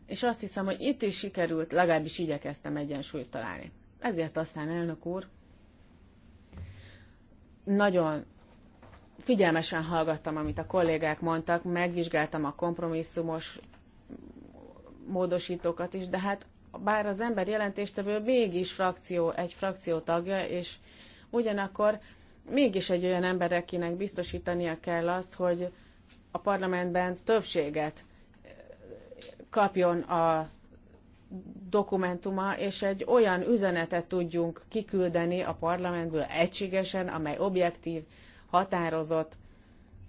És azt hiszem, hogy itt is sikerült, legalábbis igyekeztem egyensúlyt találni. Ezért aztán, elnök úr, nagyon figyelmesen hallgattam, amit a kollégák mondtak, megvizsgáltam a kompromisszumos módosítókat is, de hát bár az ember jelentéstevő mégis frakció, egy frakció tagja, és ugyanakkor mégis egy olyan ember, akinek biztosítania kell azt, hogy a parlamentben többséget kapjon a dokumentuma, és egy olyan üzenetet tudjunk kiküldeni a parlamentből egységesen, amely objektív, határozott,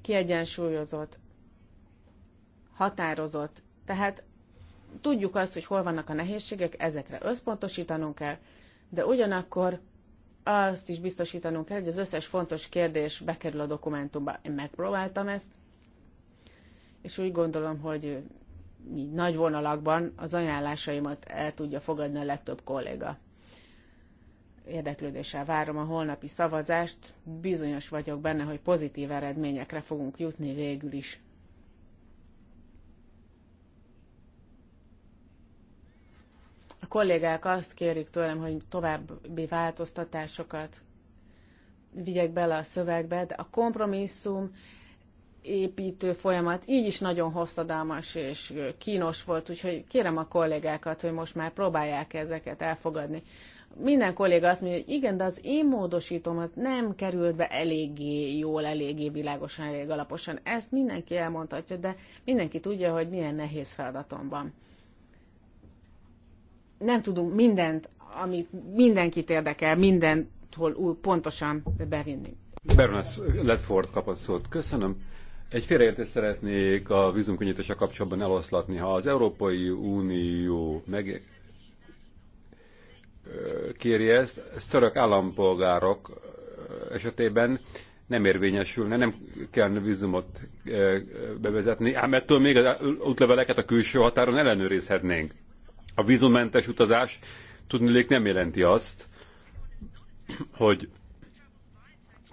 kiegyensúlyozott, határozott. Tehát tudjuk azt, hogy hol vannak a nehézségek, ezekre összpontosítanunk kell, de ugyanakkor azt is biztosítanunk kell, hogy az összes fontos kérdés bekerül a dokumentumba. Én megpróbáltam ezt, és úgy gondolom, hogy így nagy vonalakban az ajánlásaimat el tudja fogadni a legtöbb kolléga. Érdeklődéssel várom a holnapi szavazást, bizonyos vagyok benne, hogy pozitív eredményekre fogunk jutni végül is. A kollégák azt kérik tőlem, hogy további változtatásokat vigyek bele a szövegbe, de a kompromisszum építő folyamat így is nagyon hosszadalmas és kínos volt, úgyhogy kérem a kollégákat, hogy most már próbálják ezeket elfogadni. Minden kolléga azt mondja, hogy igen, de az én módosítom az nem került be eléggé jól, eléggé világosan, elég alaposan. Ezt mindenki elmondhatja, de mindenki tudja, hogy milyen nehéz feladatom van. Nem tudunk mindent, amit mindenkit érdekel, mindenhol pontosan bevinni. Bernas Ledford kapott szót. Köszönöm. Egy félreértést szeretnék a vízumkönnyítése kapcsolatban eloszlatni. Ha az Európai Unió meg kéri ezt, ez török állampolgárok esetében nem érvényesülne, nem kell vízumot bevezetni, ám ettől még az útleveleket a külső határon ellenőrizhetnénk. A vízummentes utazás tudnilék nem jelenti azt, hogy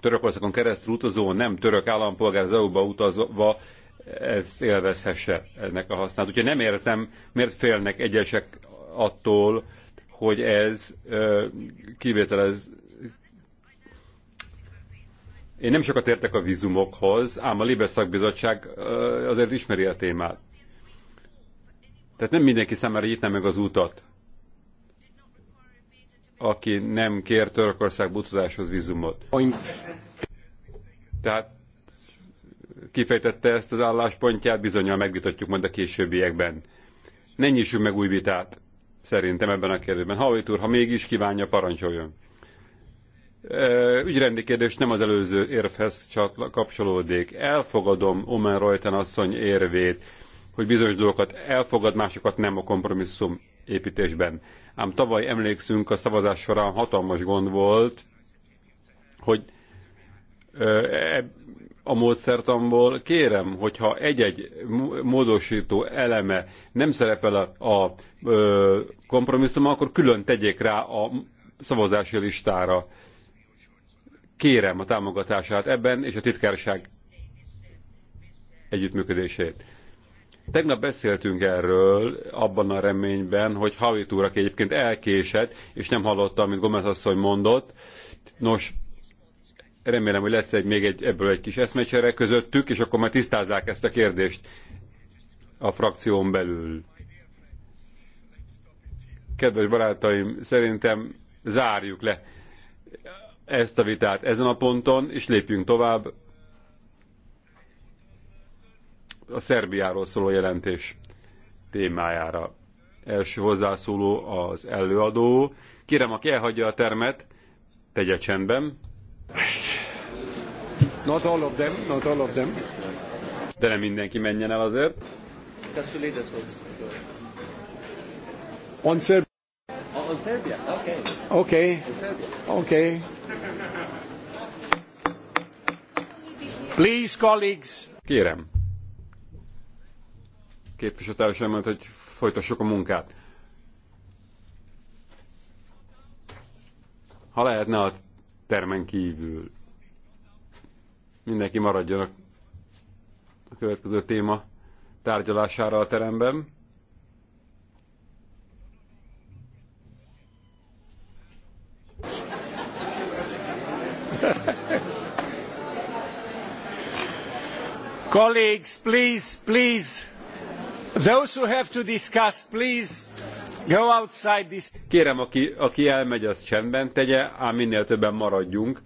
Törökországon keresztül utazó, nem török állampolgár az EU-ba utazva ezt élvezhesse ennek a hasznát. Úgyhogy nem értem, miért félnek egyesek attól, hogy ez kivételez. Én nem sokat értek a vízumokhoz, ám a Libes szakbizottság azért ismeri a témát. Tehát nem mindenki számára nyitná meg az utat aki nem kér Törökország utazáshoz vízumot. Tehát kifejtette ezt az álláspontját, bizonyal megvitatjuk majd a későbbiekben. Ne nyissuk meg új vitát, szerintem ebben a kérdésben. Ha úr, ha mégis kívánja, parancsoljon. Ügyrendi kérdés nem az előző érvhez kapcsolódik. Elfogadom Omen Reuten asszony érvét, hogy bizonyos dolgokat elfogad, másokat nem a kompromisszum építésben ám tavaly emlékszünk a szavazás során hatalmas gond volt, hogy e, a módszertamból kérem, hogyha egy-egy módosító eleme nem szerepel a, a kompromisszum, akkor külön tegyék rá a szavazási listára. Kérem a támogatását ebben és a titkárság együttműködését. Tegnap beszéltünk erről abban a reményben, hogy Havit úr, aki egyébként elkésett, és nem hallotta, amit Gomez asszony mondott. Nos, remélem, hogy lesz egy, még egy, ebből egy kis eszmecsere közöttük, és akkor már tisztázzák ezt a kérdést a frakción belül. Kedves barátaim, szerintem zárjuk le ezt a vitát ezen a ponton, és lépjünk tovább a Szerbiáról szóló jelentés témájára. Első hozzászóló az előadó. Kérem, aki elhagyja a termet, tegye csendben. Not all of them, not all of them. De nem mindenki menjen el azért. On Serbia. Oh, on Serbia, okay. Okay. Okay. Please, colleagues. Kérem, mondta, hogy folytassuk a munkát. Ha lehetne a termen kívül, mindenki maradjon a következő téma tárgyalására a teremben. colleagues please please Kérem, aki, aki elmegy, az csendben tegye, ám minél többen maradjunk,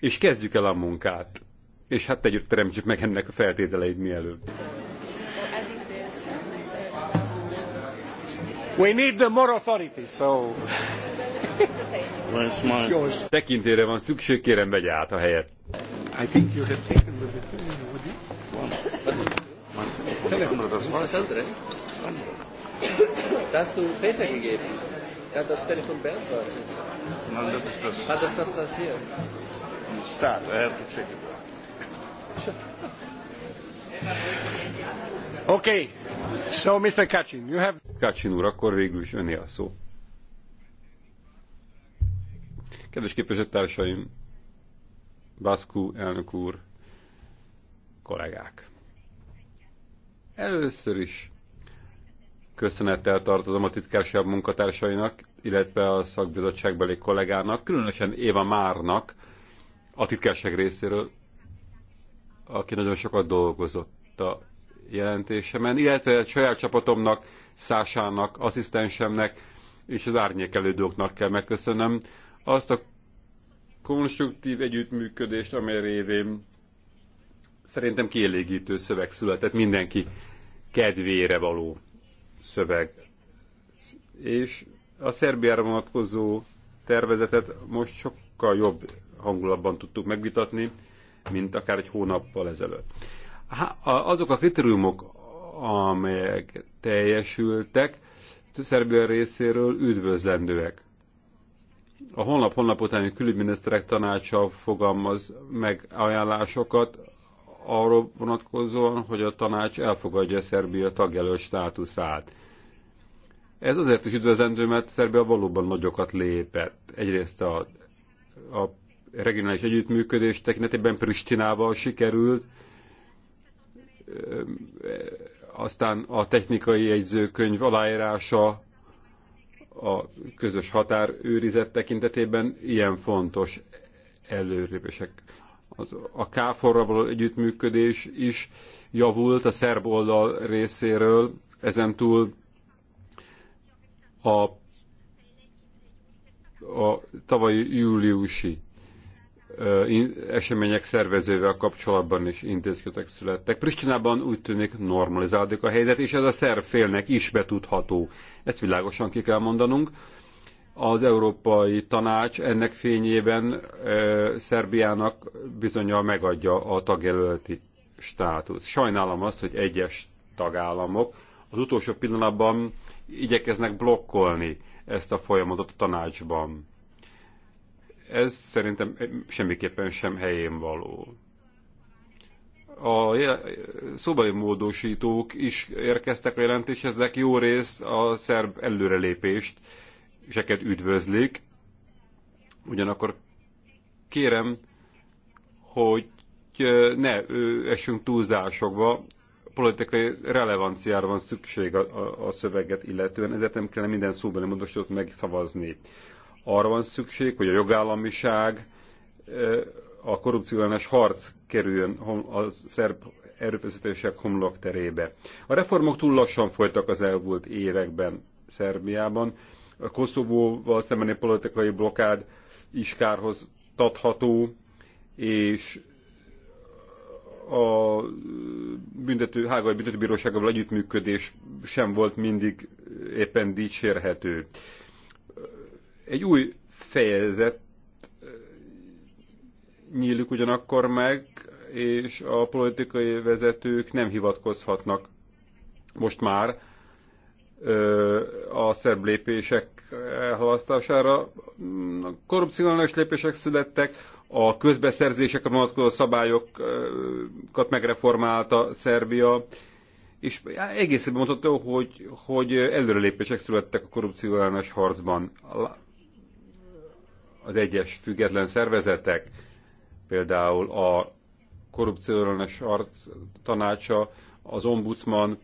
és kezdjük el a munkát. És hát tegyük, teremtsük meg ennek a feltételeit mielőbb. We need the more authority, so... Tekintére van szükség, kérem vegye át a helyet. I think you have taken the Telekom, das war's. Das andere? Das hast du Peter gegeben. Der hat das Telefon beantwortet. Nein, das ist das. Hat das das, das hier? Start, I have to check Okay. So, Mr. Kacsin, you have... Kacsin úr, akkor végül is öné a szó. Kedves képviselőtársaim, Baszku elnök úr, kollégák! Először is köszönettel tartozom a titkárság munkatársainak, illetve a szakbizottságbeli kollégának, különösen Éva Márnak a titkárság részéről, aki nagyon sokat dolgozott a jelentésemen, illetve a saját csapatomnak, Szásának, asszisztensemnek és az árnyékelődőknek kell megköszönöm azt a konstruktív együttműködést, amely révén szerintem kielégítő szöveg született, mindenki kedvére való szöveg. És a Szerbiára vonatkozó tervezetet most sokkal jobb hangulatban tudtuk megvitatni, mint akár egy hónappal ezelőtt. Azok a kritériumok, amelyek teljesültek, Szerbia részéről üdvözlendőek. A honlap honlap utáni külügyminiszterek tanácsa fogalmaz meg ajánlásokat arról vonatkozóan, hogy a tanács elfogadja Szerbia tagjelölt státuszát. Ez azért is üdvözlendő, mert Szerbia valóban nagyokat lépett. Egyrészt a, a regionális együttműködés tekintetében Pristinával sikerült, aztán a technikai jegyzőkönyv aláírása a közös határőrizet tekintetében ilyen fontos előrépések az, a KFOR-ral együttműködés is javult a szerb oldal részéről, ezen túl a, a tavalyi júliusi események szervezővel kapcsolatban is intézkedések születtek. Pristinában úgy tűnik normalizálódik a helyzet, és ez a szerb félnek is betudható. Ezt világosan ki kell mondanunk az Európai Tanács ennek fényében e, Szerbiának bizonyal megadja a tagjelölti státusz. Sajnálom azt, hogy egyes tagállamok az utolsó pillanatban igyekeznek blokkolni ezt a folyamatot a tanácsban. Ez szerintem semmiképpen sem helyén való. A szobai módosítók is érkeztek a jelentéshez, ezek jó részt a szerb előrelépést Ezeket üdvözlik, ugyanakkor kérem, hogy ne esünk túlzásokba, politikai relevanciára van szükség a, a, a szöveget illetően, ezért nem kellene minden szóbeli módosítót megszavazni. Arra van szükség, hogy a jogállamiság, a korrupcióellenes harc kerüljön a szerb erőfeszítések homlok terébe. A reformok túl lassan folytak az elmúlt években Szerbiában, a Koszovóval szembeni politikai blokád is kárhoztatható, tatható, és a büntető, Hágai Büntetőbíróságával együttműködés sem volt mindig éppen dicsérhető. Egy új fejezet nyílik ugyanakkor meg, és a politikai vezetők nem hivatkozhatnak most már a szerb lépések elhalasztására. Korrupciós lépések születtek, a közbeszerzésekre vonatkozó szabályokat megreformálta Szerbia, és egészen mondható, hogy, hogy előrelépések születtek a korrupció ellenes harcban. Az egyes független szervezetek, például a korrupció ellenes harc tanácsa, az ombudsman,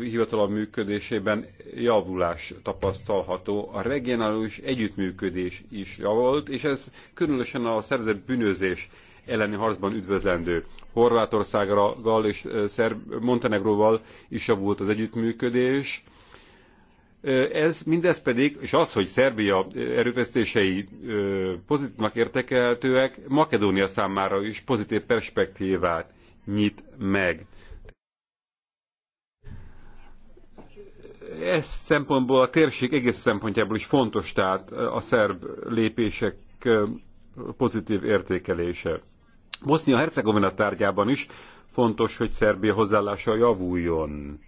hivatalabb működésében javulás tapasztalható. A regionális együttműködés is javult, és ez különösen a szervezett bűnözés elleni harcban üdvözlendő. Horvátországgal és Szerb Montenegróval is javult az együttműködés. Ez, mindez pedig, és az, hogy Szerbia erőfeszítései pozitívnak értekelhetőek, Makedónia számára is pozitív perspektívát nyit meg. ez szempontból a térség egész szempontjából is fontos, tehát a szerb lépések pozitív értékelése. Bosznia-Hercegovina tárgyában is fontos, hogy Szerbia hozzáállása javuljon.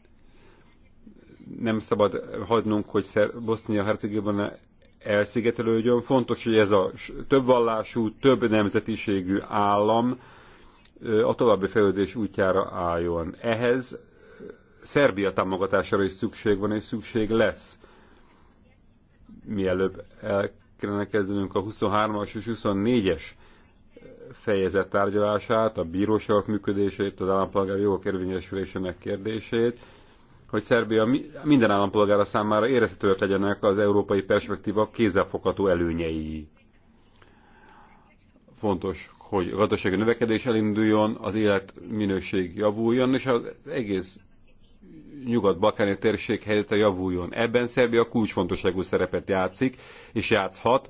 Nem szabad hagynunk, hogy Bosznia-Hercegovina elszigetelődjön. Fontos, hogy ez a többvallású, több nemzetiségű állam a további fejlődés útjára álljon. Ehhez Szerbia támogatására is szükség van, és szükség lesz. Mielőbb el kellene kezdenünk a 23-as és 24-es fejezet tárgyalását, a bíróságok működését, az állampolgári jogok érvényesülésének kérdését, hogy Szerbia minden állampolgára számára érezhetőek legyenek az európai perspektíva kézzelfogható előnyei. Fontos, hogy a gazdasági növekedés elinduljon, az életminőség javuljon, és az egész nyugat-balkáni térség helyzete javuljon. Ebben Szerbia kulcsfontosságú szerepet játszik, és játszhat,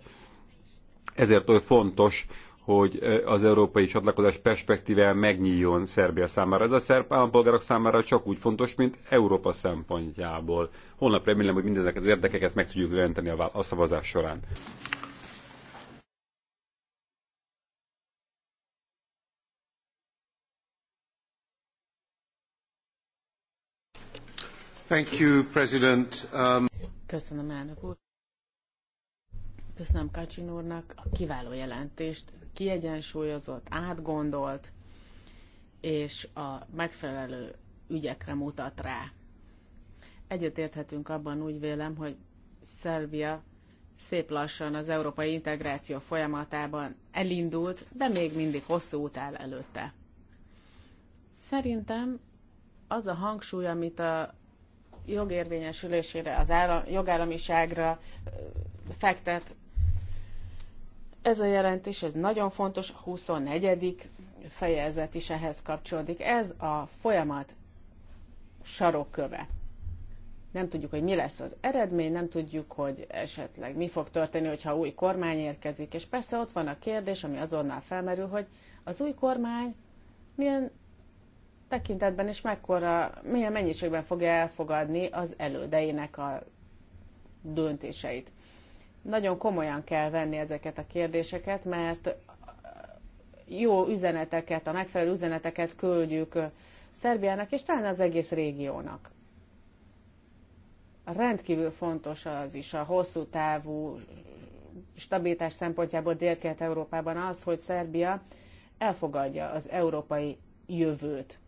ezért oly fontos, hogy az európai csatlakozás perspektívája megnyíljon Szerbia számára. Ez a szerb állampolgárok számára csak úgy fontos, mint Európa szempontjából. Holnap remélem, hogy mindezeket az érdekeket meg tudjuk jelenteni a szavazás során. Um, Köszönöm, kacin Köszönöm úrnak a kiváló jelentést. Kiegyensúlyozott, átgondolt, és a megfelelő ügyekre mutat rá. Egyetérthetünk abban, úgy vélem, hogy Szerbia szép lassan az európai integráció folyamatában elindult, de még mindig hosszú út áll előtte. Szerintem az a hangsúly, amit a jogérvényesülésére, az állam, jogállamiságra fektet. Ez a jelentés, ez nagyon fontos, a 24. fejezet is ehhez kapcsolódik. Ez a folyamat sarokköve. Nem tudjuk, hogy mi lesz az eredmény, nem tudjuk, hogy esetleg mi fog történni, hogyha új kormány érkezik. És persze ott van a kérdés, ami azonnal felmerül, hogy az új kormány milyen tekintetben is mekkora, milyen mennyiségben fogja elfogadni az elődeinek a döntéseit. Nagyon komolyan kell venni ezeket a kérdéseket, mert jó üzeneteket, a megfelelő üzeneteket küldjük Szerbiának, és talán az egész régiónak. Rendkívül fontos az is a hosszú távú stabilitás szempontjából dél európában az, hogy Szerbia elfogadja az európai jövőt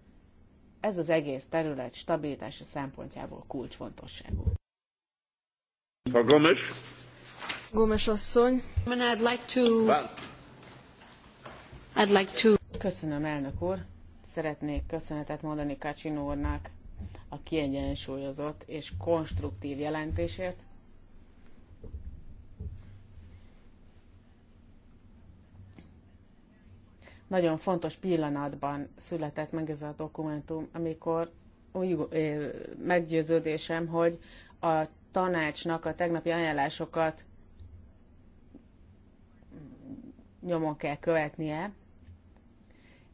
ez az egész terület stabilitása szempontjából kulcsfontosságú. A Gomes. Gomes asszony. I'd like to... I'd like to... Köszönöm, elnök úr. Szeretnék köszönetet mondani Kacsinórnak a kiegyensúlyozott és konstruktív jelentésért, nagyon fontos pillanatban született meg ez a dokumentum, amikor úgy meggyőződésem, hogy a tanácsnak a tegnapi ajánlásokat nyomon kell követnie,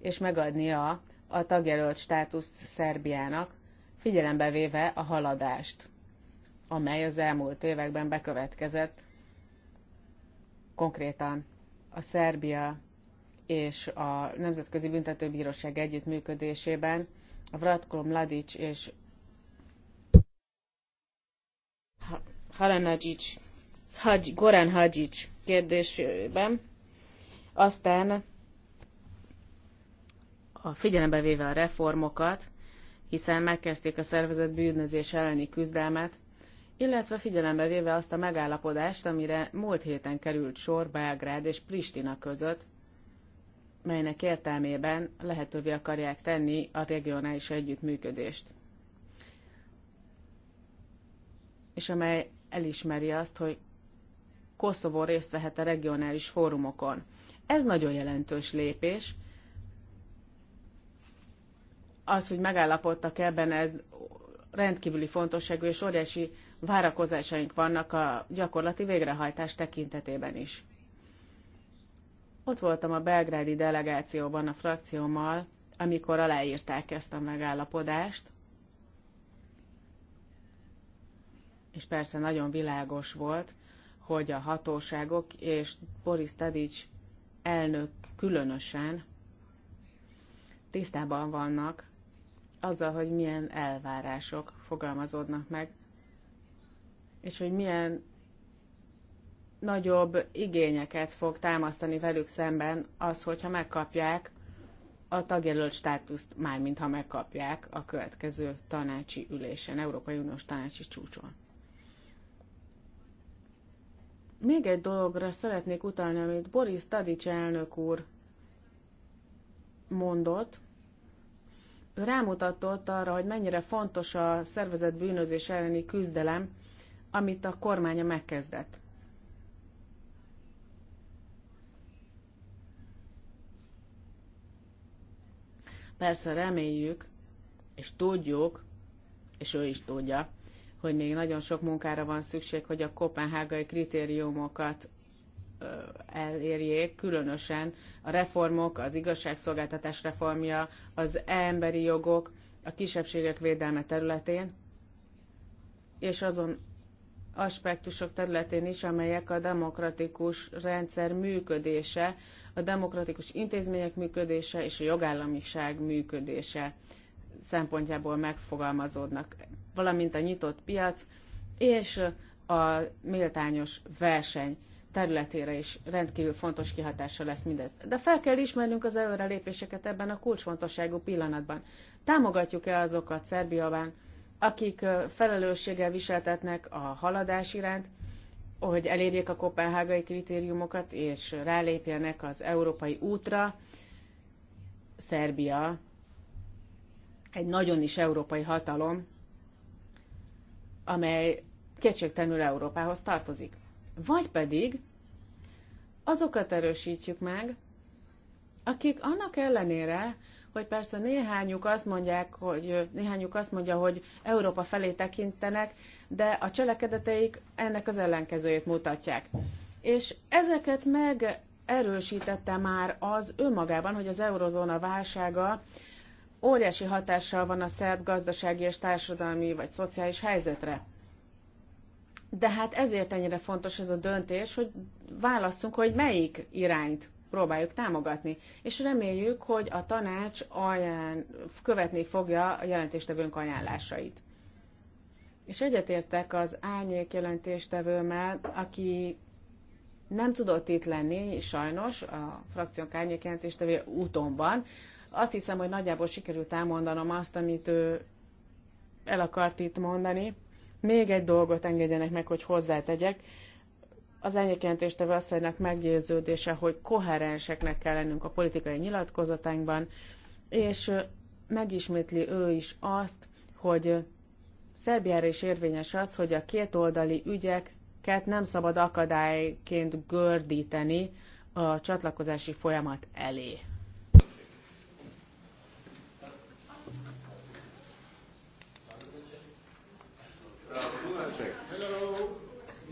és megadnia a tagjelölt státuszt Szerbiának, figyelembe véve a haladást, amely az elmúlt években bekövetkezett, konkrétan a Szerbia és a Nemzetközi Büntetőbíróság együttműködésében a Vratko Mladic és Halanadzsics, Hagy, Goran Hadzsics kérdésében, aztán a figyelembe véve a reformokat, hiszen megkezdték a szervezet bűnözés elleni küzdelmet, illetve figyelembe véve azt a megállapodást, amire múlt héten került sor Belgrád és Pristina között, melynek értelmében lehetővé akarják tenni a regionális együttműködést, és amely elismeri azt, hogy Koszovó részt vehet a regionális fórumokon. Ez nagyon jelentős lépés. Az, hogy megállapodtak ebben, ez rendkívüli fontosságú és óriási várakozásaink vannak a gyakorlati végrehajtás tekintetében is. Ott voltam a belgrádi delegációban a frakciómmal, amikor aláírták ezt a megállapodást, és persze nagyon világos volt, hogy a hatóságok és Boris Tadics elnök különösen tisztában vannak azzal, hogy milyen elvárások fogalmazódnak meg, és hogy milyen nagyobb igényeket fog támasztani velük szemben az, hogyha megkapják a tagjelölt státuszt, mármint ha megkapják a következő tanácsi ülésen, Európai Uniós tanácsi csúcson. Még egy dologra szeretnék utalni, amit Boris Tadics elnök úr mondott. Ő rámutatott arra, hogy mennyire fontos a szervezet bűnözés elleni küzdelem, amit a kormánya megkezdett. Persze reméljük, és tudjuk, és ő is tudja, hogy még nagyon sok munkára van szükség, hogy a kopenhágai kritériumokat elérjék, különösen a reformok, az igazságszolgáltatás reformja, az emberi jogok, a kisebbségek védelme területén, és azon aspektusok területén is, amelyek a demokratikus rendszer működése a demokratikus intézmények működése és a jogállamiság működése szempontjából megfogalmazódnak, valamint a nyitott piac és a méltányos verseny területére is rendkívül fontos kihatása lesz mindez. De fel kell ismernünk az előrelépéseket ebben a kulcsfontosságú pillanatban. Támogatjuk-e azokat Szerbiaban, akik felelősséggel viseltetnek a haladás iránt, hogy elérjék a kopenhágai kritériumokat, és rálépjenek az európai útra, Szerbia egy nagyon is európai hatalom, amely kétségtelenül Európához tartozik. Vagy pedig azokat erősítjük meg, akik annak ellenére, hogy persze néhányuk azt mondják, hogy néhányuk azt mondja, hogy Európa felé tekintenek, de a cselekedeteik ennek az ellenkezőjét mutatják. És ezeket meg erősítette már az önmagában, hogy az eurozóna válsága óriási hatással van a szerb gazdasági és társadalmi vagy szociális helyzetre. De hát ezért ennyire fontos ez a döntés, hogy válasszunk, hogy melyik irányt próbáljuk támogatni. És reméljük, hogy a tanács aján, követni fogja a jelentéstevőnk ajánlásait. És egyetértek az árnyék jelentéstevőmmel, aki nem tudott itt lenni, sajnos, a frakciónk árnyék jelentéstevő úton van. Azt hiszem, hogy nagyjából sikerült elmondanom azt, amit ő el akart itt mondani. Még egy dolgot engedjenek meg, hogy hozzátegyek. Az elnyékjelentéstevő asszonynak meggyőződése, hogy koherenseknek kell lennünk a politikai nyilatkozatánkban, és megismétli ő is azt, hogy Szerbiára is érvényes az, hogy a kétoldali ügyeket nem szabad akadályként gördíteni a csatlakozási folyamat elé.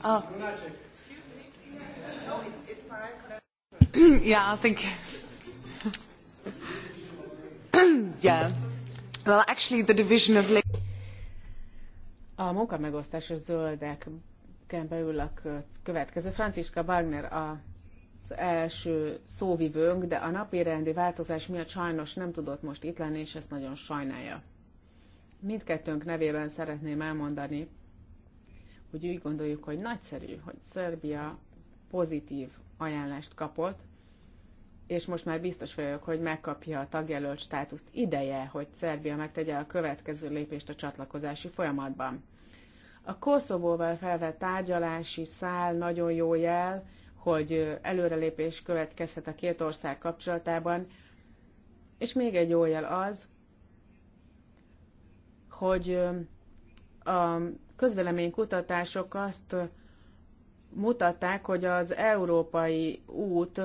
Oh. yeah, I think. yeah. Well, actually, the division of labor. A munkamegosztás a zöldeken belül a következő. Franciska Wagner az első szóvivőnk, de a napi rendi változás miatt sajnos nem tudott most itt lenni, és ezt nagyon sajnálja. Mindkettőnk nevében szeretném elmondani, hogy úgy gondoljuk, hogy nagyszerű, hogy Szerbia pozitív ajánlást kapott, és most már biztos vagyok, hogy megkapja a tagjelölt státuszt ideje, hogy Szerbia megtegye a következő lépést a csatlakozási folyamatban. A Koszovóval felvett tárgyalási szál nagyon jó jel, hogy előrelépés következhet a két ország kapcsolatában, és még egy jó jel az, hogy a kutatások azt mutatták, hogy az európai út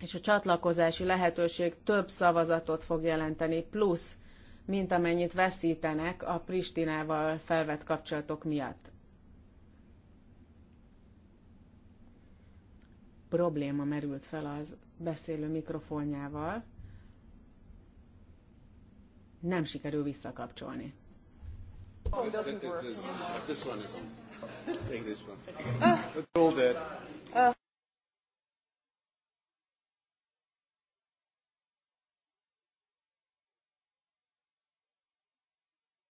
és a csatlakozási lehetőség több szavazatot fog jelenteni, plusz, mint amennyit veszítenek a Pristinával felvett kapcsolatok miatt. Probléma merült fel az beszélő mikrofonjával. Nem sikerül visszakapcsolni. This, this, this, this one is on. Take this one. Uh, all dead. Uh,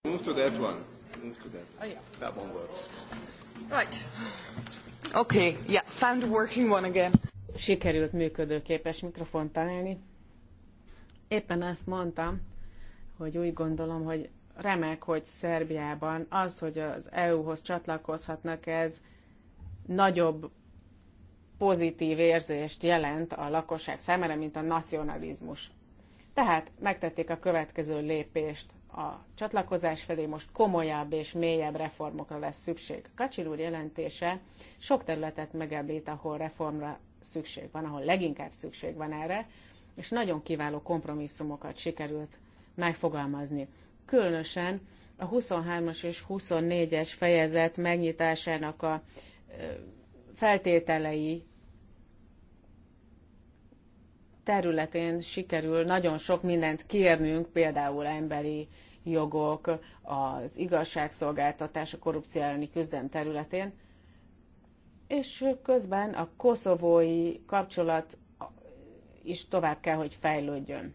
Move to that one. Move to that. Oh, yeah. That one works. Right. Okay. Yeah. Found a working one again. Sikerült működőképes mikrofont találni. Éppen ezt mondtam, hogy úgy gondolom, hogy remek, hogy Szerbiában az, hogy az EU-hoz csatlakozhatnak, ez nagyobb pozitív érzést jelent a lakosság számára, mint a nacionalizmus. Tehát megtették a következő lépést a csatlakozás felé, most komolyabb és mélyebb reformokra lesz szükség. Kacsil úr jelentése sok területet megemlít, ahol reformra szükség van, ahol leginkább szükség van erre, és nagyon kiváló kompromisszumokat sikerült megfogalmazni különösen a 23-as és 24-es fejezet megnyitásának a feltételei területén sikerül nagyon sok mindent kérnünk, például emberi jogok, az igazságszolgáltatás, a korrupció elleni küzdelem területén, és közben a koszovói kapcsolat is tovább kell, hogy fejlődjön.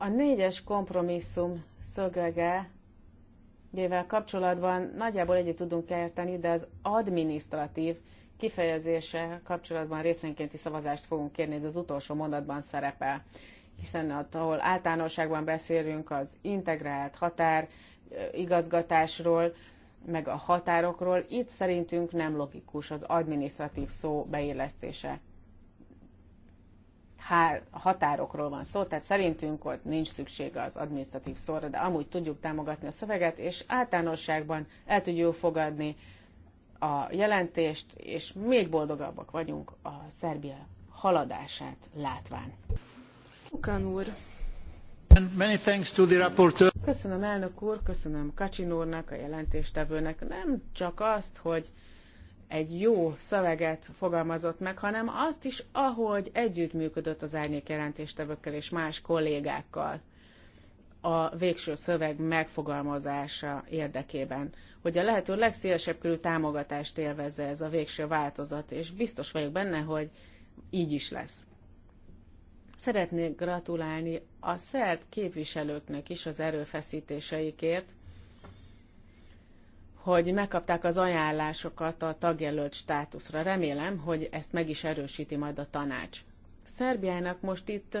A négyes kompromisszum szögege kapcsolatban nagyjából egyet tudunk érteni, de az administratív kifejezése kapcsolatban részenkénti szavazást fogunk kérni, ez az utolsó mondatban szerepel, hiszen ott, ahol általánosságban beszélünk az integrált határ igazgatásról, meg a határokról, itt szerintünk nem logikus az administratív szó beillesztése határokról van szó, tehát szerintünk ott nincs szüksége az administratív szóra, de amúgy tudjuk támogatni a szöveget, és általánosságban el tudjuk fogadni a jelentést, és még boldogabbak vagyunk a Szerbia haladását látván. Ukán úr. Many thanks to the rapporteur. Köszönöm elnök úr, köszönöm Kacsin úrnak, a jelentéstevőnek, nem csak azt, hogy egy jó szöveget fogalmazott meg, hanem azt is, ahogy együttműködött az árnyék jelentéstevőkkel és más kollégákkal a végső szöveg megfogalmazása érdekében, hogy a lehető legszélesebb körű támogatást élvezze ez a végső változat, és biztos vagyok benne, hogy így is lesz. Szeretnék gratulálni a szerb képviselőknek is az erőfeszítéseikért, hogy megkapták az ajánlásokat a tagjelölt státuszra. Remélem, hogy ezt meg is erősíti majd a tanács. Szerbiának most itt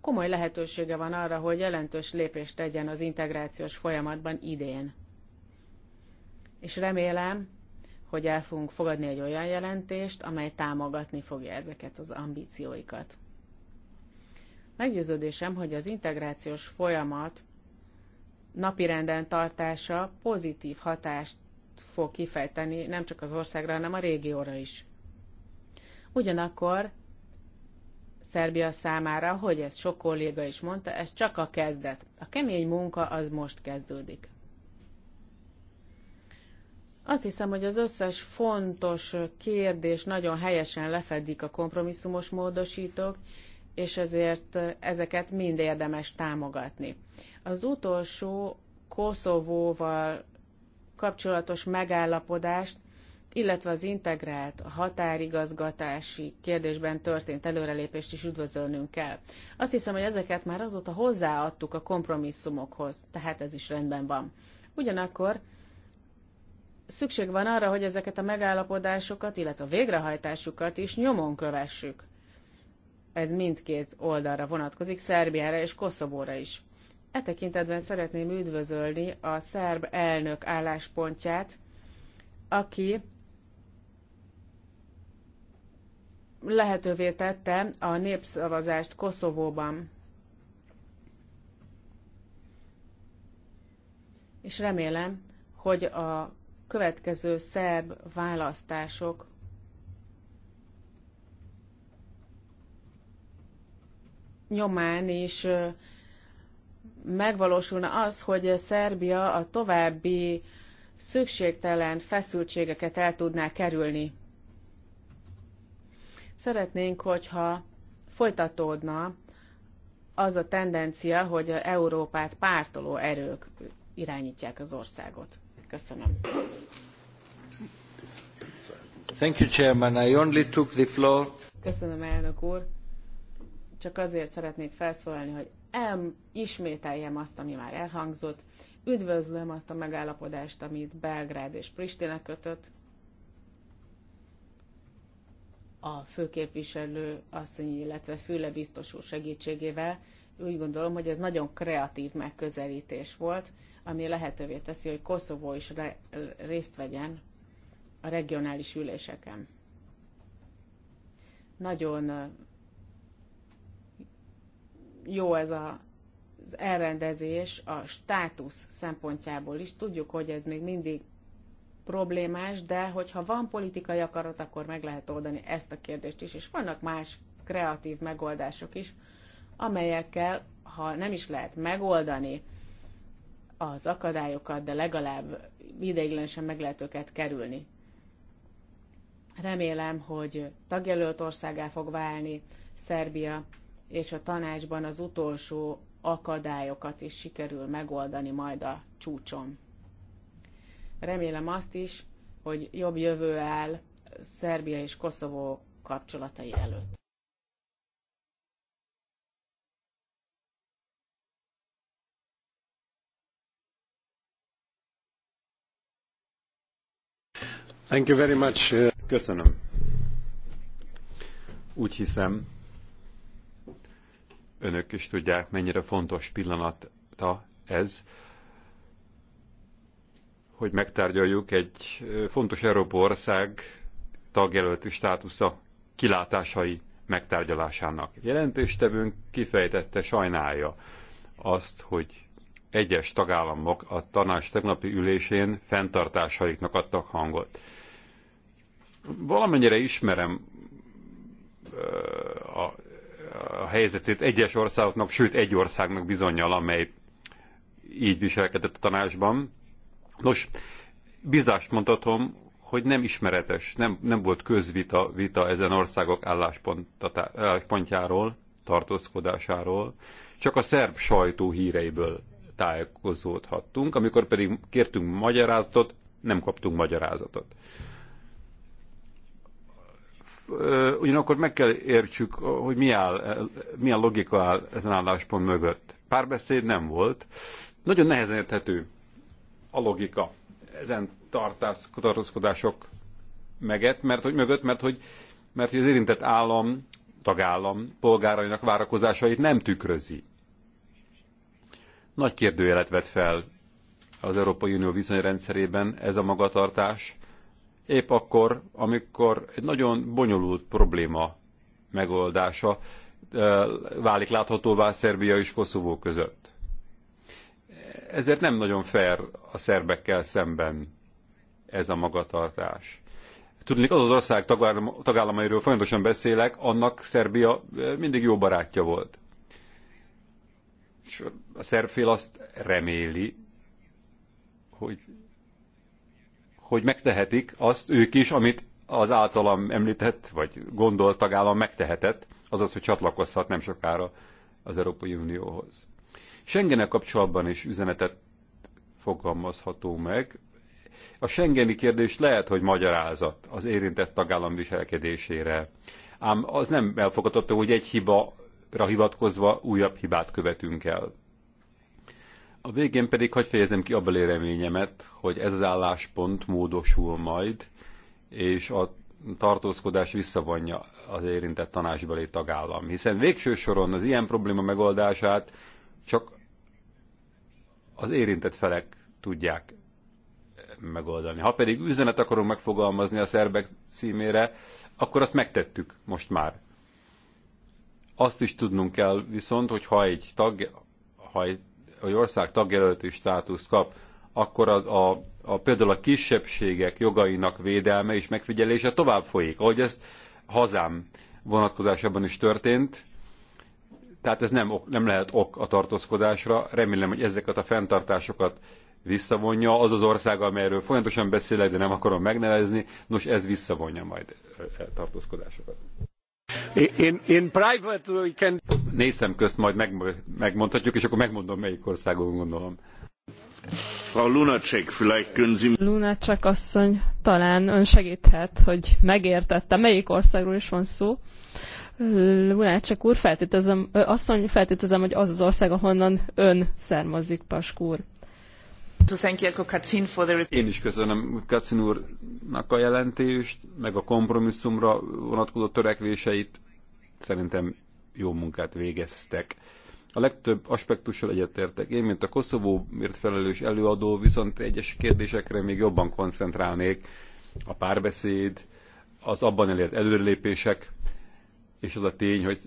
komoly lehetősége van arra, hogy jelentős lépést tegyen az integrációs folyamatban idén. És remélem, hogy el fogunk fogadni egy olyan jelentést, amely támogatni fogja ezeket az ambícióikat. Meggyőződésem, hogy az integrációs folyamat napirenden tartása pozitív hatást fog kifejteni nem csak az országra, hanem a régióra is. Ugyanakkor Szerbia számára, hogy ezt sok kolléga is mondta, ez csak a kezdet. A kemény munka az most kezdődik. Azt hiszem, hogy az összes fontos kérdés nagyon helyesen lefedik a kompromisszumos módosítók, és ezért ezeket mind érdemes támogatni. Az utolsó Koszovóval kapcsolatos megállapodást, illetve az integrált határigazgatási kérdésben történt előrelépést is üdvözölnünk kell. Azt hiszem, hogy ezeket már azóta hozzáadtuk a kompromisszumokhoz, tehát ez is rendben van. Ugyanakkor szükség van arra, hogy ezeket a megállapodásokat, illetve a végrehajtásukat is nyomon kövessük. Ez mindkét oldalra vonatkozik, Szerbiára és Koszovóra is. E tekintetben szeretném üdvözölni a szerb elnök álláspontját, aki lehetővé tette a népszavazást Koszovóban. És remélem, hogy a következő szerb választások nyomán is megvalósulna az, hogy Szerbia a további szükségtelen feszültségeket el tudná kerülni. Szeretnénk, hogyha folytatódna az a tendencia, hogy a Európát pártoló erők irányítják az országot. Köszönöm. Thank you, Chairman. I only took the floor. Köszönöm, elnök úr. Csak azért szeretnék felszólalni, hogy em, ismételjem azt, ami már elhangzott. Üdvözlöm azt a megállapodást, amit Belgrád és Pristina kötött. A főképviselő asszony, illetve főle biztosú segítségével úgy gondolom, hogy ez nagyon kreatív megközelítés volt, ami lehetővé teszi, hogy Koszovó is re- részt vegyen a regionális üléseken. Nagyon jó ez a, az elrendezés a státusz szempontjából is. Tudjuk, hogy ez még mindig problémás, de hogyha van politikai akarat, akkor meg lehet oldani ezt a kérdést is, és vannak más kreatív megoldások is, amelyekkel, ha nem is lehet megoldani az akadályokat, de legalább ideiglenesen meg lehet őket kerülni. Remélem, hogy tagjelölt országá fog válni Szerbia, és a tanácsban az utolsó akadályokat is sikerül megoldani majd a csúcson. Remélem azt is, hogy jobb jövő áll Szerbia és Koszovó kapcsolatai előtt. Thank you very much. Köszönöm. Úgy hiszem, önök is tudják, mennyire fontos pillanata ez, hogy megtárgyaljuk egy fontos Európa ország tagjelölti státusza kilátásai megtárgyalásának. Jelentéstevünk kifejtette sajnálja azt, hogy egyes tagállamok a tanács tegnapi ülésén fenntartásaiknak adtak hangot. Valamennyire ismerem a a helyzetét egyes országoknak, sőt egy országnak bizonyal, amely így viselkedett a tanácsban. Nos, bizást mondhatom, hogy nem ismeretes, nem, nem volt közvita vita ezen országok álláspontjáról, tartózkodásáról, csak a szerb sajtó híreiből tájékozódhattunk, amikor pedig kértünk magyarázatot, nem kaptunk magyarázatot ugyanakkor meg kell értsük, hogy mi áll, milyen logika áll ezen álláspont mögött. Párbeszéd nem volt. Nagyon nehezen érthető a logika ezen tartózkodások meget, mert hogy mögött, mert hogy, mert hogy az érintett állam, tagállam polgárainak várakozásait nem tükrözi. Nagy kérdőjelet vet fel az Európai Unió viszonyrendszerében ez a magatartás, épp akkor, amikor egy nagyon bonyolult probléma megoldása válik láthatóvá Szerbia és Koszovó között. Ezért nem nagyon fair a szerbekkel szemben ez a magatartás. Tudni az az ország tagállamairól folyamatosan beszélek, annak Szerbia mindig jó barátja volt. És a szerb fél azt reméli, hogy hogy megtehetik azt ők is, amit az általam említett, vagy gondolt tagállam megtehetett, azaz, hogy csatlakozhat nem sokára az Európai Unióhoz. Schengene kapcsolatban is üzenetet fogalmazható meg. A Schengeni kérdés lehet, hogy magyarázat az érintett tagállam viselkedésére, ám az nem elfogadható, hogy egy hiba hivatkozva újabb hibát követünk el. A végén pedig hagy fejezem ki abban reményemet, hogy ez az álláspont módosul majd, és a tartózkodás visszavonja az érintett tanácsbeli tagállam. Hiszen végső soron az ilyen probléma megoldását csak az érintett felek tudják megoldani. Ha pedig üzenet akarunk megfogalmazni a szerbek címére, akkor azt megtettük most már. Azt is tudnunk kell viszont, hogy ha egy tag, ha egy hogy ország tagjelölti státuszt kap, akkor a, a, a, például a kisebbségek jogainak védelme és megfigyelése tovább folyik, ahogy ezt hazám vonatkozásában is történt. Tehát ez nem, nem lehet ok a tartózkodásra. Remélem, hogy ezeket a fenntartásokat visszavonja az az ország, amelyről folyamatosan beszélek, de nem akarom megnevezni. Nos, ez visszavonja majd a tartózkodásokat. Négy szem közt majd meg, megmondhatjuk, és akkor megmondom, melyik országon gondolom. Frau Lunacek, vielleicht können Sie... Lunacek asszony, talán ön segíthet, hogy megértette, melyik országról is van szó. Lunacek úr, feltétezem, asszony, feltétezem, hogy az az ország, ahonnan ön származik, Paskúr. Én is köszönöm Kacin úrnak a jelentést, meg a kompromisszumra vonatkozó törekvéseit. Szerintem jó munkát végeztek. A legtöbb aspektussal egyetértek. Én, mint a Koszovóért felelős előadó, viszont egyes kérdésekre még jobban koncentrálnék. A párbeszéd, az abban elért előrelépések, és az a tény, hogy,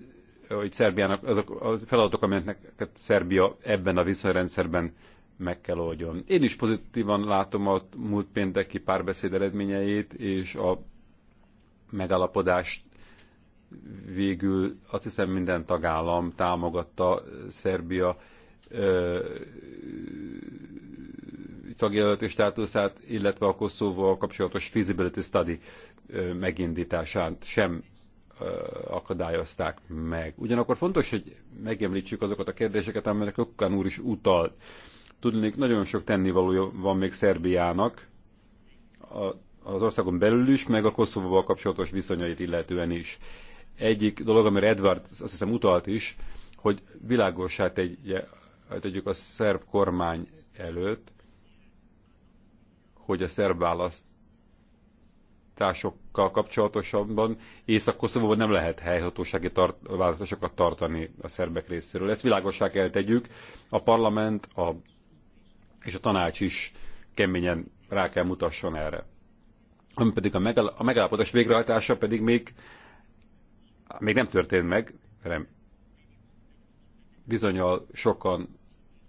hogy Szerbiának, azok a feladatok, amelyeket Szerbia ebben a viszonyrendszerben meg kell oldjon. Én is pozitívan látom a múlt pénteki párbeszéd eredményeit, és a megállapodást végül azt hiszem minden tagállam támogatta Szerbia tagjelölti státuszát, illetve a Koszovóval kapcsolatos feasibility study megindítását sem akadályozták meg. Ugyanakkor fontos, hogy megemlítsük azokat a kérdéseket, amelyek Ökkán úr is utalt. Tudnék, nagyon sok tennivalója van még Szerbiának, a, az országon belül is, meg a Koszovóval kapcsolatos viszonyait illetően is. Egyik dolog, amire Edward azt hiszem utalt is, hogy világosá tegye, tegyük a szerb kormány előtt, hogy a szerb választásokkal kapcsolatosabban Észak-Koszovóban nem lehet helyhatósági tart, választásokat tartani a szerbek részéről. Ezt világosá kell tegyük. A parlament, a és a tanács is keményen rá kell mutasson erre. Ami pedig a, megal- a megállapodás végrehajtása pedig még, még nem történt meg, nem. Bizonyal sokan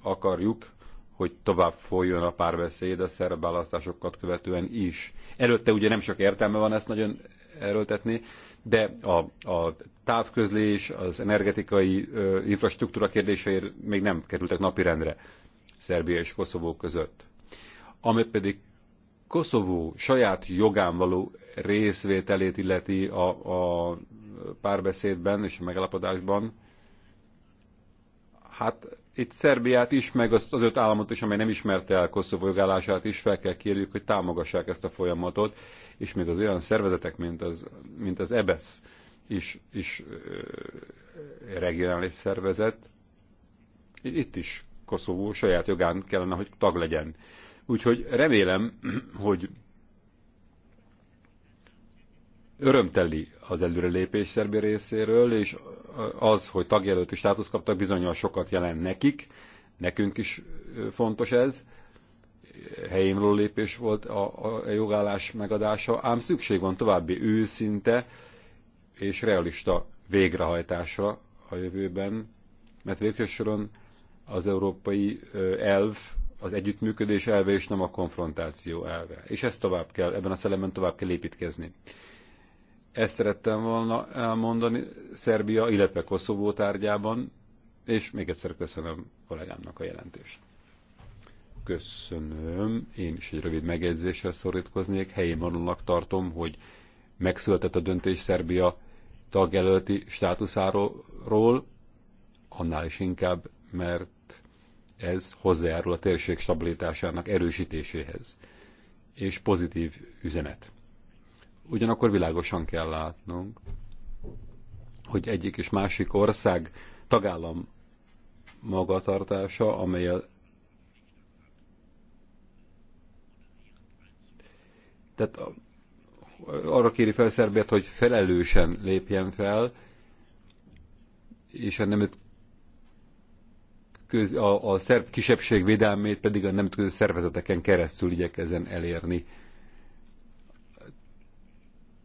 akarjuk, hogy tovább folyjon a párbeszéd a szerb választásokat követően is. Előtte ugye nem sok értelme van ezt nagyon erőltetni, de a, a távközlés, az energetikai ö, infrastruktúra kérdéseért még nem kerültek napirendre. Szerbia és Koszovó között. Ami pedig Koszovó saját jogán való részvételét illeti a, a párbeszédben és a megalapodásban, hát itt Szerbiát is, meg az, az öt államot is, amely nem ismerte el Koszovó jogállását is, fel kell kérjük, hogy támogassák ezt a folyamatot, és még az olyan szervezetek, mint az, mint az EBESZ is, is ö, regionális szervezet, itt is Koszovó saját jogán kellene, hogy tag legyen. Úgyhogy remélem, hogy örömteli az előrelépés Szerbia részéről, és az, hogy tagjelölti státusz kaptak, bizonyal sokat jelent nekik, nekünk is fontos ez, helyénről lépés volt a, a jogállás megadása, ám szükség van további őszinte és realista végrehajtásra a jövőben, mert végső soron az európai elv, az együttműködés elve, és nem a konfrontáció elve. És ezt tovább kell, ebben a szellemben tovább kell építkezni. Ezt szerettem volna elmondani Szerbia, illetve Koszovó tárgyában, és még egyszer köszönöm kollégámnak a jelentést. Köszönöm. Én is egy rövid megjegyzéssel szorítkoznék. Helyén valónak tartom, hogy megszületett a döntés Szerbia tagjelölti státuszáról, annál is inkább, mert ez hozzájárul a térség stabilitásának erősítéséhez, és pozitív üzenet. Ugyanakkor világosan kell látnunk, hogy egyik és másik ország tagállam magatartása, amely a Tehát arra kéri fel Szerbiát, hogy felelősen lépjen fel, és a nemet köz, a, a szerb kisebbség védelmét pedig a nemzetközi szervezeteken keresztül igyekezzen elérni.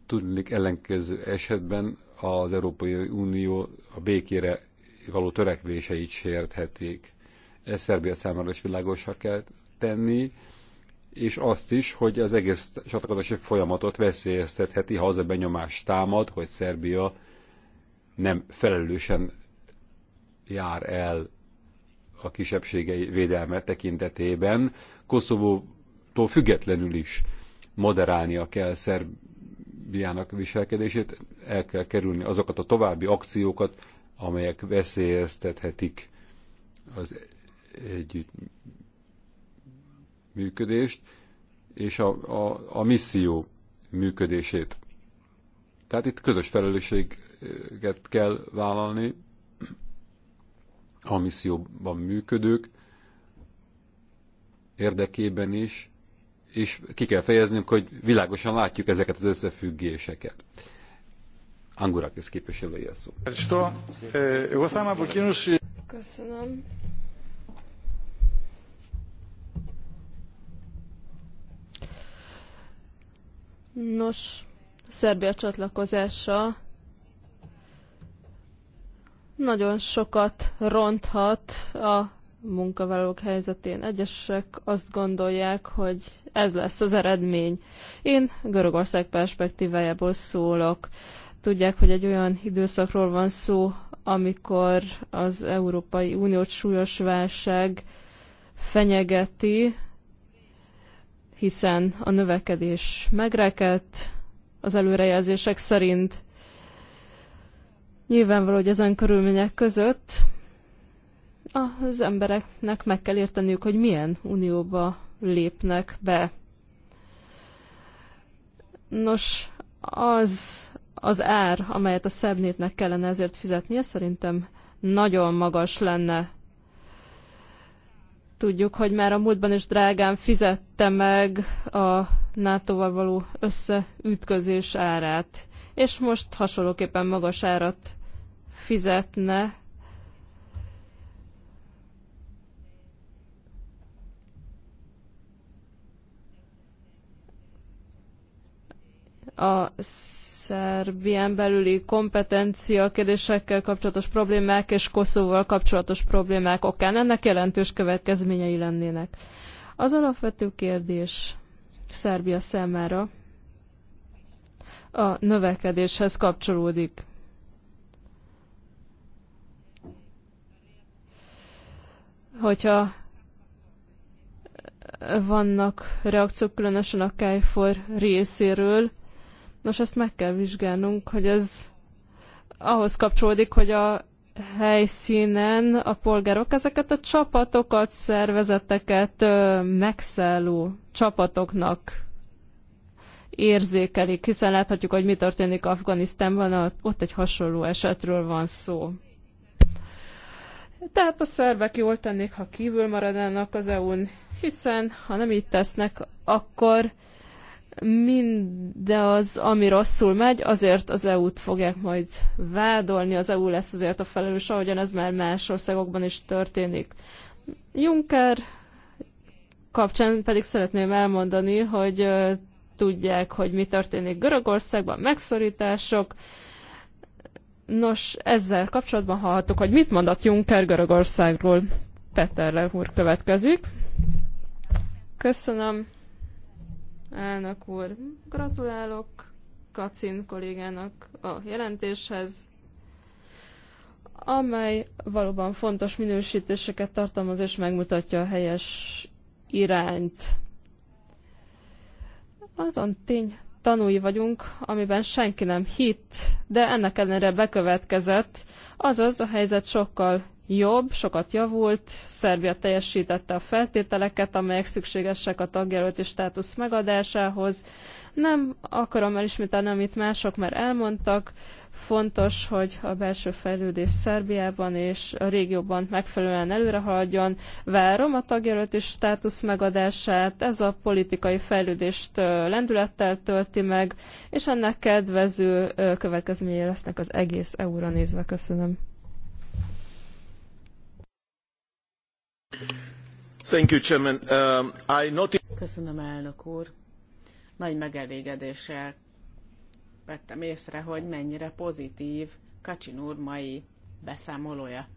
Tudnék ellenkező esetben az Európai Unió a békére való törekvéseit sérthetik. Ez Szerbia számára is világosra kell tenni, és azt is, hogy az egész csatlakozási folyamatot veszélyeztetheti, ha az a benyomás támad, hogy Szerbia nem felelősen jár el a kisebbségei védelme tekintetében Koszovótól függetlenül is moderálnia kell Szerbiának viselkedését, el kell kerülni azokat a további akciókat, amelyek veszélyeztethetik az működést és a, a, a misszió működését. Tehát itt közös felelősséget kell vállalni, a misszióban működők érdekében is, és ki kell fejeznünk, hogy világosan látjuk ezeket az összefüggéseket. Angurakis képviselője a szó. Köszönöm. Nos, Szerbia csatlakozása nagyon sokat ronthat a munkavállalók helyzetén. Egyesek azt gondolják, hogy ez lesz az eredmény. Én Görögország perspektívájából szólok. Tudják, hogy egy olyan időszakról van szó, amikor az Európai Uniót súlyos válság fenyegeti, hiszen a növekedés megrekedt, az előrejelzések szerint Nyilvánvaló, hogy ezen körülmények között az embereknek meg kell érteniük, hogy milyen unióba lépnek be. Nos, az az ár, amelyet a szebb népnek kellene ezért fizetnie, szerintem nagyon magas lenne. Tudjuk, hogy már a múltban is drágán fizette meg a NATO-val való összeütközés árát, és most hasonlóképpen magas árat fizetne a Szerbien belüli kompetencia kérdésekkel kapcsolatos problémák és Koszovval kapcsolatos problémák okán ennek jelentős következményei lennének. Az alapvető kérdés Szerbia számára a növekedéshez kapcsolódik. hogyha vannak reakciók, különösen a KFOR részéről. Nos, ezt meg kell vizsgálnunk, hogy ez ahhoz kapcsolódik, hogy a helyszínen a polgárok ezeket a csapatokat, szervezeteket megszálló csapatoknak érzékelik, hiszen láthatjuk, hogy mi történik Afganisztánban, ott egy hasonló esetről van szó. Tehát a szerbek jól tennék, ha kívül maradnának az EU-n, hiszen ha nem így tesznek, akkor mindaz, ami rosszul megy, azért az EU-t fogják majd vádolni, az EU lesz azért a felelős, ahogyan ez már más országokban is történik. Juncker kapcsán pedig szeretném elmondani, hogy tudják, hogy mi történik Görögországban, megszorítások, Nos, ezzel kapcsolatban hallhattuk, hogy mit mondott Juncker Görögországról. Peterle úr következik. Köszönöm, elnök úr. Gratulálok Kacin kollégának a jelentéshez, amely valóban fontos minősítéseket tartalmaz és megmutatja a helyes irányt. Azon tény tanúi vagyunk, amiben senki nem hitt, de ennek ellenére bekövetkezett, azaz a helyzet sokkal jobb, sokat javult, Szerbia teljesítette a feltételeket, amelyek szükségesek a tagjelölti státusz megadásához, nem akarom elismételni, amit mások már elmondtak. Fontos, hogy a belső fejlődés Szerbiában és a régióban megfelelően előre haladjon. Várom a tagjelölti státusz megadását, ez a politikai fejlődést lendülettel tölti meg, és ennek kedvező következményei lesznek az egész EU-ra nézve. Köszönöm. Um, Köszönöm, elnök úr. Nagy megelégedéssel vettem észre, hogy mennyire pozitív Kacsin úr mai beszámolója.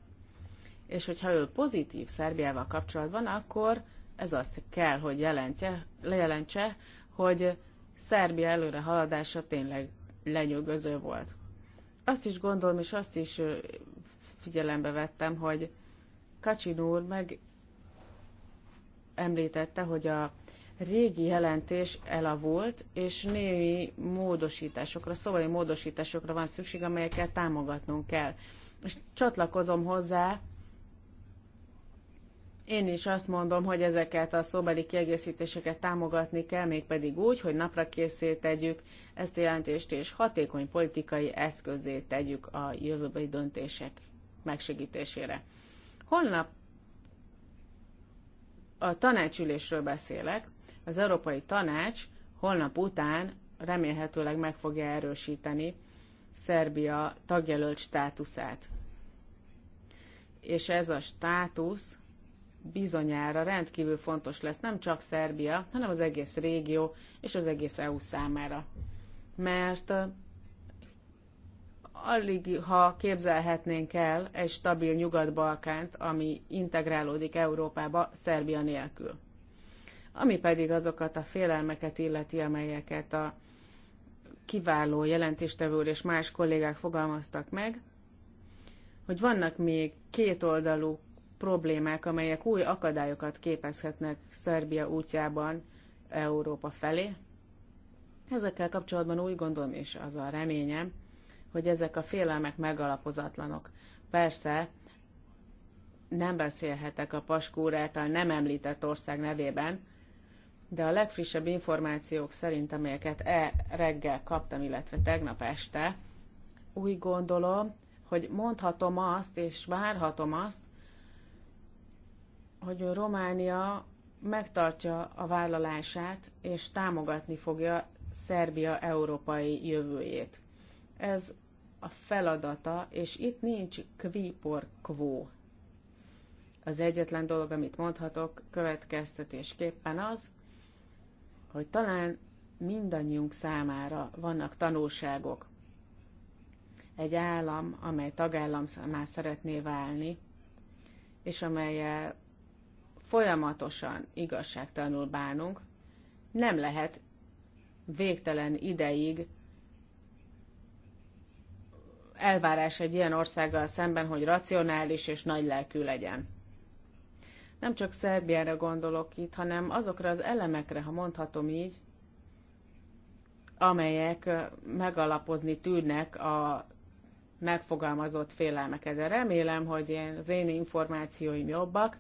És hogyha ő pozitív Szerbiával kapcsolatban, akkor ez azt kell, hogy jelentje, lejelentse, hogy Szerbia előre haladása tényleg lenyűgöző volt. Azt is gondolom, és azt is figyelembe vettem, hogy Kacsin úr meg említette, hogy a régi jelentés elavult, és némi módosításokra, szobai módosításokra van szükség, amelyeket támogatnunk kell. És csatlakozom hozzá, én is azt mondom, hogy ezeket a szóbeli kiegészítéseket támogatni kell, mégpedig úgy, hogy napra készét tegyük ezt a jelentést, és hatékony politikai eszközé tegyük a jövőbeli döntések megsegítésére. Holnap a tanácsülésről beszélek, az Európai Tanács holnap után remélhetőleg meg fogja erősíteni Szerbia tagjelölt státuszát. És ez a státusz bizonyára rendkívül fontos lesz nem csak Szerbia, hanem az egész régió és az egész EU számára. Mert alig ha képzelhetnénk el egy stabil Nyugat-Balkánt, ami integrálódik Európába Szerbia nélkül. Ami pedig azokat a félelmeket illeti, amelyeket a kiváló jelentéstevő és más kollégák fogalmaztak meg, hogy vannak még kétoldalú problémák, amelyek új akadályokat képezhetnek Szerbia útjában Európa felé. Ezekkel kapcsolatban úgy gondolom, és az a reményem, hogy ezek a félelmek megalapozatlanok. Persze nem beszélhetek a Paskúr által nem említett ország nevében, de a legfrissebb információk szerint, amelyeket e reggel kaptam, illetve tegnap este, úgy gondolom, hogy mondhatom azt, és várhatom azt, hogy Románia megtartja a vállalását, és támogatni fogja Szerbia európai jövőjét. Ez a feladata, és itt nincs kvipor kvó. Az egyetlen dolog, amit mondhatok következtetésképpen az, hogy talán mindannyiunk számára vannak tanulságok. Egy állam, amely tagállam már szeretné válni, és amelyel folyamatosan igazságtalanul bánunk, nem lehet végtelen ideig elvárás egy ilyen országgal szemben, hogy racionális és nagylelkű legyen. Nem csak Szerbiára gondolok itt, hanem azokra az elemekre, ha mondhatom így, amelyek megalapozni tűnnek a megfogalmazott félelmeket. De remélem, hogy én, az én információim jobbak,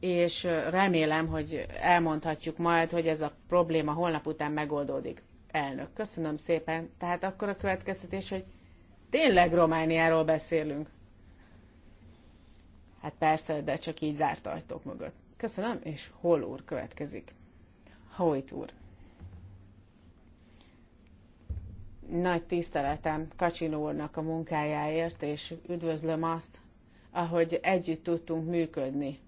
és remélem, hogy elmondhatjuk majd, hogy ez a probléma holnap után megoldódik. Elnök, köszönöm szépen. Tehát akkor a következtetés, hogy tényleg Romániáról beszélünk. Hát persze, de csak így zárt ajtók mögött. Köszönöm, és hol úr következik? Hojt úr. Nagy tiszteletem Kacsin úrnak a munkájáért, és üdvözlöm azt, ahogy együtt tudtunk működni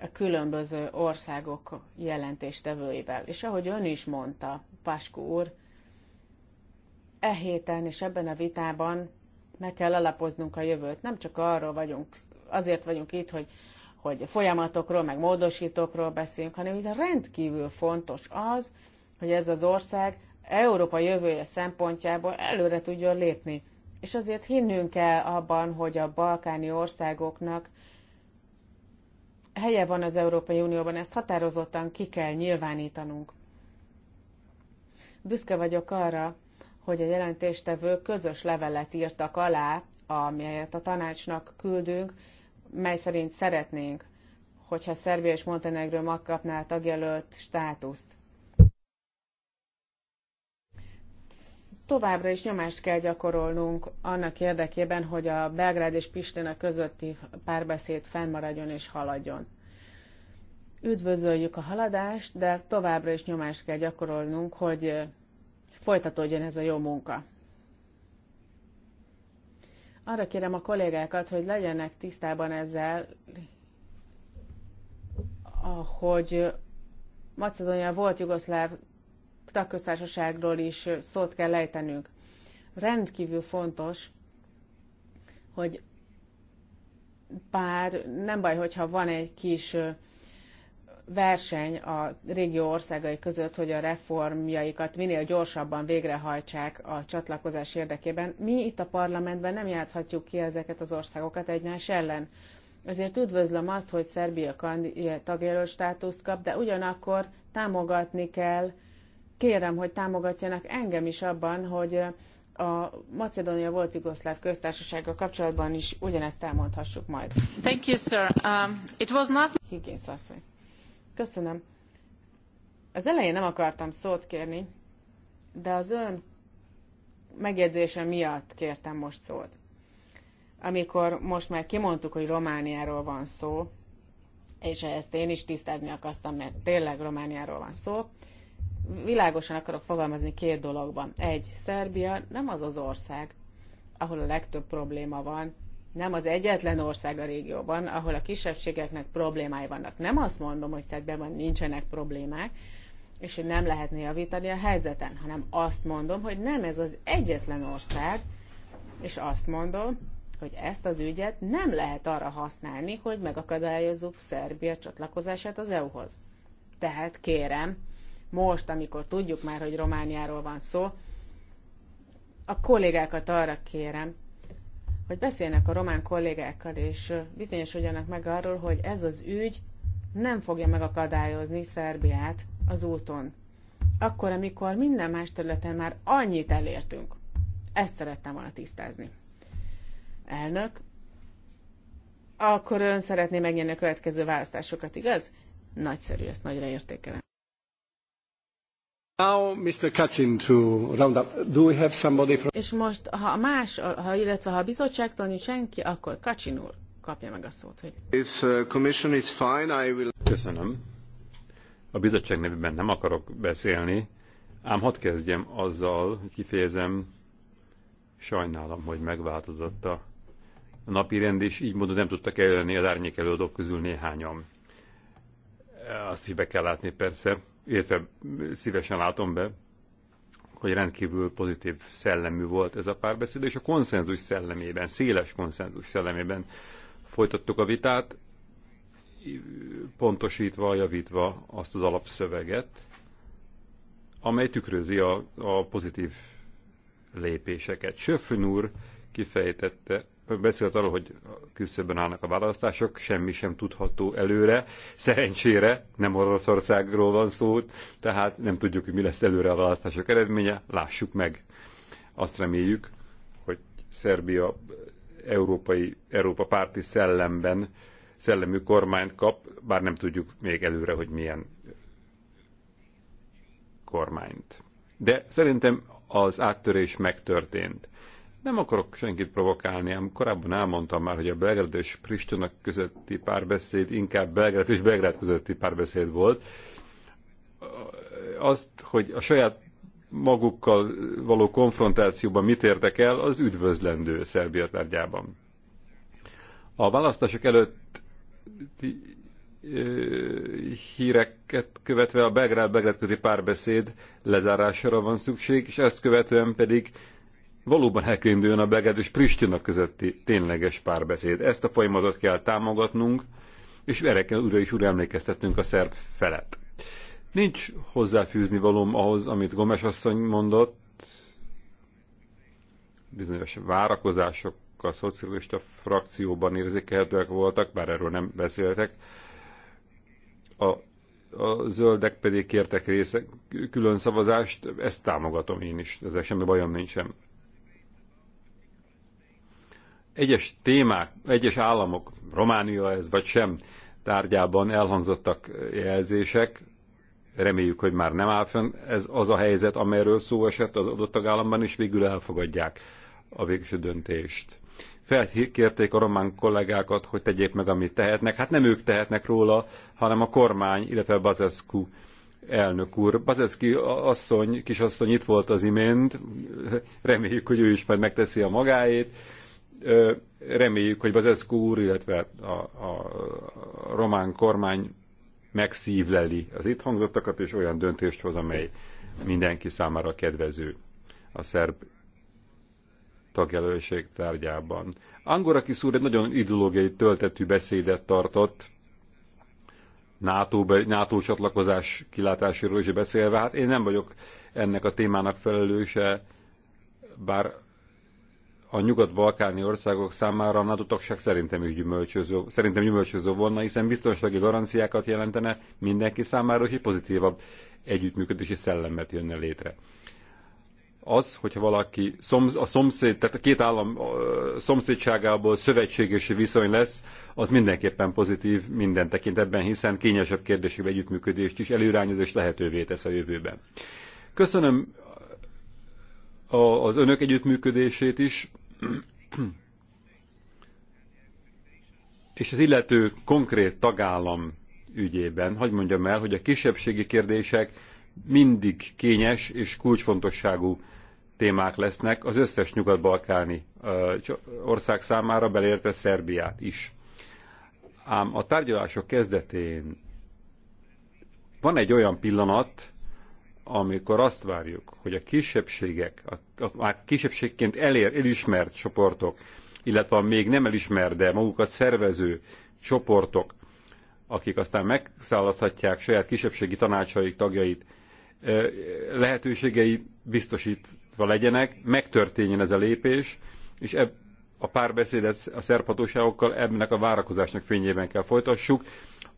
a különböző országok jelentéstevőivel. És ahogy ön is mondta, Pasku úr, e héten és ebben a vitában meg kell alapoznunk a jövőt. Nem csak arról vagyunk azért vagyunk itt, hogy, hogy folyamatokról, meg módosítókról beszéljünk, hanem itt rendkívül fontos az, hogy ez az ország Európa jövője szempontjából előre tudjon lépni. És azért hinnünk kell abban, hogy a balkáni országoknak helye van az Európai Unióban, ezt határozottan ki kell nyilvánítanunk. Büszke vagyok arra, hogy a jelentéstevők közös levelet írtak alá, amelyet a tanácsnak küldünk, mely szerint szeretnénk, hogyha Szerbia és Montenegro megkapná a tagjelölt státuszt. Továbbra is nyomást kell gyakorolnunk annak érdekében, hogy a Belgrád és Pistina közötti párbeszéd fennmaradjon és haladjon. Üdvözöljük a haladást, de továbbra is nyomást kell gyakorolnunk, hogy folytatódjon ez a jó munka. Arra kérem a kollégákat, hogy legyenek tisztában ezzel, hogy Macedónia volt jugoszláv tagköztársaságról is szót kell lejtenünk. Rendkívül fontos, hogy bár nem baj, hogyha van egy kis verseny a régió országai között, hogy a reformjaikat minél gyorsabban végrehajtsák a csatlakozás érdekében. Mi itt a parlamentben nem játszhatjuk ki ezeket az országokat egymás ellen. Ezért üdvözlöm azt, hogy Szerbia tagjelölt státuszt kap, de ugyanakkor támogatni kell, kérem, hogy támogatjanak engem is abban, hogy a Macedónia volt Jugoszláv köztársasággal kapcsolatban is ugyanezt elmondhassuk majd. Thank you, sir. Um, it was not... Higgins asszony. Köszönöm. Az elején nem akartam szót kérni, de az ön megjegyzése miatt kértem most szót. Amikor most már kimondtuk, hogy Romániáról van szó, és ezt én is tisztázni akartam, mert tényleg Romániáról van szó, világosan akarok fogalmazni két dologban. Egy, Szerbia nem az az ország, ahol a legtöbb probléma van nem az egyetlen ország a régióban, ahol a kisebbségeknek problémái vannak. Nem azt mondom, hogy Szerbiában nincsenek problémák, és hogy nem lehetne javítani a helyzeten, hanem azt mondom, hogy nem ez az egyetlen ország, és azt mondom, hogy ezt az ügyet nem lehet arra használni, hogy megakadályozzuk Szerbia csatlakozását az EU-hoz. Tehát kérem, most, amikor tudjuk már, hogy Romániáról van szó, a kollégákat arra kérem, hogy beszélnek a román kollégákkal, és bizonyosodjanak meg arról, hogy ez az ügy nem fogja megakadályozni Szerbiát az úton. Akkor, amikor minden más területen már annyit elértünk. Ezt szerettem volna tisztázni. Elnök, akkor ön szeretné megnyerni a következő választásokat, igaz? Nagyszerű, ezt nagyra értékelem. Now, Mr. to round up. Do we have somebody from... És most, ha más, ha, illetve ha a bizottságtól nincs senki, akkor Kacin úr kapja meg a szót. Hogy... If uh, commission is fine, I will... Köszönöm. A bizottság nevében nem akarok beszélni, ám hadd kezdjem azzal, hogy kifejezem, sajnálom, hogy megváltozott a napi rend, és így módon nem tudtak eljönni az árnyék előadók közül néhányan. Azt is be kell látni persze, illetve szívesen látom be, hogy rendkívül pozitív szellemű volt ez a párbeszéd, és a konszenzus szellemében, széles konszenzus szellemében folytattuk a vitát, pontosítva, javítva azt az alapszöveget, amely tükrözi a, a pozitív lépéseket. Söfön úr kifejtette beszélt arról, hogy küszöbben állnak a választások, semmi sem tudható előre. Szerencsére nem Oroszországról van szó, tehát nem tudjuk, hogy mi lesz előre a választások eredménye, lássuk meg. Azt reméljük, hogy Szerbia európai, Európa párti szellemben szellemű kormányt kap, bár nem tudjuk még előre, hogy milyen kormányt. De szerintem az áttörés megtörtént. Nem akarok senkit provokálni, ám korábban elmondtam már, hogy a Belgrád és Pristina közötti párbeszéd inkább Belgrád és Belgrád közötti párbeszéd volt. Azt, hogy a saját magukkal való konfrontációban mit értek el, az üdvözlendő Szerbia tárgyában. A választások előtt híreket követve a Belgrád-Belgrád közti párbeszéd lezárására van szükség, és ezt követően pedig valóban elinduljon a Belgrád és Pristina közötti tényleges párbeszéd. Ezt a folyamatot kell támogatnunk, és erre újra is újra emlékeztetünk a szerb felett. Nincs hozzáfűzni valóm ahhoz, amit Gomes asszony mondott, bizonyos várakozások a szocialista frakcióban érzékelhetőek voltak, bár erről nem beszéltek. A, a zöldek pedig kértek része, külön szavazást, ezt támogatom én is, ez semmi bajom nincsen egyes témák, egyes államok, Románia ez vagy sem, tárgyában elhangzottak jelzések, reméljük, hogy már nem áll fenn. ez az a helyzet, amelyről szó esett az adott tagállamban, és végül elfogadják a végső döntést. Felkérték a román kollégákat, hogy tegyék meg, amit tehetnek. Hát nem ők tehetnek róla, hanem a kormány, illetve Bazescu elnök úr. Bazeszki asszony, kisasszony itt volt az imént, reméljük, hogy ő is majd megteszi a magáét reméljük, hogy Bazescu úr, illetve a, a román kormány megszívleli az itt hangzottakat, és olyan döntést hoz, amely mindenki számára kedvező a szerb tagjelölség tárgyában. Angora Kiszúr egy nagyon ideológiai töltetű beszédet tartott, NATO, NATO csatlakozás kilátásáról is beszélve, hát én nem vagyok ennek a témának felelőse, bár a nyugat-balkáni országok számára a NATO-tagság szerintem is gyümölcsöző, szerintem gyümölcsöző volna, hiszen biztonsági garanciákat jelentene mindenki számára, hogy pozitívabb együttműködési szellemet jönne létre. Az, hogyha valaki szomsz, a szomszéd, tehát a két állam a szomszédságából szövetségesi viszony lesz, az mindenképpen pozitív minden tekintetben, hiszen kényesebb kérdésekben együttműködést is előrányoz lehetővé tesz a jövőben. Köszönöm az önök együttműködését is, és az illető konkrét tagállam ügyében, hogy mondjam el, hogy a kisebbségi kérdések mindig kényes és kulcsfontosságú témák lesznek az összes nyugat-balkáni ország számára, beleértve Szerbiát is. Ám a tárgyalások kezdetén van egy olyan pillanat, amikor azt várjuk, hogy a kisebbségek, a, a, már kisebbségként elér, elismert csoportok, illetve a még nem elismert, de magukat szervező csoportok, akik aztán megszállazhatják saját kisebbségi tanácsaik tagjait, lehetőségei biztosítva legyenek, megtörténjen ez a lépés, és eb, a párbeszédet a szerbhatóságokkal ennek a várakozásnak fényében kell folytassuk,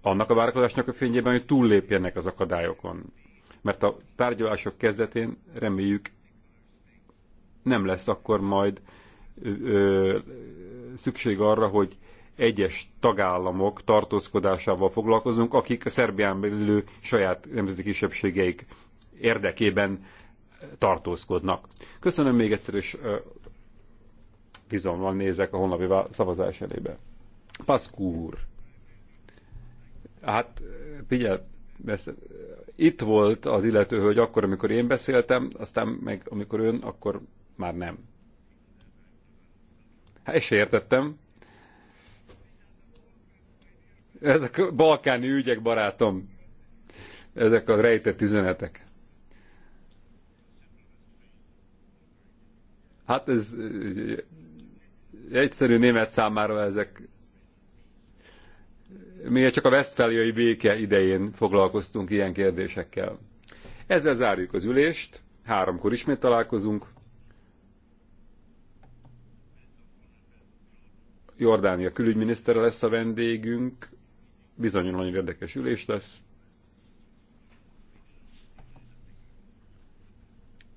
annak a várakozásnak a fényében, hogy túllépjenek az akadályokon mert a tárgyalások kezdetén reméljük nem lesz akkor majd ö, ö, szükség arra, hogy egyes tagállamok tartózkodásával foglalkozunk, akik a Szerbián belül saját nemzeti kisebbségeik érdekében tartózkodnak. Köszönöm még egyszer, és bizonyosan nézek a honlapi szavazás elébe. Paszkúr. Hát, figyelj, itt volt az illető hölgy akkor, amikor én beszéltem, aztán meg amikor ön, akkor már nem. Hát ezt értettem. Ezek a balkáni ügyek, barátom. Ezek a rejtett üzenetek. Hát ez egyszerű német számára ezek mi csak a Westfáliai béke idején foglalkoztunk ilyen kérdésekkel. Ezzel zárjuk az ülést, háromkor ismét találkozunk. Jordánia külügyminisztere lesz a vendégünk, Bizony nagyon érdekes ülés lesz.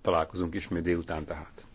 Találkozunk ismét délután tehát.